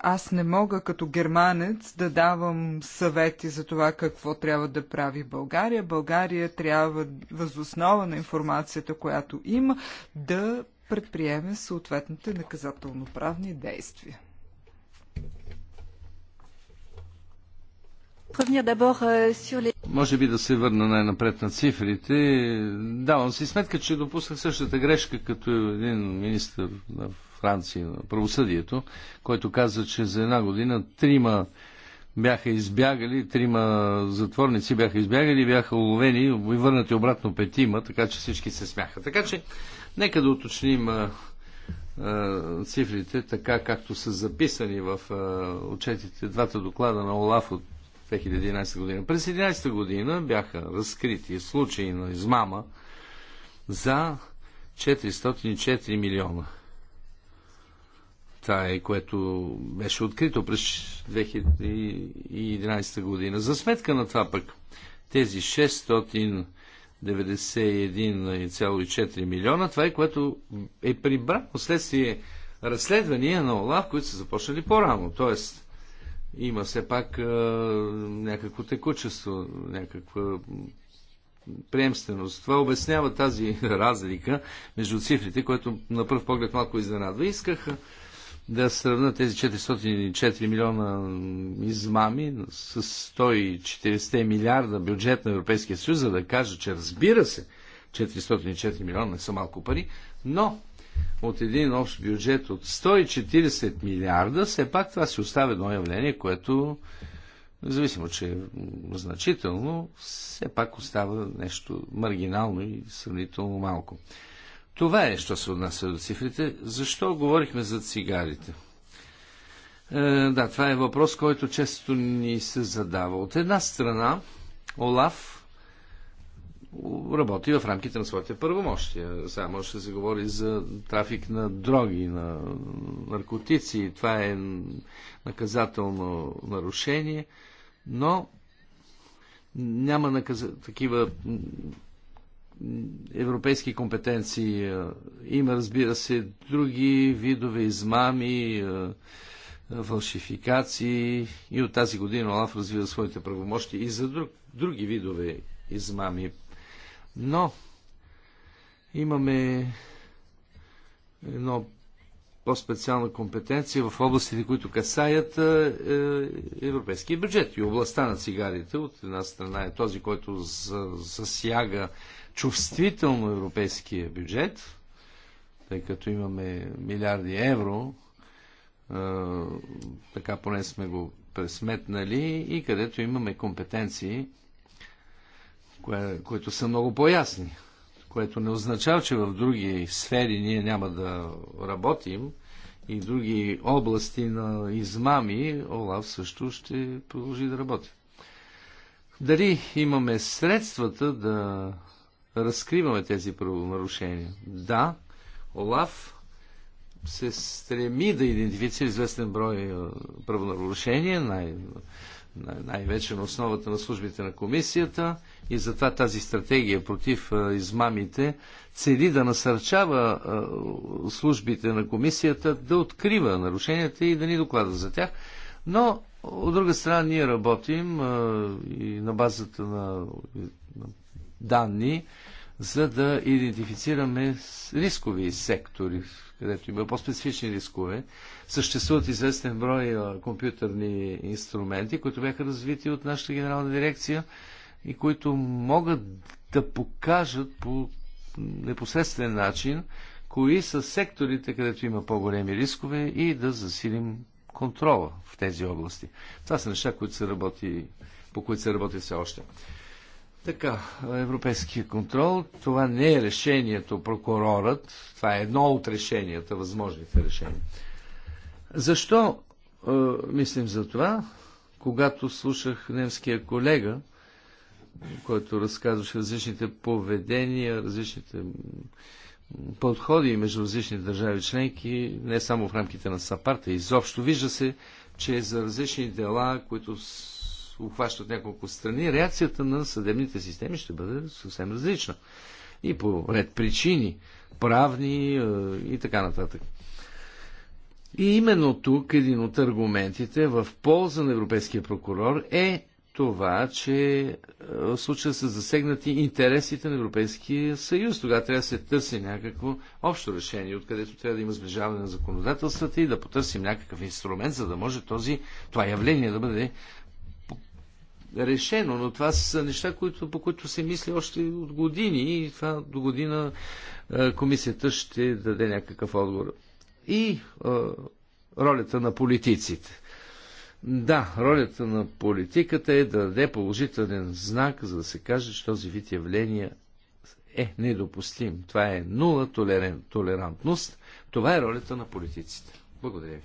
аз не мога като германец да давам съвети за това какво трябва да прави България. България трябва възоснова на информацията, която има, да предприеме съответните наказателно-правни действия. Euh, Може би да се върна най-напред на цифрите. Давам си сметка, че допуснах същата грешка като един министр в. Франция, правосъдието, който каза, че за една година трима бяха избягали, трима затворници бяха избягали, бяха уловени и върнати обратно петима, така че всички се смяха. Така че, нека да уточним а, а, цифрите, така както са записани в а, отчетите двата доклада на ОЛАФ от 2011 година. През 2011 година бяха разкрити случаи на измама за 404 милиона е, което беше открито през 2011 година. За сметка на това пък тези 691,4 милиона, това е което е прибрано следствие разследвания на ОЛАВ, които са започнали по-рано. Тоест, има все пак а, някакво текучество, някаква приемственост. Това обяснява тази разлика между цифрите, което на пръв поглед малко изненадва. Исках да сравна тези 404 милиона измами с 140 милиарда бюджет на Европейския съюз, за да кажа, че разбира се, 404 милиона не са малко пари, но от един общ бюджет от 140 милиарда, все пак това се оставя едно явление, което, независимо, че е значително, все пак остава нещо маргинално и сравнително малко. Това е, що се отнася до цифрите. Защо говорихме за цигарите? Е, да, това е въпрос, който често ни се задава. От една страна, Олаф работи в рамките на своите първомощия. Сега може да се говори за трафик на дроги, на наркотици. Това е наказателно нарушение, но няма наказ... такива европейски компетенции. Е, има, разбира се, други видове измами, е, фалшификации и от тази година Олаф развива своите правомощи и за друг, други видове измами. Но имаме едно по-специална компетенция в областите, които касаят е, е европейския бюджет и областта на цигарите. От една страна е този, който засяга чувствително европейския бюджет, тъй като имаме милиарди евро, така поне сме го пресметнали и където имаме компетенции, кое, които са много по-ясни, което не означава, че в други сфери ние няма да работим и други области на измами, Олаф също ще продължи да работи. Дали имаме средствата да разкриваме тези правонарушения. Да, Олаф се стреми да идентифицира известен брой правонарушения, най- най-вече на основата на службите на комисията и затова тази стратегия против измамите цели да насърчава службите на комисията да открива нарушенията и да ни доклада за тях. Но, от друга страна, ние работим и на базата на данни, за да идентифицираме рискови сектори, където има по-специфични рискове. Съществуват известен брой компютърни инструменти, които бяха развити от нашата генерална дирекция и които могат да покажат по непосредствен начин кои са секторите, където има по-големи рискове и да засилим контрола в тези области. Това са неща, които се работи, по които се работи все още. Така, европейския контрол, това не е решението прокурорът, това е едно от решенията, възможните решения. Защо е, мислим за това? Когато слушах немския колега, който разказваше различните поведения, различните подходи между различни държави членки, не само в рамките на САПАРТА, изобщо вижда се, че за различни дела, които обхващат няколко страни, реакцията на съдебните системи ще бъде съвсем различна. И по ред причини, правни е, и така нататък. И именно тук един от аргументите в полза на европейския прокурор е това, че е, в случая са засегнати интересите на Европейския съюз. Тогава трябва да се търси някакво общо решение, откъдето трябва да има сближаване на законодателствата и да потърсим някакъв инструмент, за да може този, това явление да бъде решено, но това са неща, които, по които се мисли още от години и това до година е, комисията ще даде някакъв отговор. И е, ролята на политиците. Да, ролята на политиката е да даде положителен знак, за да се каже, че този вид явления е недопустим. Това е нула толерантност. Това е ролята на политиците. Благодаря ви.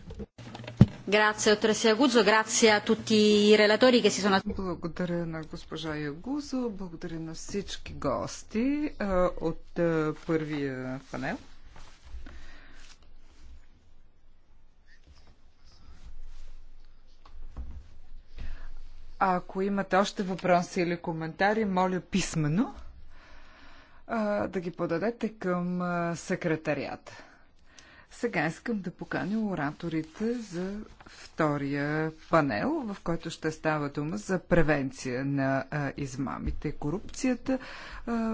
Благодаря на госпожа Ягузо, благодаря на всички гости от първия панел. Ако имате още въпроси или коментари, моля писмено да ги подадете към секретарията. Сега искам да поканя ораторите за втория панел, в който ще става дума за превенция на измамите и корупцията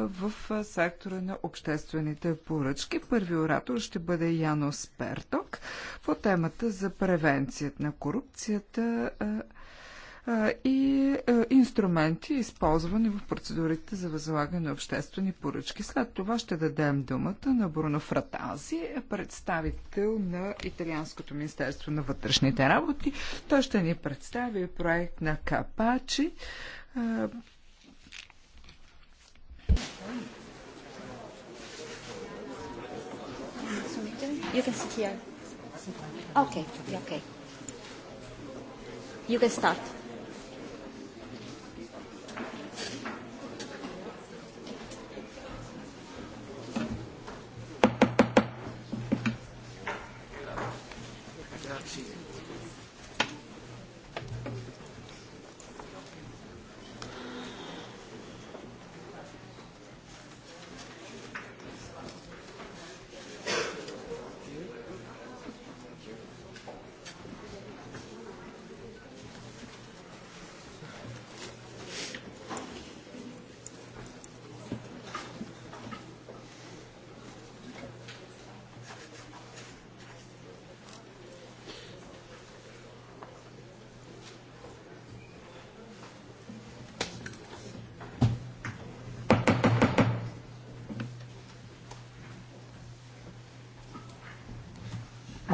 в сектора на обществените поръчки. Първи оратор ще бъде Яно Сперток по темата за превенцията на корупцията и инструменти, използвани в процедурите за възлагане на обществени поръчки. След това ще дадем думата на Бруно Фратази, представител на Италианското министерство на вътрешните работи. Той ще ни представи проект на Капачи. You can sit here. Okay, okay. You can start.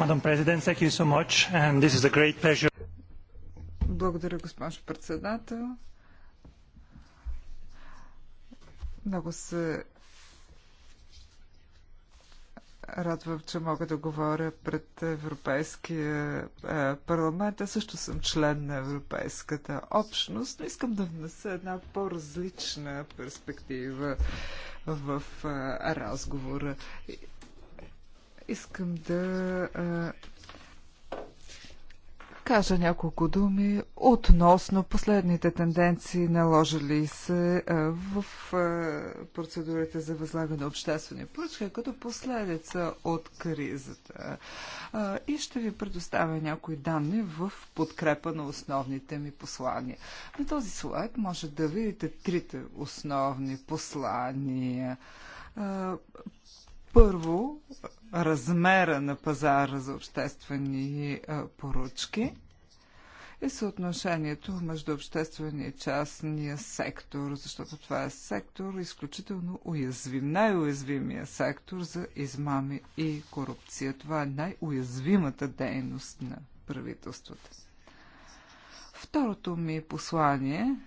Madam President, thank you so much, and this is a great pleasure. Благодаря, госпожо председател. Много се радвам, че мога да говоря пред Европейския е, парламент. Аз също съм член на Европейската общност, но искам да внеса една по-различна перспектива в е, разговора. Искам да а, кажа няколко думи относно последните тенденции, наложили се а, в а, процедурите за възлагане на обществени поръчки, като последица от кризата. А, и ще ви предоставя някои данни в подкрепа на основните ми послания. На този слайд може да видите трите основни послания първо, размера на пазара за обществени поръчки и съотношението между обществения и частния сектор, защото това е сектор изключително уязвим, най-уязвимия сектор за измами и корупция. Това е най-уязвимата дейност на правителствата. Второто ми послание –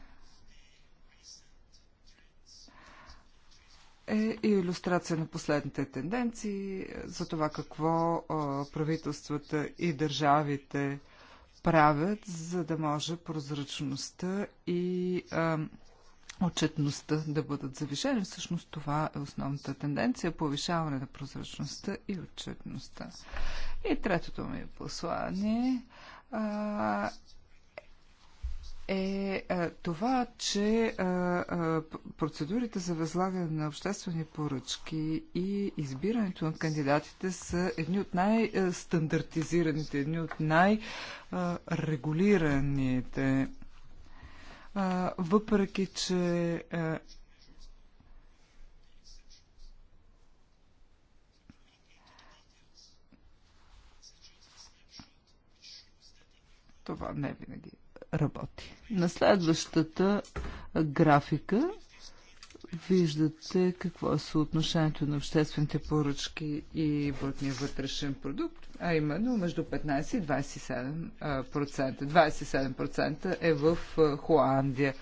е и иллюстрация на последните тенденции за това какво правителствата и държавите правят, за да може прозрачността и отчетността да бъдат завишени. Всъщност това е основната тенденция повишаване на прозрачността и отчетността. И третото ми послание е, е това, че е, е, процедурите за възлагане на обществени поръчки и избирането на кандидатите са едни от най-стандартизираните, едни от най-регулираните. Въпреки, че това не винаги е работи. На следващата графика виждате какво е съотношението на обществените поръчки и брутния вътрешен продукт, а именно между 15 и 27%. 27% е в Холандия,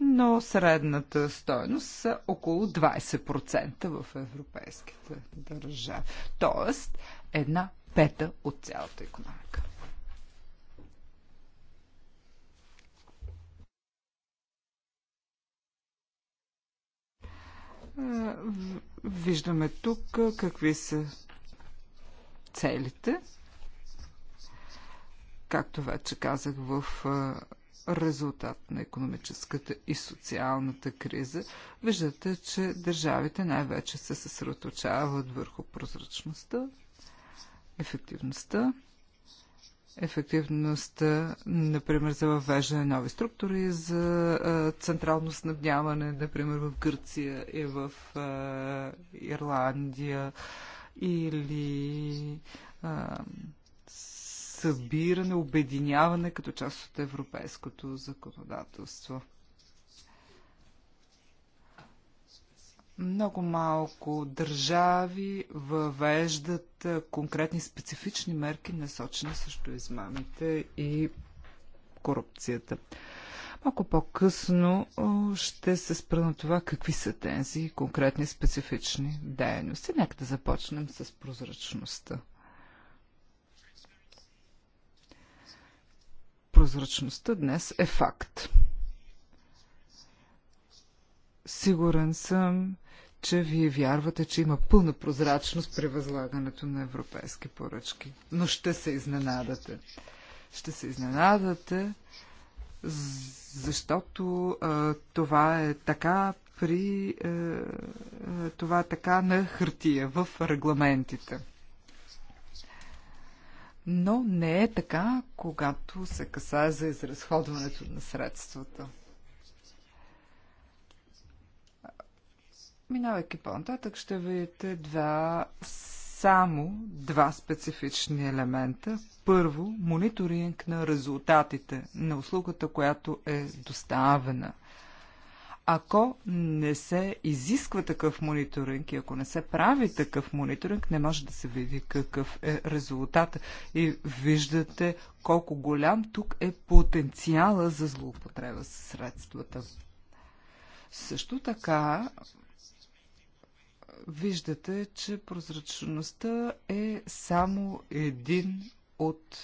но средната стоеност са около 20% в европейските държави. Тоест, една пета от цялата економика. Виждаме тук какви са целите. Както вече казах в резултат на економическата и социалната криза, виждате, че държавите най-вече се съсредоточават върху прозрачността, ефективността ефективността, например, за въвеждане на нови структури, за централно снабдяване, например, в Гърция и в Ирландия, или събиране, обединяване като част от европейското законодателство. Много малко държави въвеждат конкретни специфични мерки, насочени срещу измамите и корупцията. Малко по-късно ще се спра на това какви са тези конкретни специфични дейности. Нека да започнем с прозрачността. Прозрачността днес е факт. Сигурен съм, че вие вярвате, че има пълна прозрачност при възлагането на европейски поръчки. Но ще се изненадате. Ще се изненадате, защото а, това е така при а, е, е, това е така на хартия в регламентите. Но не е така, когато се касае за изразходването на средствата. Минавайки по-нататък, ще видите два, само два специфични елемента. Първо, мониторинг на резултатите на услугата, която е доставена. Ако не се изисква такъв мониторинг и ако не се прави такъв мониторинг, не може да се види какъв е резултат. И виждате колко голям тук е потенциала за злоупотреба с средствата. Също така виждате, че прозрачността е само един от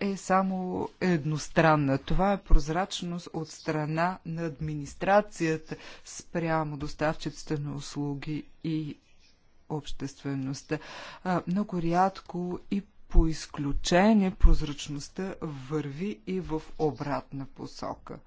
е само едностранна. Това е прозрачност от страна на администрацията спрямо доставчиците на услуги и обществеността. Много рядко и по изключение прозрачността върви и в обратна посока.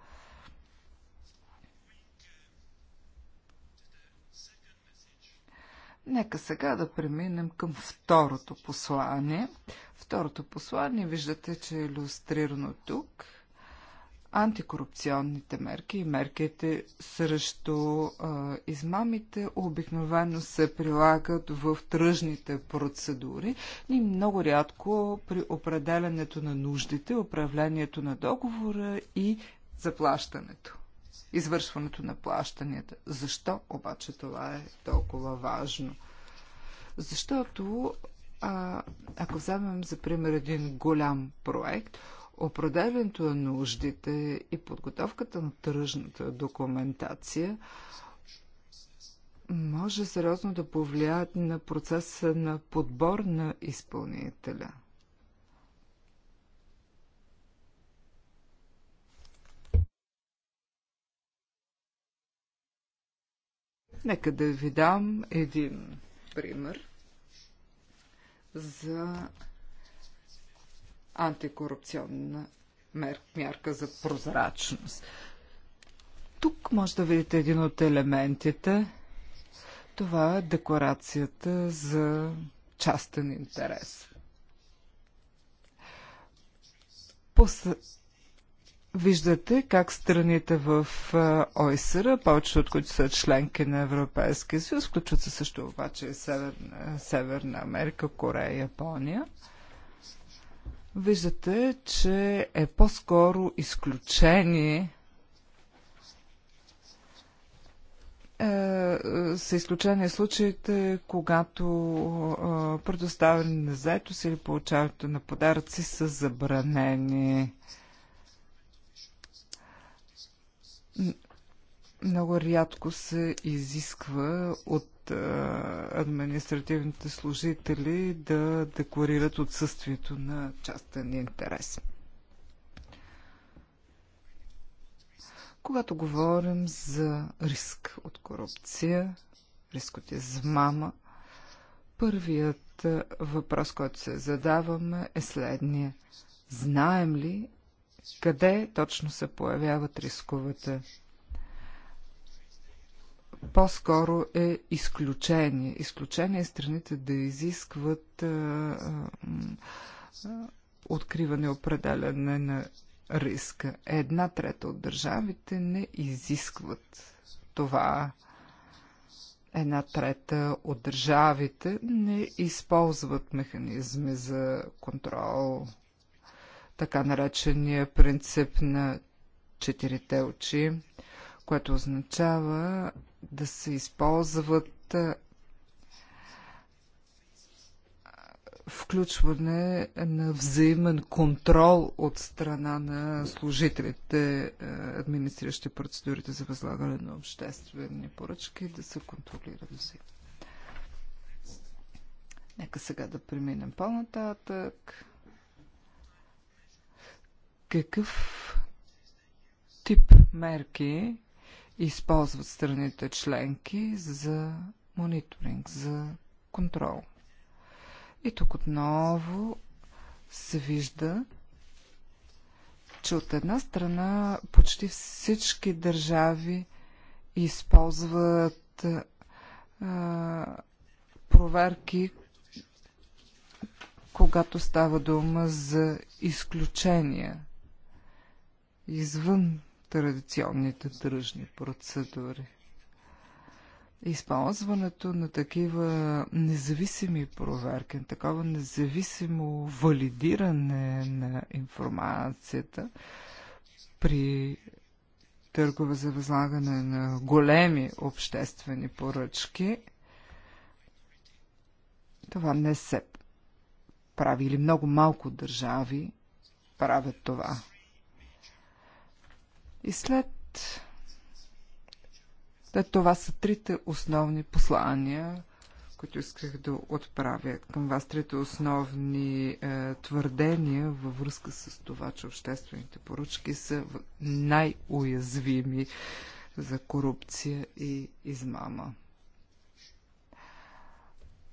Нека сега да преминем към второто послание. Второто послание виждате, че е иллюстрирано тук. Антикорупционните мерки и мерките срещу а, измамите обикновено се прилагат в тръжните процедури и много рядко при определенето на нуждите, управлението на договора и заплащането извършването на плащанията. Защо обаче това е толкова важно? Защото а, ако вземем за пример един голям проект, определенето на нуждите и подготовката на тръжната документация може сериозно да повлияят на процеса на подбор на изпълнителя – Нека да ви дам един пример за антикорупционна мер, мярка за прозрачност. Тук може да видите един от елементите. Това е декларацията за частен интерес. Виждате как страните в ОСР, повече от които са членки на Европейския съюз, включват се също обаче и Север, Северна Америка, Корея, Япония. Виждате, че е по-скоро изключение е, са изключени случаите, когато предоставяне на заетост или получаването на подаръци са забранени. много рядко се изисква от административните служители да декларират отсъствието на частен интерес. Когато говорим за риск от корупция, риск от измама, първият въпрос, който се задаваме е следния. Знаем ли къде точно се появяват рисковете? по-скоро е изключение. Изключение е страните да изискват а, а, откриване, определяне на риска. Една трета от държавите не изискват това. Една трета от държавите не използват механизми за контрол. Така наречения принцип на четирите очи, което означава да се използват включване на взаимен контрол от страна на служителите, администриращи процедурите за възлагане на обществени поръчки, да се контролират взаимно. Нека сега да преминем по-нататък. Какъв тип мерки използват страните членки за мониторинг, за контрол. И тук отново се вижда, че от една страна почти всички държави използват а, проверки, когато става дума за изключения извън традиционните тръжни процедури. Използването на такива независими проверки, такова независимо валидиране на информацията при търгове за възлагане на големи обществени поръчки, това не се прави или много малко държави правят това. И след след това са трите основни послания, които исках да отправя към вас. Трите основни е, твърдения във връзка с това, че обществените поръчки са най-уязвими за корупция и измама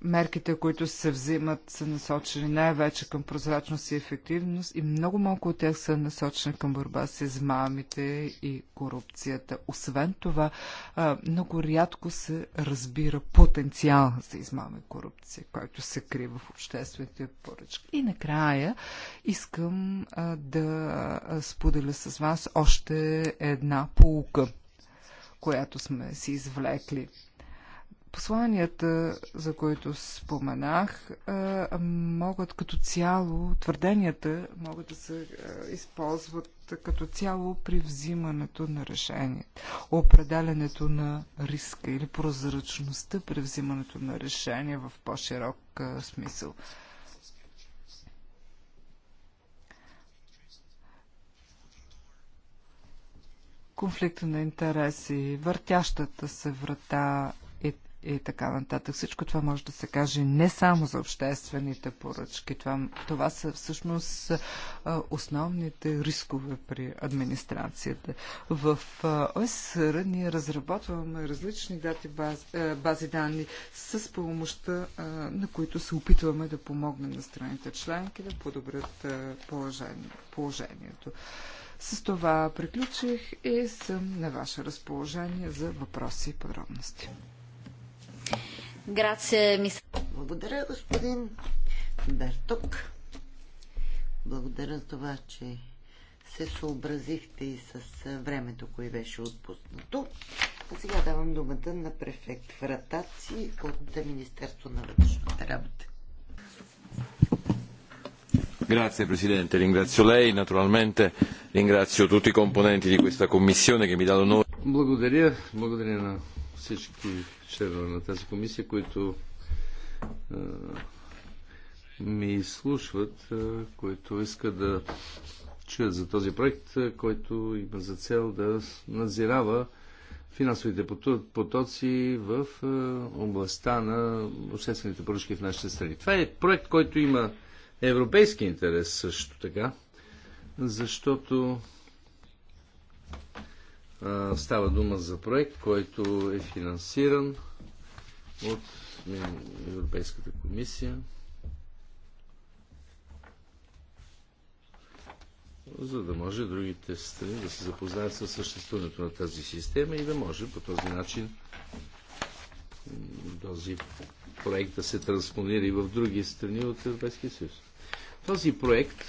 мерките, които се взимат, са насочени най-вече към прозрачност и ефективност и много малко от тях са насочени към борба с измамите и корупцията. Освен това, много рядко се разбира потенциал за измама и корупция, който се крие в обществените поръчки. И накрая искам да споделя с вас още една полука, която сме си извлекли – Посланията, за които споменах, могат като цяло, твърденията могат да се използват като цяло при взимането на решение, определенето на риска или прозрачността при взимането на решение в по-широк смисъл. конфликта на интереси, въртящата се врата, и така нататък. Всичко това може да се каже не само за обществените поръчки. Това, това са всъщност основните рискове при администрацията. В ОСР ние разработваме различни дати бази, бази данни, с помощта на които се опитваме да помогнем на страните членки да подобрят положение, положението. С това приключих и съм на ваше разположение за въпроси и подробности. Грация, мис... Благодаря, господин Бертук. Благодаря за това, че се съобразихте и с времето, кое беше отпуснато. А сега давам думата на префект Вратаци от Министерство на вътрешната работа. Grazie Presidente, ringrazio lei, naturalmente ringrazio tutti i componenti di questa Commissione che mi dà l'onore. Благодаря, благодаря на всички членове на тази комисия, които а, ми изслушват, а, които искат да чуят за този проект, а, който има за цел да назирава финансовите потоци в областта на обществените поръчки в нашите страни. Това е проект, който има европейски интерес също така, защото Става дума за проект, който е финансиран от Европейската комисия. за да може другите страни да се запознаят с съществуването на тази система и да може по този начин този проект да се транспонира и в други страни от Европейския съюз. Този проект,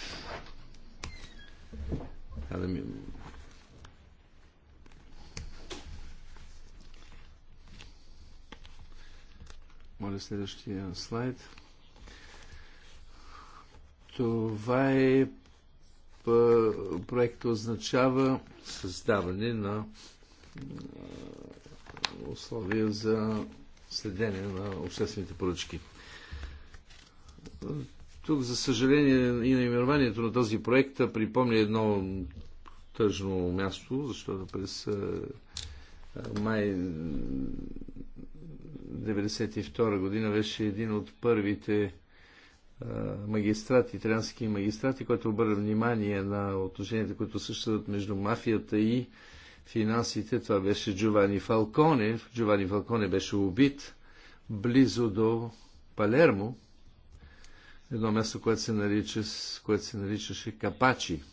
Моля следващия слайд. Това е проект означава създаване на условия за следение на обществените поръчки. Тук, за съжаление, и наименованието на този проект припомня едно тъжно място, защото през май 1992 година беше един от първите магистрати, италиански магистрати, който обърна внимание на отношенията, които съществуват между мафията и финансите. Това беше Джовани Фалконе. Джовани Фалконе беше убит близо до Палермо. Едно място, което се, нарича, което се наричаше Капачи.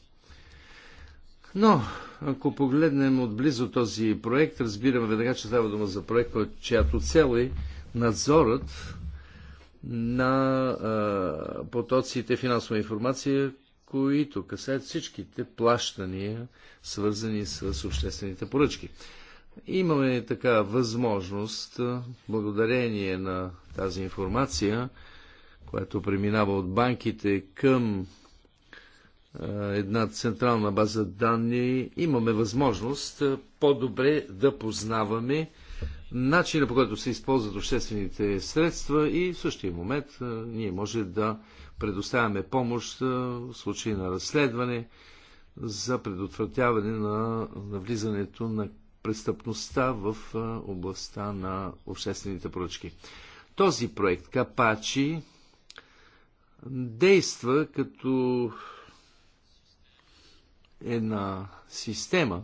Но, ако погледнем отблизо този проект, разбираме веднага, че става дума за проект, чиято цел е надзорът на а, потоците финансова информация, които касаят всичките плащания, свързани с обществените поръчки. Имаме така възможност, благодарение на тази информация, която преминава от банките към е, една централна база данни, имаме възможност е, по-добре да познаваме начина по който се използват обществените средства и в същия момент е, ние може да предоставяме помощ в случай на разследване за предотвратяване на навлизането на престъпността в областта на обществените поръчки. Този проект Капачи действа като една система,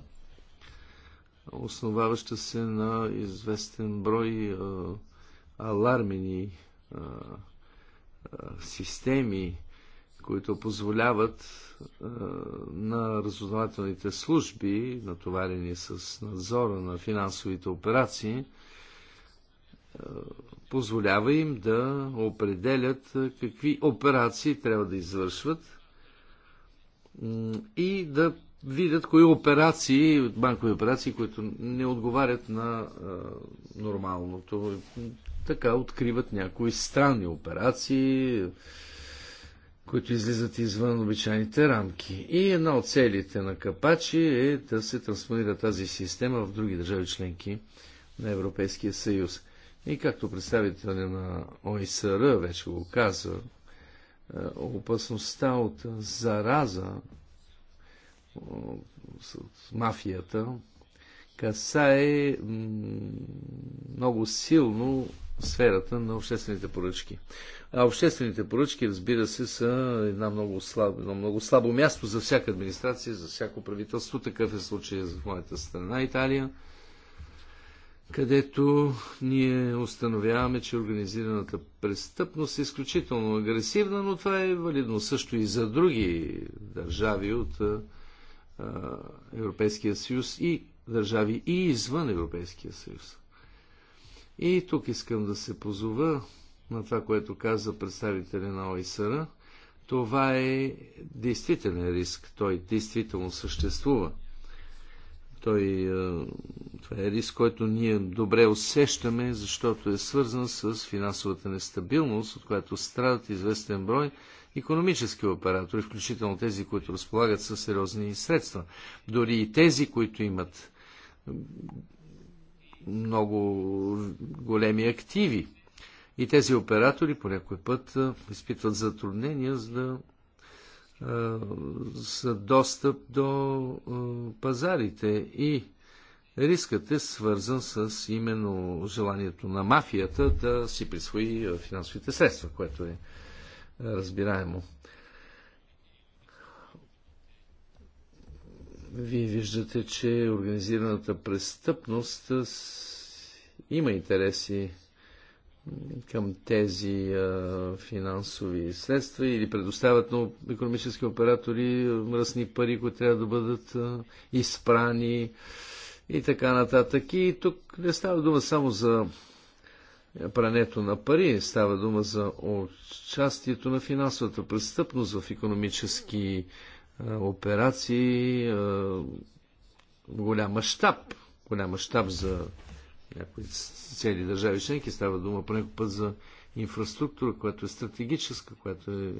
основаваща се на известен брой а, алармени а, а, системи, които позволяват а, на разузнавателните служби, натоварени с надзора на финансовите операции, а, позволява им да определят какви операции трябва да извършват и да видят кои операции, банкови операции, които не отговарят на а, нормалното. Така откриват някои странни операции, които излизат извън обичайните рамки. И една от целите на Капачи е да се трансформира тази система в други държави членки на Европейския съюз. И както представителя на ОИСР вече го казва. Е, опасността от зараза, от мафията, касае много силно сферата на обществените поръчки. А обществените поръчки, разбира се, са една много слабо, едно много слабо място за всяка администрация, за всяко правителство. Такъв е случай в моята страна Италия където ние установяваме, че организираната престъпност е изключително агресивна, но това е валидно също и за други държави от Европейския съюз и държави и извън Европейския съюз. И тук искам да се позова на това, което каза представителя на ОИСР. Това е действителен риск. Той действително съществува. Той, това е риск, който ние добре усещаме, защото е свързан с финансовата нестабилност, от която страдат известен брой економически оператори, включително тези, които разполагат със сериозни средства. Дори и тези, които имат много големи активи. И тези оператори по някой път изпитват затруднения, за да са достъп до пазарите и рискът е свързан с именно желанието на мафията да си присвои финансовите средства, което е разбираемо. Вие виждате, че организираната престъпност има интереси към тези а, финансови средства или предоставят на економически оператори мръсни пари, които трябва да бъдат а, изпрани и така нататък. И тук не става дума само за прането на пари, става дума за участието на финансовата престъпност в економически а, операции, голям мащаб, голям мащаб за някои цели държави членки. Става дума по някой път за инфраструктура, която е стратегическа, която е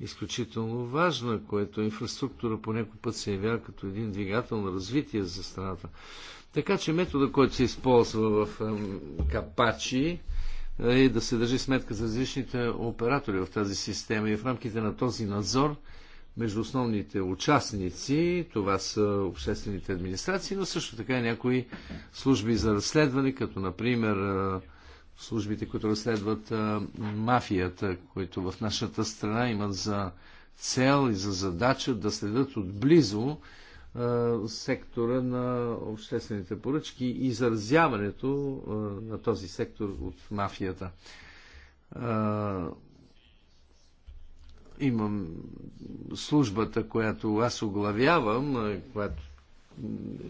изключително важна, което инфраструктура по някой път се явява като един двигател на развитие за страната. Така че метода, който се използва в Капачи, е да се държи сметка за различните оператори в тази система и в рамките на този надзор – между основните участници. Това са обществените администрации, но също така и някои служби за разследване, като например службите, които разследват мафията, които в нашата страна имат за цел и за задача да следят отблизо сектора на обществените поръчки и заразяването на този сектор от мафията имам службата, която аз оглавявам, която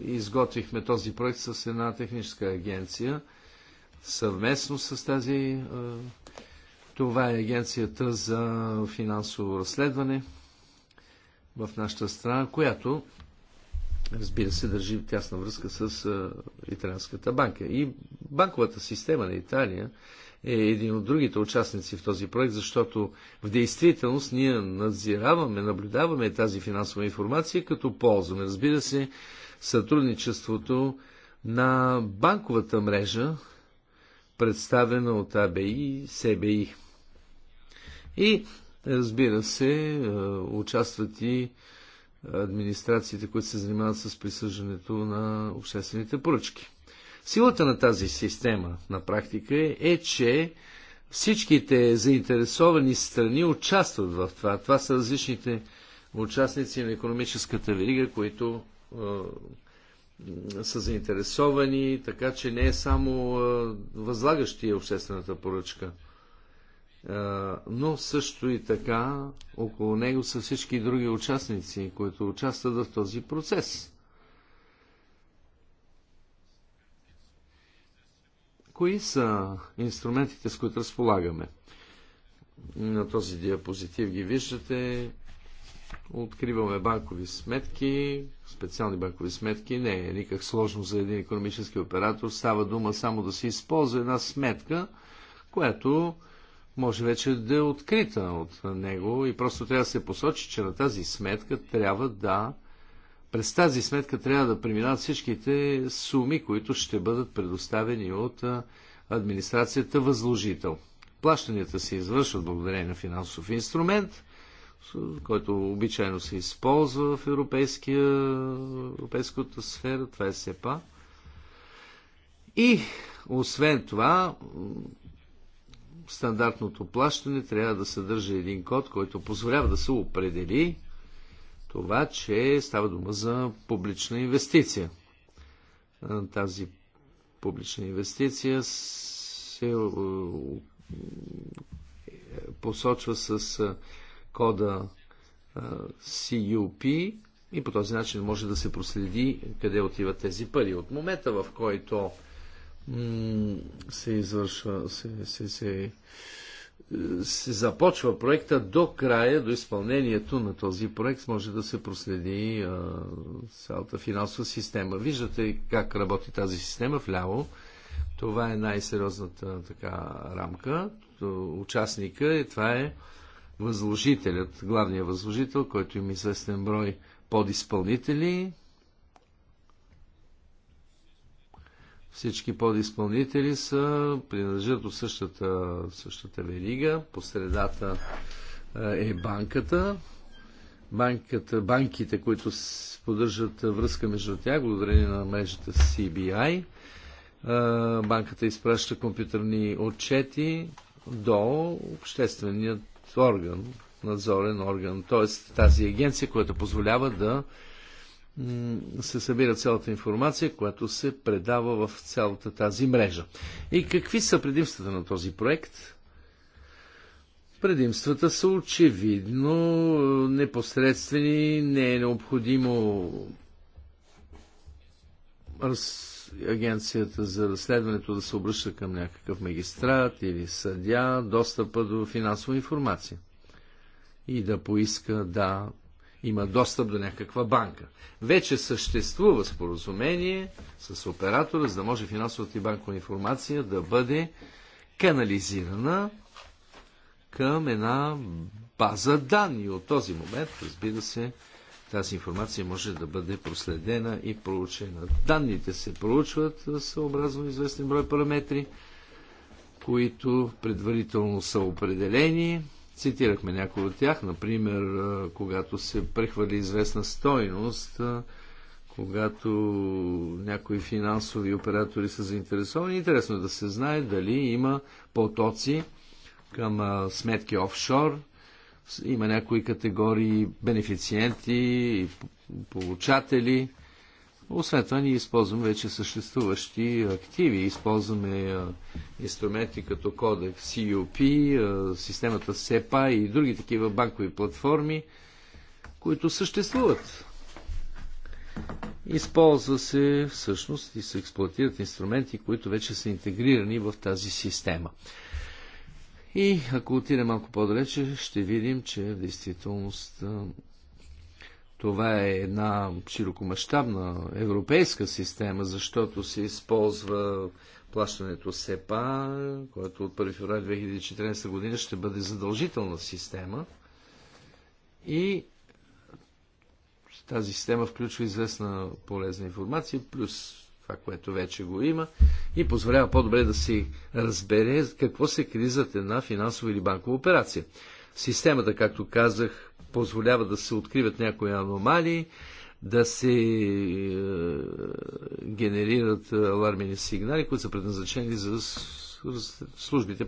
изготвихме този проект с една техническа агенция, съвместно с тази. Това е агенцията за финансово разследване в нашата страна, която разбира се, държи в тясна връзка с Италианската банка. И банковата система на Италия е един от другите участници в този проект, защото в действителност ние надзираваме, наблюдаваме тази финансова информация, като ползваме, разбира се, сътрудничеството на банковата мрежа, представена от АБИ и СБИ. И, разбира се, е, участват и администрациите, които се занимават с присъждането на обществените поръчки. Силата на тази система на практика е, е че всичките заинтересовани страни участват в това. Това са различните участници на економическата верига, които е, са заинтересовани, така че не е само е, възлагащия обществената поръчка, е, но също и така около него са всички други участници, които участват в този процес. Кои са инструментите, с които разполагаме? На този диапозитив ги виждате. Откриваме банкови сметки, специални банкови сметки. Не е никак сложно за един економически оператор. Става дума само да се използва една сметка, която може вече да е открита от него и просто трябва да се посочи, че на тази сметка трябва да през тази сметка трябва да преминат всичките суми, които ще бъдат предоставени от администрацията възложител. Плащанията се извършват благодарение на финансов инструмент, който обичайно се използва в европейския, европейската сфера, това е СЕПА. И освен това, стандартното плащане трябва да съдържа един код, който позволява да се определи това, че става дума за публична инвестиция. Тази публична инвестиция се посочва с кода CUP и по този начин може да се проследи къде отиват тези пари. От момента, в който се извършва, се, се, се се започва проекта до края, до изпълнението на този проект може да се проследи а, цялата финансова система. Виждате как работи тази система вляво. Това е най-сериозната така рамка. Участника и е, това е възложителят, главният възложител, който има известен брой подизпълнители, Всички подиспълнители са, принадлежат от същата, същата верига. По средата е, е банката. Банката, банките, които поддържат връзка между тях, благодарение на мрежата CBI. Е, банката изпраща компютърни отчети до общественият орган, надзорен орган, т.е. тази агенция, която позволява да се събира цялата информация, която се предава в цялата тази мрежа. И какви са предимствата на този проект? Предимствата са очевидно е, непосредствени, не е необходимо агенцията за разследването да се обръща към някакъв магистрат или съдя, достъпа до финансова информация и да поиска да има достъп до някаква банка. Вече съществува споразумение с оператора, за да може финансовата и банкова информация да бъде канализирана към една база данни. От този момент, разбира се, тази информация може да бъде проследена и проучена. Данните се проучват съобразно известен брой параметри, които предварително са определени Цитирахме някои от тях, например, когато се прехвърли известна стойност, когато някои финансови оператори са заинтересовани. Интересно е да се знае дали има потоци към сметки офшор. Има някои категории бенефициенти, получатели. Освен това, ние използваме вече съществуващи активи. Използваме инструменти като кодек CUP, системата SEPA и други такива банкови платформи, които съществуват. Използва се всъщност и се експлуатират инструменти, които вече са интегрирани в тази система. И ако отидем малко по-далече, ще видим, че в действителност това е една широкомащабна европейска система, защото се използва плащането СЕПА, което от 1 февраля 2014 година ще бъде задължителна система. И тази система включва известна полезна информация, плюс това, което вече го има, и позволява по-добре да си разбере какво се е една финансова или банкова операция. Системата, както казах, позволява да се откриват някои аномалии, да се е, генерират алармени сигнали, които са предназначени за службите е,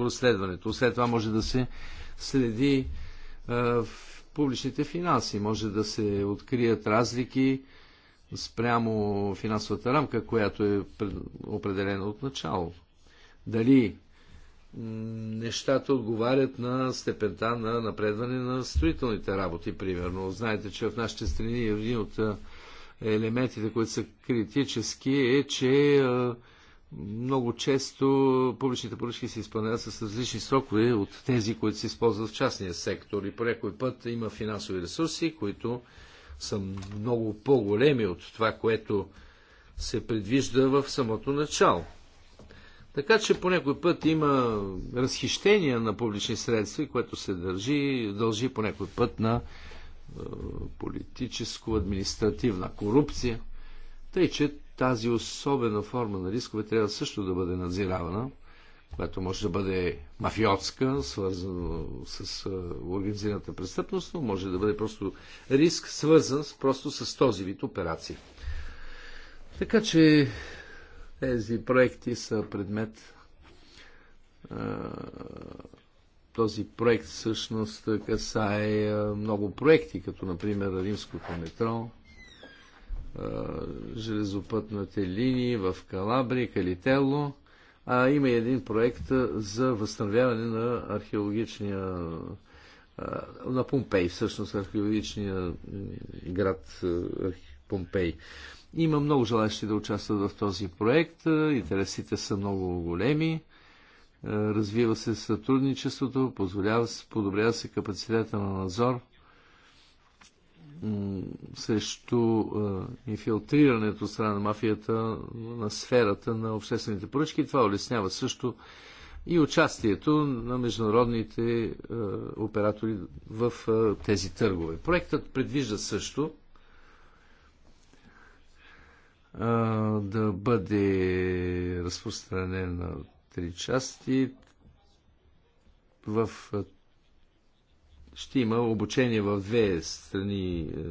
разследването. След това може да се следи е, в публичните финанси, може да се открият разлики спрямо финансовата рамка, която е определена от начало. Дали нещата отговарят на степента на напредване на строителните работи, примерно. Знаете, че в нашите страни един от елементите, които са критически, е, че много често публичните поръчки се изпълняват с различни срокове от тези, които се използват в частния сектор. И по някой път има финансови ресурси, които са много по-големи от това, което се предвижда в самото начало. Така че по някой път има разхищение на публични средства, което се държи, дължи по някой път на е, политическо-административна корупция. Тъй, че тази особена форма на рискове трябва също да бъде надзиравана, която може да бъде мафиотска, свързана с е, организираната престъпност, но може да бъде просто риск, свързан просто с този вид операции. Така че тези проекти са предмет. Този проект всъщност касае много проекти, като например Римското метро, железопътните линии в Калабри, Калителло. А има и един проект за възстановяване на археологичния на Помпей, всъщност археологичния град Помпей. Има много желащи да участват в този проект. Е, интересите са много големи. Е, развива се сътрудничеството, позволява, подобрява се капацитета на надзор срещу е, инфилтрирането от страна на мафията на сферата на обществените поръчки. Това улеснява също и участието на международните оператори в тези търгове. Проектът предвижда също да бъде разпространен на три части. В... Ще има обучение в две страни е,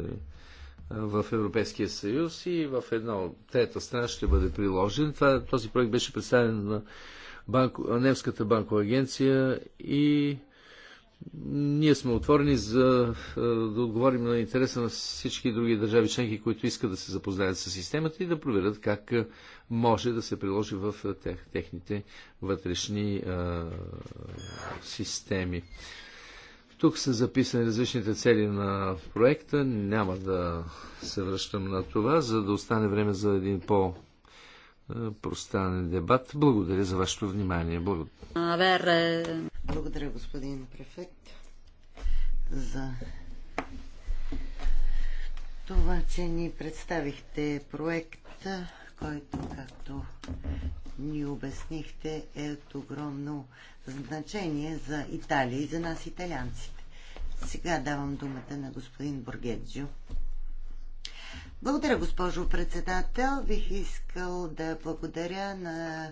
в Европейския съюз и в една трета страна ще бъде приложен. Това, този проект беше представен на банко, немската банкова агенция и ние сме отворени за е, да отговорим на интереса на всички други държави членки, които искат да се запознаят с системата и да проверят как е, може да се приложи в е, тех, техните вътрешни а, системи. Тук са записани различните цели на проекта. Няма да се връщам на това, за да остане време за един по- пространен дебат. Благодаря за вашето внимание. Благодаря. Благодаря, господин префект, за това, че ни представихте проекта, който, както ни обяснихте, е от огромно значение за Италия и за нас италианците. Сега давам думата на господин Боргеджио. Благодаря, госпожо председател. Бих искал да благодаря на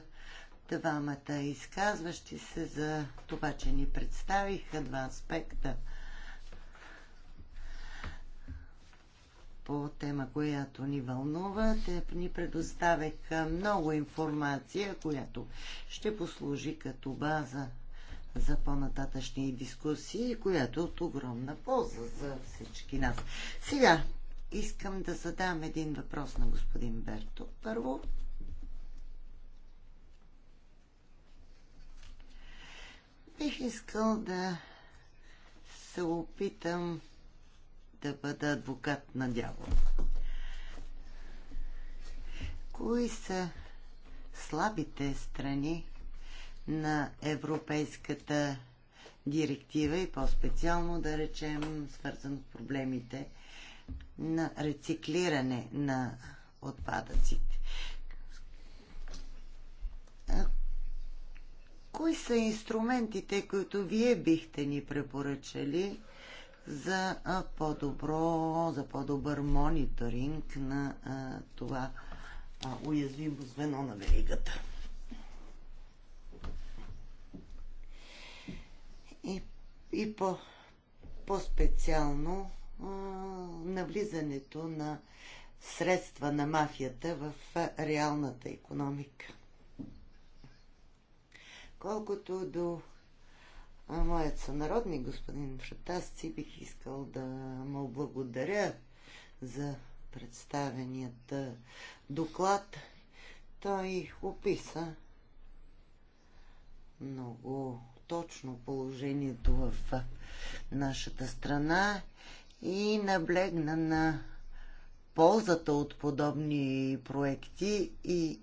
двамата изказващи се за това, че ни представиха два аспекта по тема, която ни вълнува. Те ни предоставяха много информация, която ще послужи като база за по-нататъчни дискусии, която е от огромна полза за всички нас. Сега искам да задам един въпрос на господин Берто. Първо, Бих искал да се опитам да бъда адвокат на дявола. Кои са слабите страни на европейската директива и по-специално да речем свързан с проблемите на рециклиране на отпадъците. Кои са инструментите, които вие бихте ни препоръчали за по-добро, за по-добър мониторинг на а, това а, уязвимо звено на веригата? И, и по, по-специално навлизането на средства на мафията в реалната економика. Колкото до моят сънародник, господин Фратасци, бих искал да му благодаря за представеният доклад. Той описа много точно положението в нашата страна и наблегна на ползата от подобни проекти и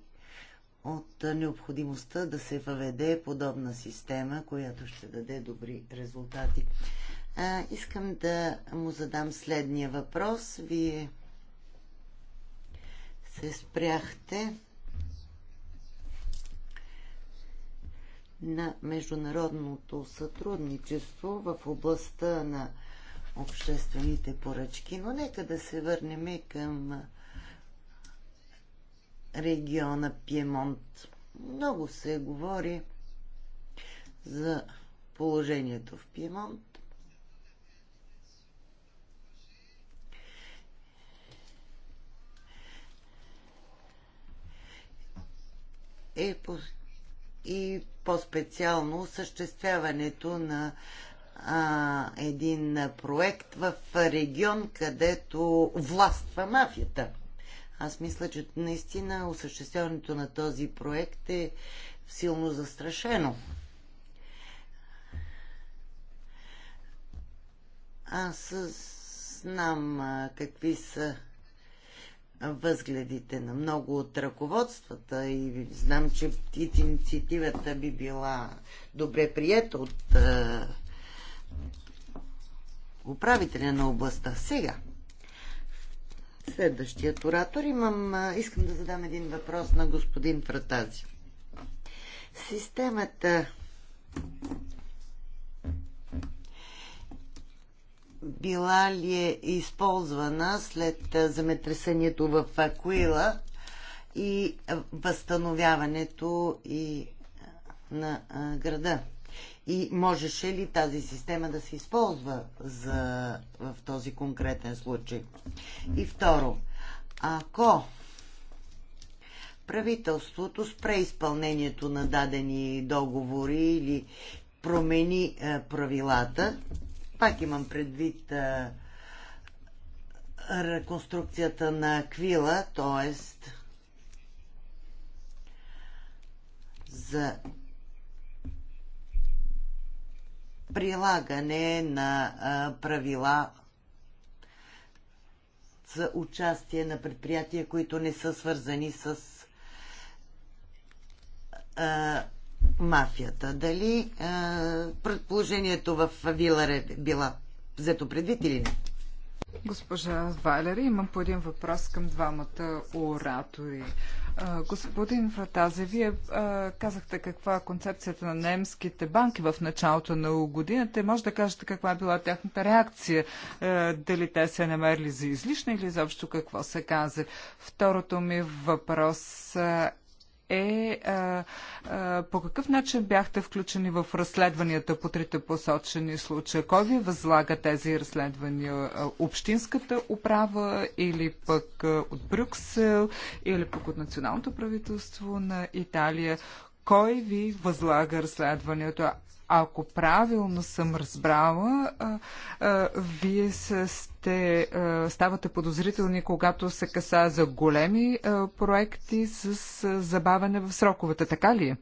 от необходимостта да се въведе подобна система, която ще даде добри резултати. А, искам да му задам следния въпрос. Вие се спряхте на международното сътрудничество в областта на обществените поръчки, но нека да се върнем към региона Пьемонт. Много се говори за положението в Пьемонт. И, е по и по-специално осъществяването на а, един проект в регион, където властва мафията. Аз мисля, че наистина осъществяването на този проект е силно застрашено. Аз знам какви са възгледите на много от ръководствата и знам, че инициативата би била добре приета от управителя на областта. Сега, Следващият оратор. Имам, искам да задам един въпрос на господин Фратази. Системата била ли е използвана след земетресението в Акуила и възстановяването и на града? и можеше ли тази система да се използва за, в този конкретен случай. И второ, ако правителството спре изпълнението на дадени договори или промени е, правилата, пак имам предвид е, реконструкцията на аквила, т.е. за прилагане на а, правила за участие на предприятия, които не са свързани с а, мафията. Дали а, предположението в Виларе била взето предвид или не? Госпожа Валери, имам по един въпрос към двамата оратори. Господин Фратазе, вие а, казахте каква е концепцията на немските банки в началото на годината. Може да кажете каква е била тяхната реакция? А, дали те се намерили за излишна или заобщо какво се каза? Второто ми въпрос е а, а, по какъв начин бяхте включени в разследванията по трите посочени случая? Кой ви възлага тези разследвания? Общинската управа или пък от Брюксел или пък от националното правителство на Италия? Кой ви възлага разследването? Ако правилно съм разбрала, а, а, вие сте, а, ставате подозрителни, когато се каса за големи проекти с забавене в сроковете. Така ли е?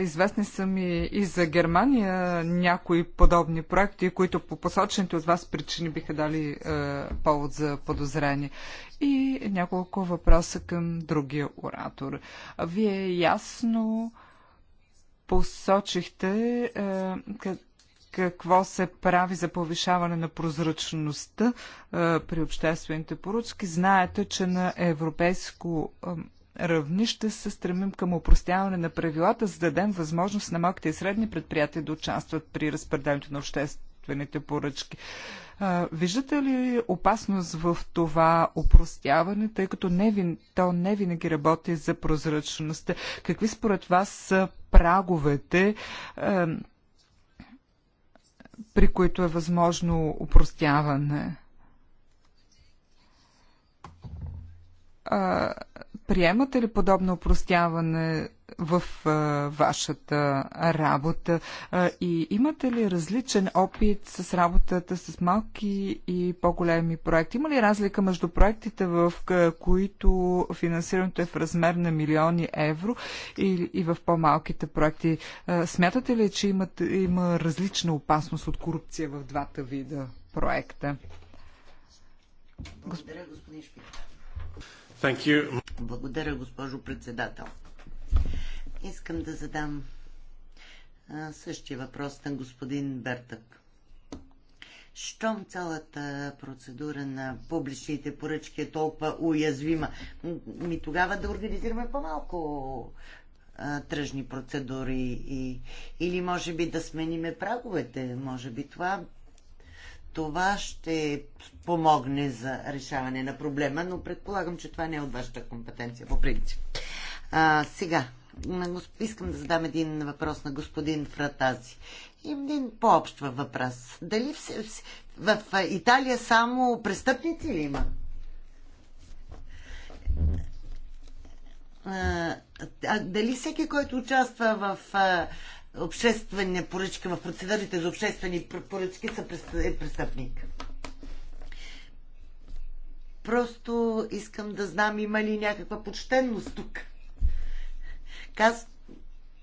Известни са ми и за Германия някои подобни проекти, които по посочените от вас причини биха дали е, повод за подозрение. И няколко въпроса към другия оратор. Вие ясно посочихте е, какво се прави за повишаване на прозрачността е, при обществените поръчки. Знаете, че на европейско равнище се стремим към упростяване на правилата, за да дадем възможност на малките и средни предприятия да участват при разпределението на обществените поръчки. Виждате ли опасност в това упростяване, тъй като не вин, то не винаги работи за прозрачността? Какви според вас са праговете, при които е възможно упростяване? Приемате ли подобно упростяване в а, вашата работа? А, и имате ли различен опит с работата с малки и по-големи проекти? Има ли разлика между проектите, в които финансирането е в размер на милиони евро и, и в по-малките проекти? А, смятате ли, че имат, има различна опасност от корупция в двата вида проекта? Благодаря, господин Шпилев. Благодаря, госпожо председател. Искам да задам същия въпрос на господин Бертък. Щом цялата процедура на публичните поръчки е толкова уязвима, ми тогава да организираме по-малко тръжни процедури и, или може би да смениме праговете. Може би това това ще помогне за решаване на проблема, но предполагам, че това не е от вашата компетенция по принцип. А, сега, искам да задам един въпрос на господин Фратази. И един по-общ въпрос. Дали в, в, в, в Италия само престъпници ли има? А, а, дали всеки, който участва в а, обществени поръчки, в процедурите за обществени поръчки са е престъпник. Просто искам да знам има ли някаква почтенност тук. Каз...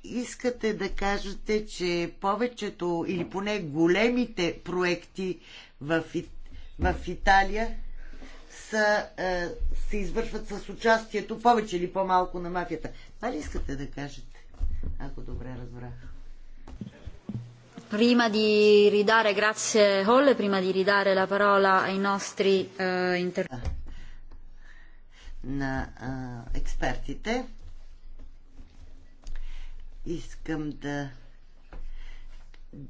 Искате да кажете, че повечето или поне големите проекти в, Ит... в Италия са, е, се извършват с участието повече или по-малко на мафията. Това ли искате да кажете? Ако добре разбрах. Prima di ridare, grazie Holle, prima di ridare la parola ai nostri eh, intervenuti. На експертите искам да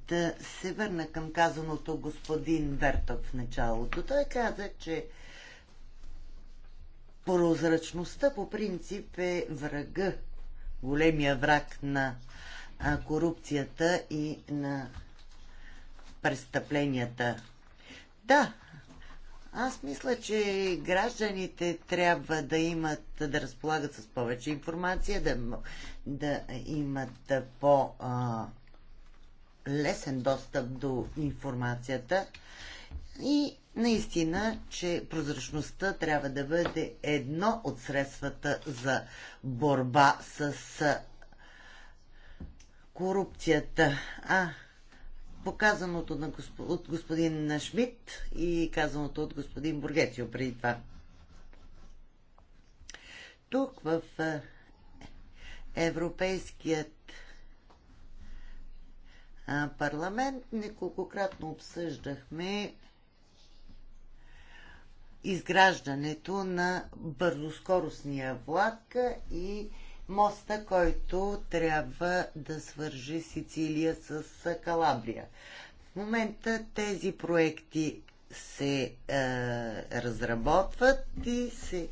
да се върна към казаното господин Верток в началото. Той каза, че прозрачността по принцип е врага, големия враг на корупцията и на престъпленията. Да, аз мисля, че гражданите трябва да имат, да разполагат с повече информация, да, да имат по а, лесен достъп до информацията и наистина, че прозрачността трябва да бъде едно от средствата за борба с корупцията. А показаното на госп... от господин Нашмит и казаното от господин Бургецио преди това. Тук в Европейският парламент неколкократно обсъждахме изграждането на бързоскоростния влак и моста, който трябва да свържи Сицилия с Калабрия. В момента тези проекти се е, разработват и се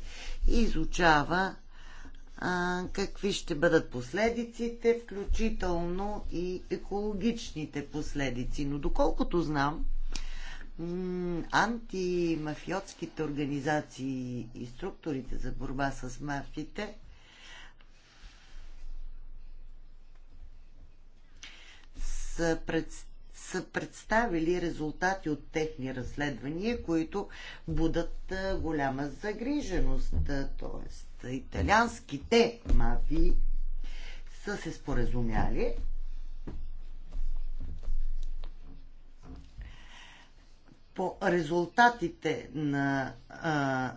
изучава е, какви ще бъдат последиците, включително и екологичните последици. Но доколкото знам, антимафиотските организации и структурите за борба с мафите. са, пред, са представили резултати от техни разследвания, които будат голяма загриженост. Тоест, италианските мафии са се споразумяли по резултатите на, а,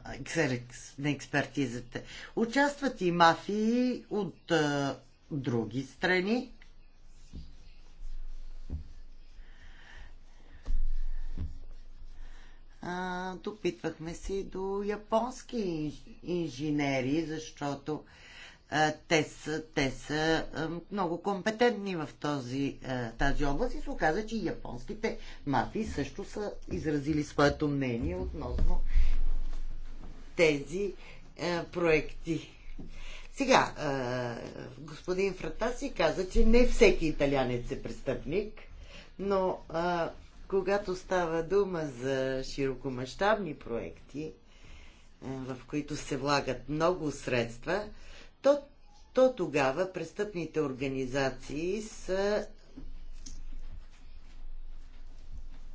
на експертизата. Участват и мафии от а, други страни, допитвахме се до японски инженери, защото те са, те са много компетентни в този, тази област и се оказа, че и японските мафии също са изразили своето мнение относно тези а, проекти. Сега, а, господин Фратаси каза, че не всеки италянец е престъпник, но когато става дума за широкомащабни проекти, е, в които се влагат много средства, то, то тогава престъпните организации са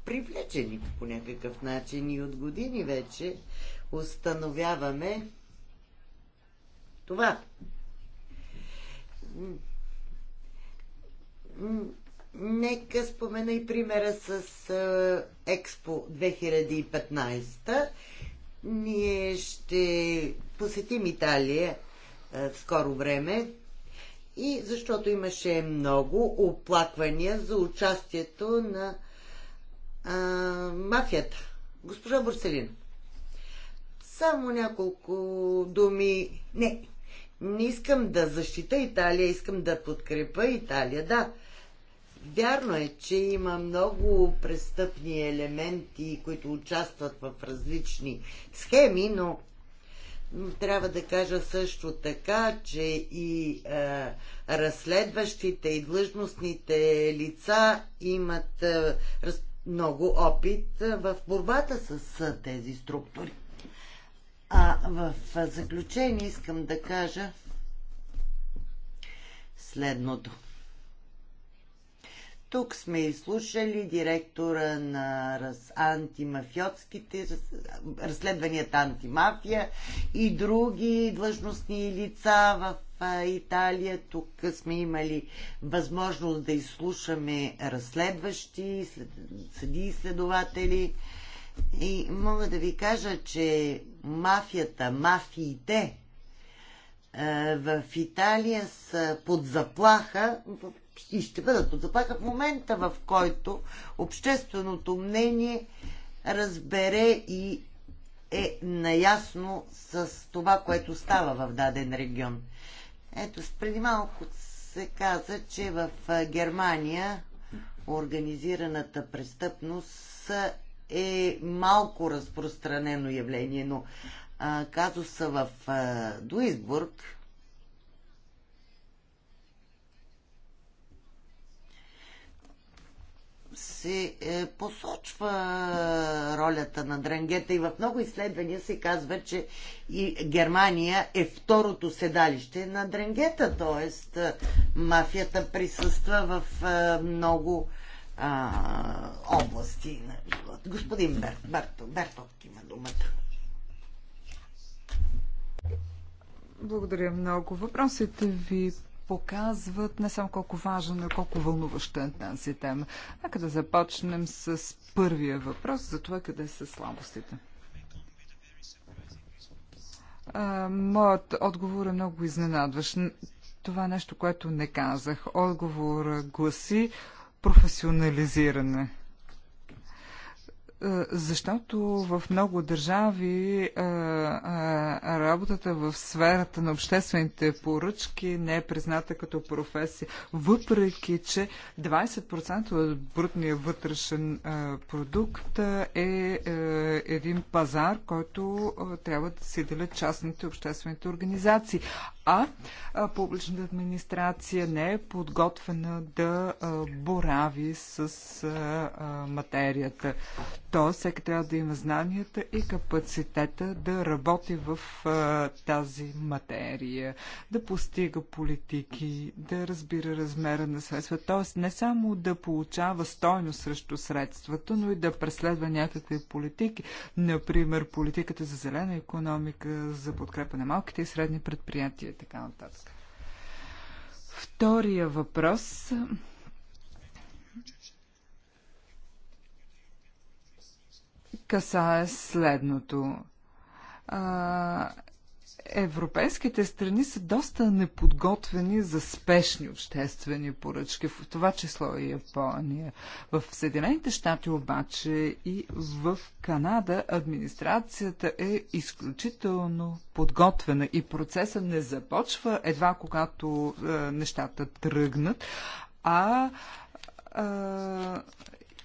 привлечени по някакъв начин и от години вече установяваме това Нека спомена и примера с Експо 2015. Ние ще посетим Италия в скоро време и защото имаше много оплаквания за участието на а, мафията. Госпожа Борселин, само няколко думи. Не, не искам да защита Италия, искам да подкрепа Италия. Да, Вярно е, че има много престъпни елементи, които участват в различни схеми, но трябва да кажа също така, че и е, разследващите и длъжностните лица имат е, раз, много опит е, в борбата с е, тези структури. А в заключение искам да кажа следното. Тук сме изслушали директора на раз, антимафиотските раз, разследванията антимафия и други длъжностни лица в а, Италия. Тук сме имали възможност да изслушаме разследващи, след, съди и следователи. И мога да ви кажа, че мафията, мафиите а, в Италия са под заплаха и ще бъдат от заплаха в момента, в който общественото мнение разбере и е наясно с това, което става в даден регион. Ето, преди малко се каза, че в Германия организираната престъпност е малко разпространено явление, но а, казуса в а, Дуисбург се е, посочва ролята на Дрангета и в много изследвания се казва, че и Германия е второто седалище на Дрангета, т.е. мафията присъства в е, много е, области на живота. Господин Бер, Берто, Бертовки има думата. Благодаря много. Въпросите ви показват не само колко важна, но колко вълнуваща е тази тема. Нека да започнем с първия въпрос за това къде са слабостите. Моят отговор е много изненадващ. Това е нещо, което не казах. Отговор гласи професионализиране. Е, защото в много държави е, е, работата в сферата на обществените поръчки не е призната като професия, въпреки че 20% от брутния вътрешен продукт е един пазар, който трябва да си делят частните обществените организации. А публичната администрация не е подготвена да борави с материята. Тоест, всеки трябва да има знанията и капацитета да работи в а, тази материя, да постига политики, да разбира размера на средства. Тоест не само да получава стойност срещу средствата, но и да преследва някакви политики. Например, политиката за зелена економика, за подкрепа на малките и средни предприятия и така нататък. Втория въпрос касае следното. А, европейските страни са доста неподготвени за спешни обществени поръчки, в това число и Япония. В Съединените щати обаче и в Канада администрацията е изключително подготвена и процесът не започва едва когато а, е, нещата тръгнат, а а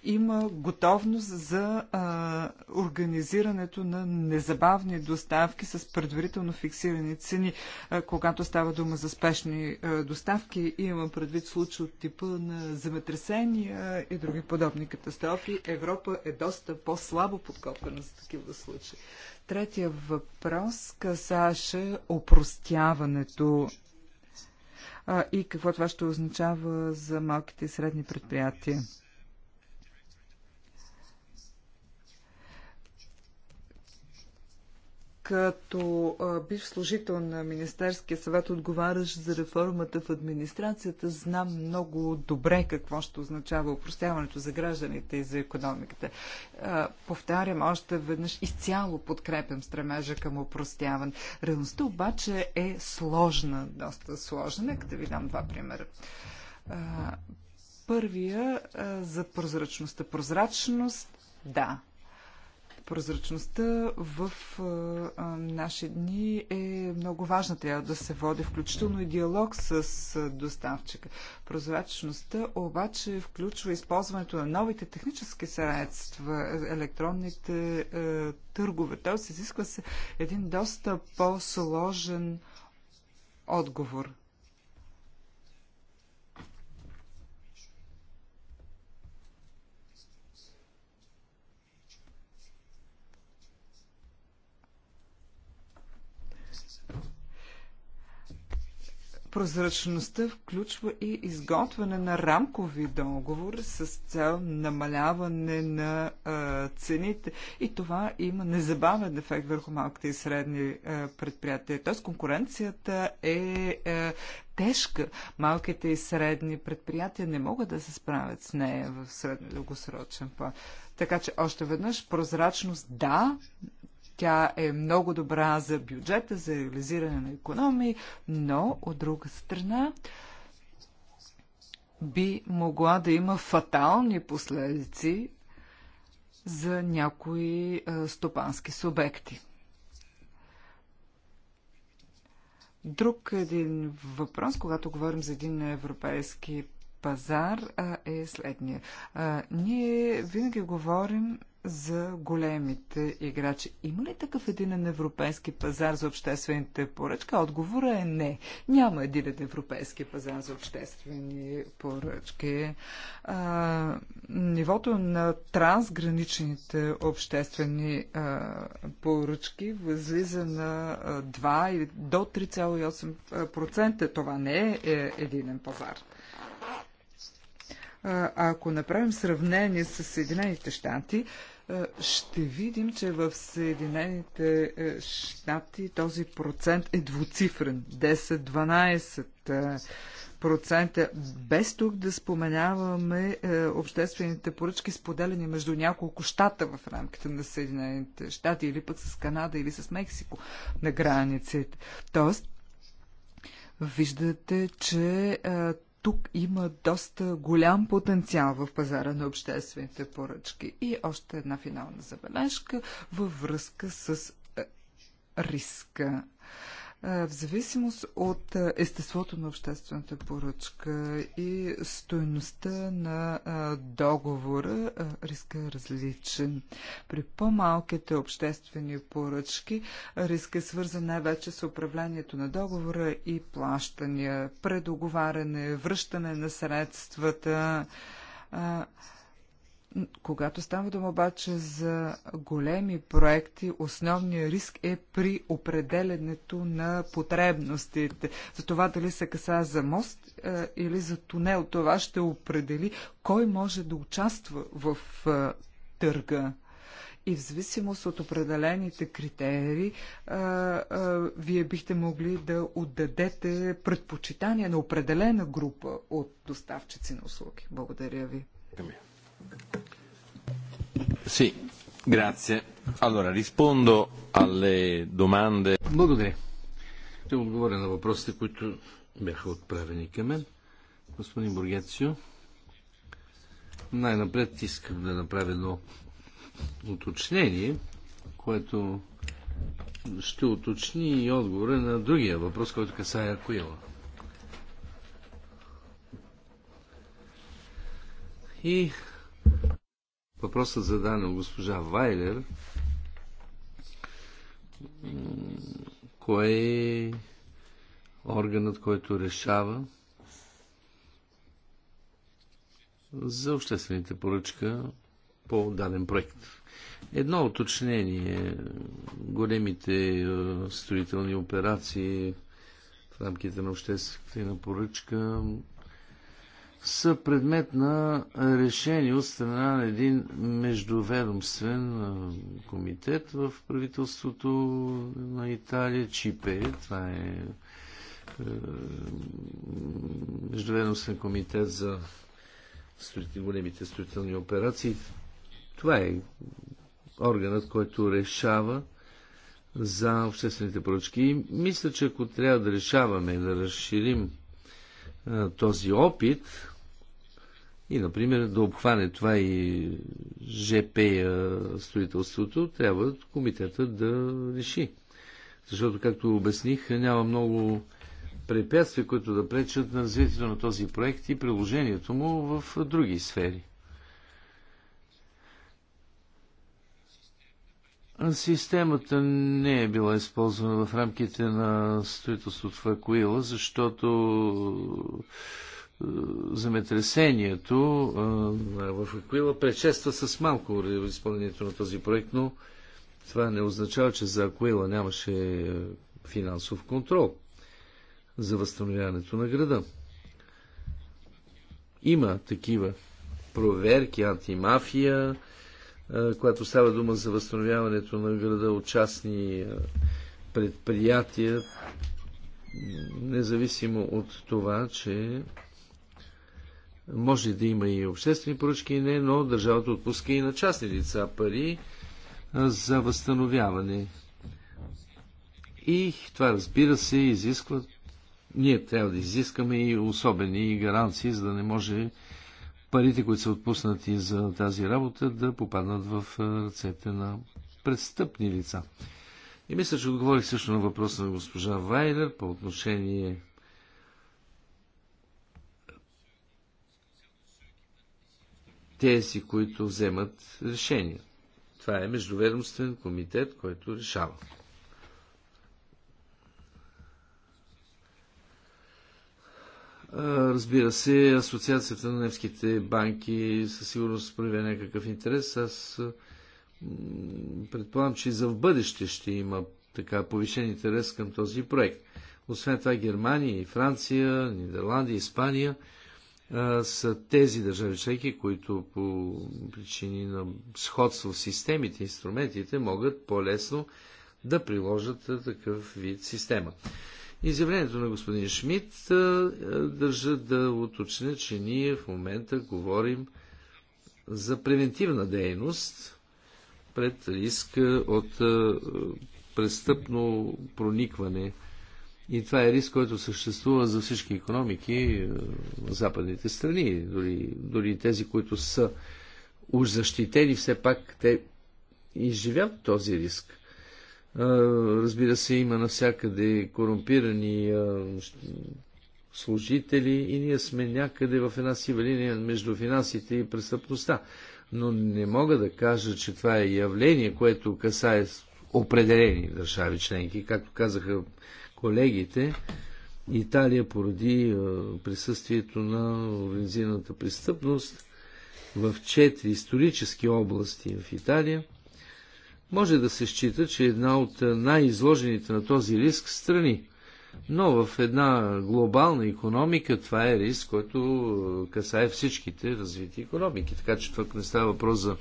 има готовност за а, организирането на незабавни доставки с предварително фиксирани цени, а, когато става дума за спешни а, доставки. Има предвид случаи от типа на земетресения и други подобни катастрофи. Европа е доста по-слабо подготвена за такива случаи. Третия въпрос касаше опростяването и какво това ще означава за малките и средни предприятия. като бив служител на Министерския съвет, отговарящ за реформата в администрацията, знам много добре какво ще означава упростяването за гражданите и за економиката. Повтарям още веднъж, изцяло подкрепям стремежа към упростяване. Реалността обаче е сложна, доста сложна. Нека да ви дам два примера. Първия за прозрачността. Прозрачност, да, Прозрачността в а, наши дни е много важна. Трябва да се води включително и диалог с доставчика. Прозрачността обаче включва използването на новите технически средства, електронните а, търгове. Тоест изисква се един доста по-сложен отговор. Прозрачността включва и изготвяне на рамкови договори с цел намаляване на а, цените. И това има незабавен ефект върху малките и средни а, предприятия. Тоест конкуренцията е а, тежка. Малките и средни предприятия не могат да се справят с нея в средно-дългосрочен план. Така че още веднъж прозрачност да, тя е много добра за бюджета, за реализиране на економии, но от друга страна би могла да има фатални последици за някои стопански субекти. Друг един въпрос, когато говорим за един европейски пазар, е следния. Ние винаги говорим за големите играчи. Има ли такъв един европейски пазар за обществените поръчки? Отговора е не. Няма един европейски пазар за обществени поръчки. А, нивото на трансграничните обществени а, поръчки възлиза на 2 или до 3,8%. Това не е, е единен пазар. А ако направим сравнение с Съединените щати, е, ще видим, че в Съединените е, щати този процент е двуцифрен 10-12 е, Без тук да споменаваме е, обществените поръчки, споделени между няколко щата в рамките на Съединените щати, или пък с Канада, или с Мексико на границите. Тоест, виждате, че е, тук има доста голям потенциал в пазара на обществените поръчки. И още една финална забележка във връзка с е, риска в зависимост от естеството на обществената поръчка и стоеността на договора, риска е различен. При по-малките обществени поръчки риска е свързан най-вече с управлението на договора и плащания, предоговаряне, връщане на средствата когато става дума обаче за големи проекти, основният риск е при определенето на потребностите. За това дали се каса за мост е, или за тунел, това ще определи кой може да участва в е, търга. И в зависимост от определените критерии, а, е, а, вие бихте могли да отдадете предпочитание на определена група от доставчици на услуги. Благодаря ви. Амин. Sì, grazie. Allora, rispondo alle domande. Благодаря. Ще отговоря на въпросите, които бяха отправени към мен. Господин Бургецио, най-напред искам да направя едно уточнение, което ще уточни и отговора на другия въпрос, който касае Акуила. И Въпросът зададен от госпожа Вайлер. Кой е органът, който решава за обществените поръчка по даден проект? Едно уточнение. Големите е, строителни операции в рамките на обществена поръчка са предмет на решение от страна на един междуведомствен комитет в правителството на Италия, ЧИПЕ, това е, е Междуведомствен комитет за големите строителни операции. Това е органът, който решава за обществените поръчки. И мисля, че ако трябва да решаваме да разширим този опит, и, например, да обхване това и ЖП строителството, трябва комитета да реши. Защото, както обясних, няма много препятствия, които да пречат на развитието на този проект и приложението му в други сфери. Системата не е била използвана в рамките на строителството в Акуила, защото земетресението в Акуила предшества с малко изпълнението на този проект, но това не означава, че за Акуила нямаше финансов контрол за възстановяването на града. Има такива проверки, антимафия, която става дума за възстановяването на града от частни предприятия, независимо от това, че може да има и обществени поръчки, не, но държавата отпуска и на частни лица пари за възстановяване. И това, разбира се, изисква. Ние трябва да изискаме и особени гаранции, за да не може парите, които са отпуснати за тази работа, да попаднат в ръцете на престъпни лица. И мисля, че отговорих също на въпроса на госпожа Вайлер по отношение тези, които вземат решения. Това е междуведомствен комитет, който решава. Разбира се, Асоциацията на немските банки със сигурност проявя някакъв интерес. Аз предполагам, че и за в бъдеще ще има така повишен интерес към този проект. Освен това Германия и Франция, Нидерландия, Испания – са тези държави членки, които по причини на сходство в системите, инструментите, могат по-лесно да приложат такъв вид система. Изявлението на господин Шмидт държа да уточня, че ние в момента говорим за превентивна дейност пред риск от престъпно проникване и това е риск, който съществува за всички економики на е, западните страни. Дори, дори тези, които са уж защитени, все пак те изживят този риск. Е, разбира се, има навсякъде корумпирани е, служители и ние сме някъде в една сива линия между финансите и престъпността. Но не мога да кажа, че това е явление, което касае определени държави членки. Както казаха колегите, Италия поради е, присъствието на организираната престъпност в четири исторически области в Италия, може да се счита, че една от най-изложените на този риск страни. Но в една глобална економика това е риск, който е, касае всичките развити економики. Така че тук не става въпрос за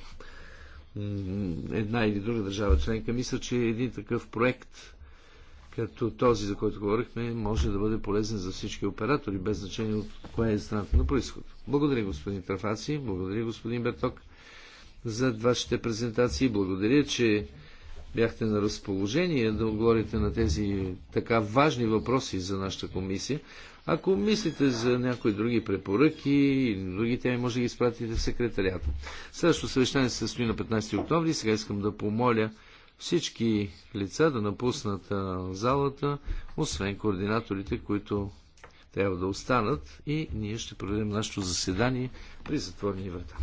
една или друга държава членка. Мисля, че един такъв проект като този, за който говорихме, може да бъде полезен за всички оператори, без значение от коя е страната на происход. Благодаря господин Трафаци, благодаря господин Берток за вашите презентации. Благодаря, че бяхте на разположение да отговорите на тези така важни въпроси за нашата комисия. Ако мислите за някои други препоръки или други теми, може да ги изпратите в секретарията. Следващото съвещание се състои на 15 октомври. Сега искам да помоля всички лица да напуснат залата, освен координаторите, които трябва да останат и ние ще проведем нашето заседание при затворени врата.